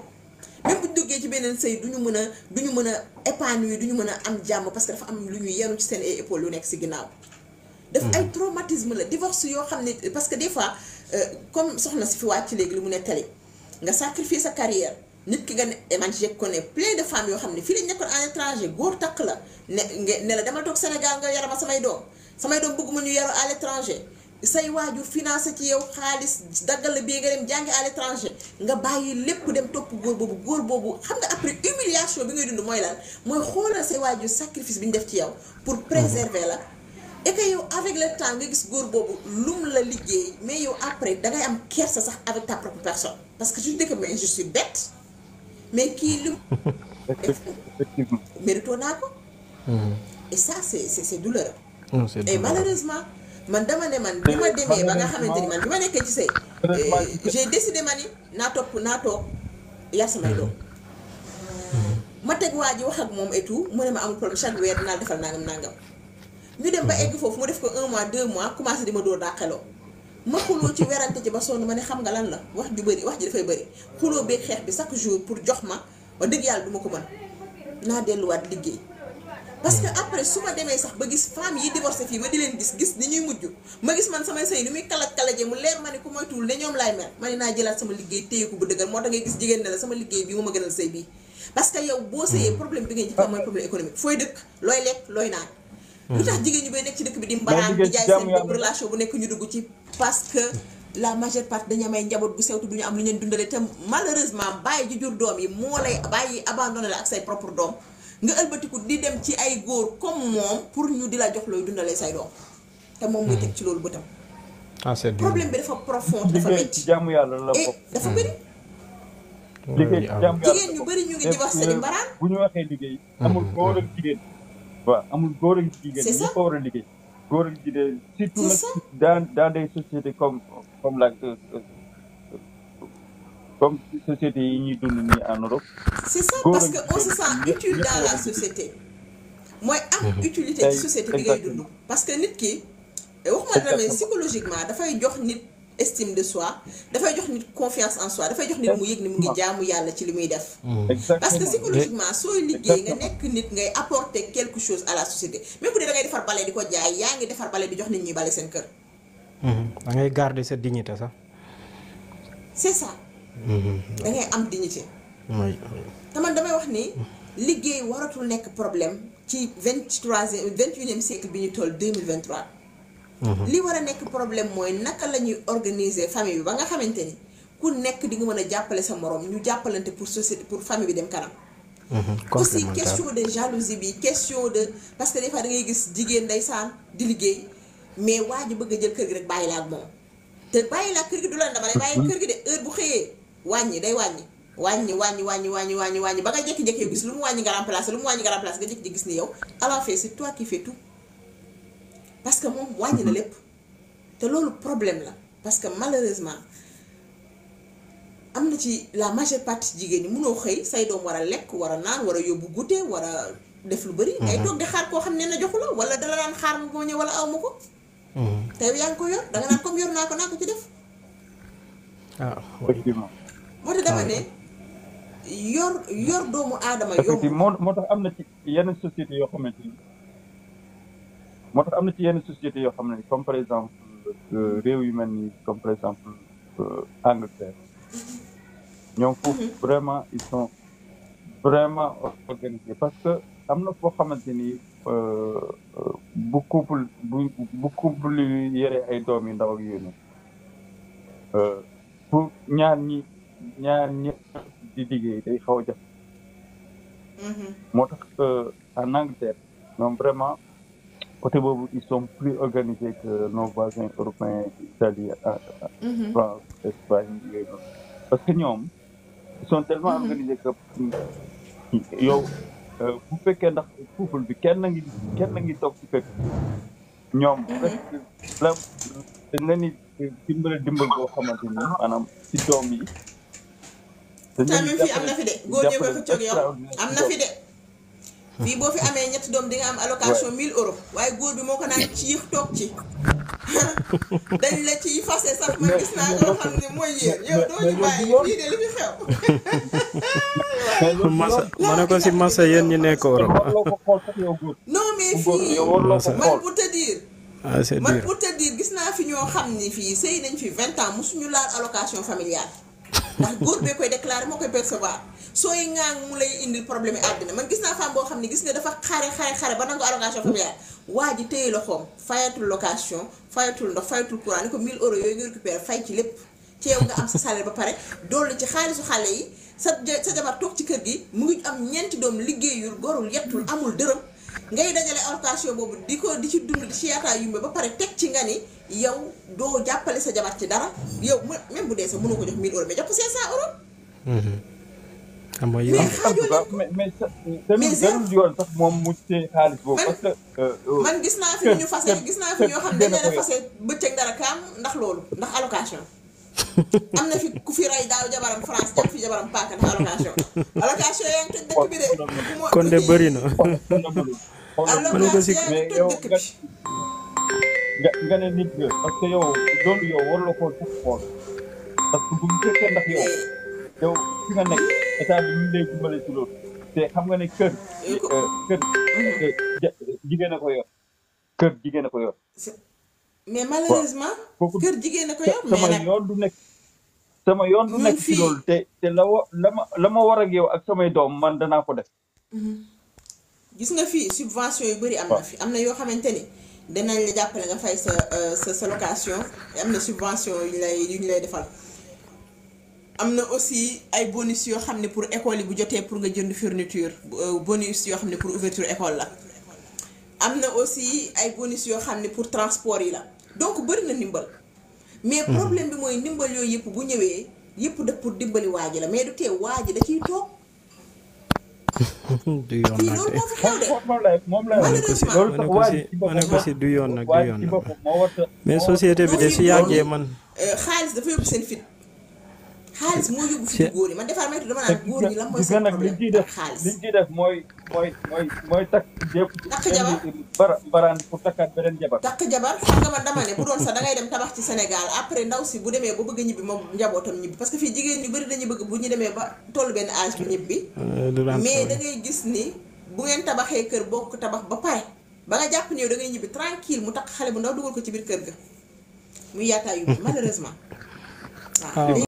même bu ñu duggee ci beneen sëy du ñu mën a du ñu mën a épanouir du ñu mën a am jàmm parce que dafa am lu ñu yenu ci seen ay épaules lu nekk si ginnaaw. daf hmm. ay traumatisme la divorce yoo xam ne parce que des fois euh, comme soxna si fi ci léegi lu mu ne tali. nga sacrifier sa carrière nit ki nga ne eh, man je connais plein de femme yoo xam ne fii lañ nekkoon à l'étranger góor takk la ne ne la demal toog Sénégal nga yarama samay doom samay doom bëgguma ñu yaru à l'étranger say waajur financé ci yow xaalis daggal la bii nga dem jàngi à l'étranger nga bàyyi lépp dem topp góor boobu góor boobu xam nga après humiliation bi ngay dund mooy lan mooy xoolal say waajur sacrifice bi ñu def ci yow pour préserver la et yow avec le temps nga gis góor boobu lum la liggéey mais yow après dangay am kersa sax avec ta propre personne parce que tu dis que mais je suis mais kii lim. <laughs> mérito naa ko. Mhm. et ça c'est c'est c'est douloureux. non c'est douloureux malheureusement man dama ne man bi ma demee ba nga xamante ni man bi ma nekkee ci sëy. Eh, j'ai décidé ma ni naa topp naa toog yar samay doom. Mhm. ma teg waa ji wax ak moom et tout mu ne ma amul problème chaque weer dinaa defal nangam nangam. ñu dem ba mhm. egg foofu mu def ko un mois deux mois commencé di ma dóor daa xeloo ma xuloo ci werante ci ba sonn ma ne xam nga lan la wax ju bëri wax ji dafay bëri xuloo beeg xeex bi chaque jour pour jox ma wax dëgg yàlla du ma ko mën naa delluwaat liggéey parce que après su ma demee sax ba gis femme yi divorcé fii ba di leen gis gis ni ñuy mujj ma gis man samay sëy ni muy kalaj kalajee mu leer ma ne ku moytuwul ne ñoom laay mel ma ne naa jëlaat sama liggéey téye ko bu dëggal moo tax ngay gis jigéen ne la sama liggéey bii boo sëyee mhm. problème bi ngay njëkk ah. mooy problème looy lekk lu tax hmm. jigéen ñu bay nekk ci dëkk bi di mbaraan di jaay seen bopp relation bu nekk ñu dugg ci parce la majeure partie dañu amay njaboot gu sewtu du ñu am lu ñu dundale te malheureusement bàyyi ju jur doom yi moo lay bàyyi abandonné la ak say dem ci ay góor comme moom pour ñu di la jox looy dundale say doom te moom muy hmm. teg ci loolu bëtam ah, problème bi dafa profond dafa métti jaamu yàlla la bokk dafa hmm. bëri liggéey jaamu yàlla jigéen ñu bëri ñu ngi di wax mbaraan waaw amul góor ak jigéen ñëpp a war a liggéey góor ak jigéen surtout nag dans dans des sociétés comme comme la euh, euh, comme société yi ñuy dund nii en Europe c'est ça parce que on se sent utile dans société mooy am mm-hmm. utilité ci société bi dund parce que nit ki waxuma dara psychologiquement dafay jox nit estime de soi dafay jox nit confiance en soi dafay jox nit mu yëg ni mu ngi jaamu yàlla ci li muy def mm. parce que psychologiquement sooy liggéey nga nekk nit ngay apporter quelque chose à la société même bu dee da defar bale di ko jaay yaa ngi defar bale di jox nit ñuy bale seen kër mm-hmm. da ngay garder sa dignité sax c'est ça mm-hmm. da ngay am dignité te man damay wax ni liggéey waratul nekk problème ci vingt troisième vingt unième siècle bi ñu toll deux mille vingt Mm-hmm. li war a nekk problème mooy naka la ñuy organiser famille bi ba nga xamante ni ku nekk di nga mën a jàppale sa morom ñu jàppalante pour société pour famille bi dem kanam. Mm-hmm. aussi question de jalousie bi question de parce que des fois ngay gis jigéen saan di liggéey mais waa ji bëgg a jël kër gi rek bàyyi la moom. te bàyyi la kër gi du la dama lay bàyyi kër gi de heure bu xëyee wàññi day wàññi. wàññi wàññi wàññi wàññi ba nga jékki-jékki gis ni yow à la fin c'est parce que moom wàññi lépp te loolu problème la parce que malheureusement am na ci la majeure partie jigéen ñi munoo xëy say doom war a lekk war a naan war a yóbbu goûter war a def lu bëri. ngay mhm. toog di xaar koo xam ne na joxu la wala dala daan xaar moo ñëw wala aw ko. Mhm. te yaa ngi ko yor danga naan comme yor naa ko naa ko ci def. waaw. Ah, ah, yor doomu aadama. yow moo tax am na ci yenn société yoo moo tax am na ci yenn société yo xam ne comme par exemple euh, réew yu mel ni comme par exemple euh, Angleterre ñoom foofu mm-hmm. vraiment ils sont vraiment organisés parce que am na foo xamante ni euh, bu couple bu bu couple yu ay doom yu ndaw ak yooyu pour ñaar ñi ñaar ñi di liggéey day xaw a jafe mm-hmm. moo tax en Angleterre ñoom vraiment côté boobu ils son plus organisés que nos voisins européens Italie euh, mhm. France Espagne parce que ñoom ils sont tellement mhm. organisés que yow euh, bu fekkee ndax couple bi kenn ngi kenn ngi toog ci fépp ñoom mhm. la dañ leen di dimbale dimbal boo xamante ni maanaam ci doom yi dañ leen di am na fi de góor ñëw ba xëccoog yow am na fi de fii boo fi amee ñetti doom di am allocation 1000 euros waaye góor bi moo ko naan ci yëf toog ci <laughs> dañ la ciy fase sax <laughs> ma ne ko si masa yéen ñu nekk Europe. non mais fii man pour te ah, man pour te gis naa fi ñoo xam ni fii sëy nañ fi 20 ans mosuñu laal allocation familiale. ndax góor bee koy déclaré moo koy percevoir sooy ŋaang mu lay indi problème yi àddina man gis naa femme boo xam ne gis nga dafa xare xare xare ba nangu allocation familiale waa ji tey loxoom fayatul location fayatul ndox fayatul courant ni ko 1000 euros yooyu nga récupéré fay ci lépp teew nga am sa salaire ba pare dolli ci xaalisu xale yi sa sa jabar toog ci kër gi mu ngi am ñeenti doom liggéeyul gorul yettul amul dërëm ngay dajale allocation boobu di ko di ci dund di ci yaataa yumbe ba pare teg ci nga ni yow doo jàppale sa jabar ci dara yow même bu dee sax mënoo ko jox 1000 euros mais jox ko 500 euros. Mm-hmm. amoo yoon mais mais tamit jarul yoon sax moom mu téye xaalis boobu. man euh, gis naa fi euh, ñu fase gis naa fi ñoo xam ne dañ leen a fase bëccëg dara kaam ndax loolu ndax allocation. am na fi ku fi rey daaw jabaram France jàpp fi jabaram paaka ndax allocation allocation <laughs> yaa ngi bi de. kon de bëri na. allocation yaa ngi bi. nga parce que yow war la koo def xool parce que bu ñu fekkee ndax yow yow te xam nga ne mhm. kër. jigéen a ko yor kër jigéen a ko mais malheureusement. kër jigéen na ko yor mais nag sama yoon du nekk. sama yoon du nekk ci loolu te te la ma la war a géew ak samay doom man danaa ko def. Mm-hmm. gis nga fii subvention yu bëri am na am na yoo xamante ni dana la jàppale nga fay sa euh, sa sa location am na subvention yu lay yi ñu lay defal. am na aussi ay bonus yoo xam ne pour école yi bu jotee pour nga jënd fourniture euh, bonus yoo xam ne pour ouverture école la. am na aussi ay bonus yoo xam ne pour transport yi la donc bëri na ndimbal mais mhm. problème bi mooy ndimbal yooyu yëpp bu ñëwee yëpp da pour dimbali waa ji la mais du tee waa ji da ciy toog <laughs> du yoon nag loolu moo fi xew de moom la ma ne si du yoon nag du yoon nag mais société bi de si yàggee man euh, xaalis dafa yóbbu seen fit xaalis moo yóbbu fi góor yi man defar may dama naan góor ñi lan mooy mooy mooy mooy mooy takk jépp takk jabar bara baraan pour jabar takk xam nga man dama ne bu doon sax da dem tabax ci Sénégal après ndaw si bu demee ba bëgg a ñibbi moom njabootam ñibbi parce que fii jigéen ñu bëri dañuy bëgg bu ñu demee ba toll benn âge bi ñibbi euh, mais da ngay gis ni bu ngeen tabaxee kër bokk tabax ba pare ba nga jàpp ne yow da ngay ñibbi tranquille mu takk xale bu ndaw dugal ko ci biir kër ga muy yaataayu malheureusement <laughs> ah. waaw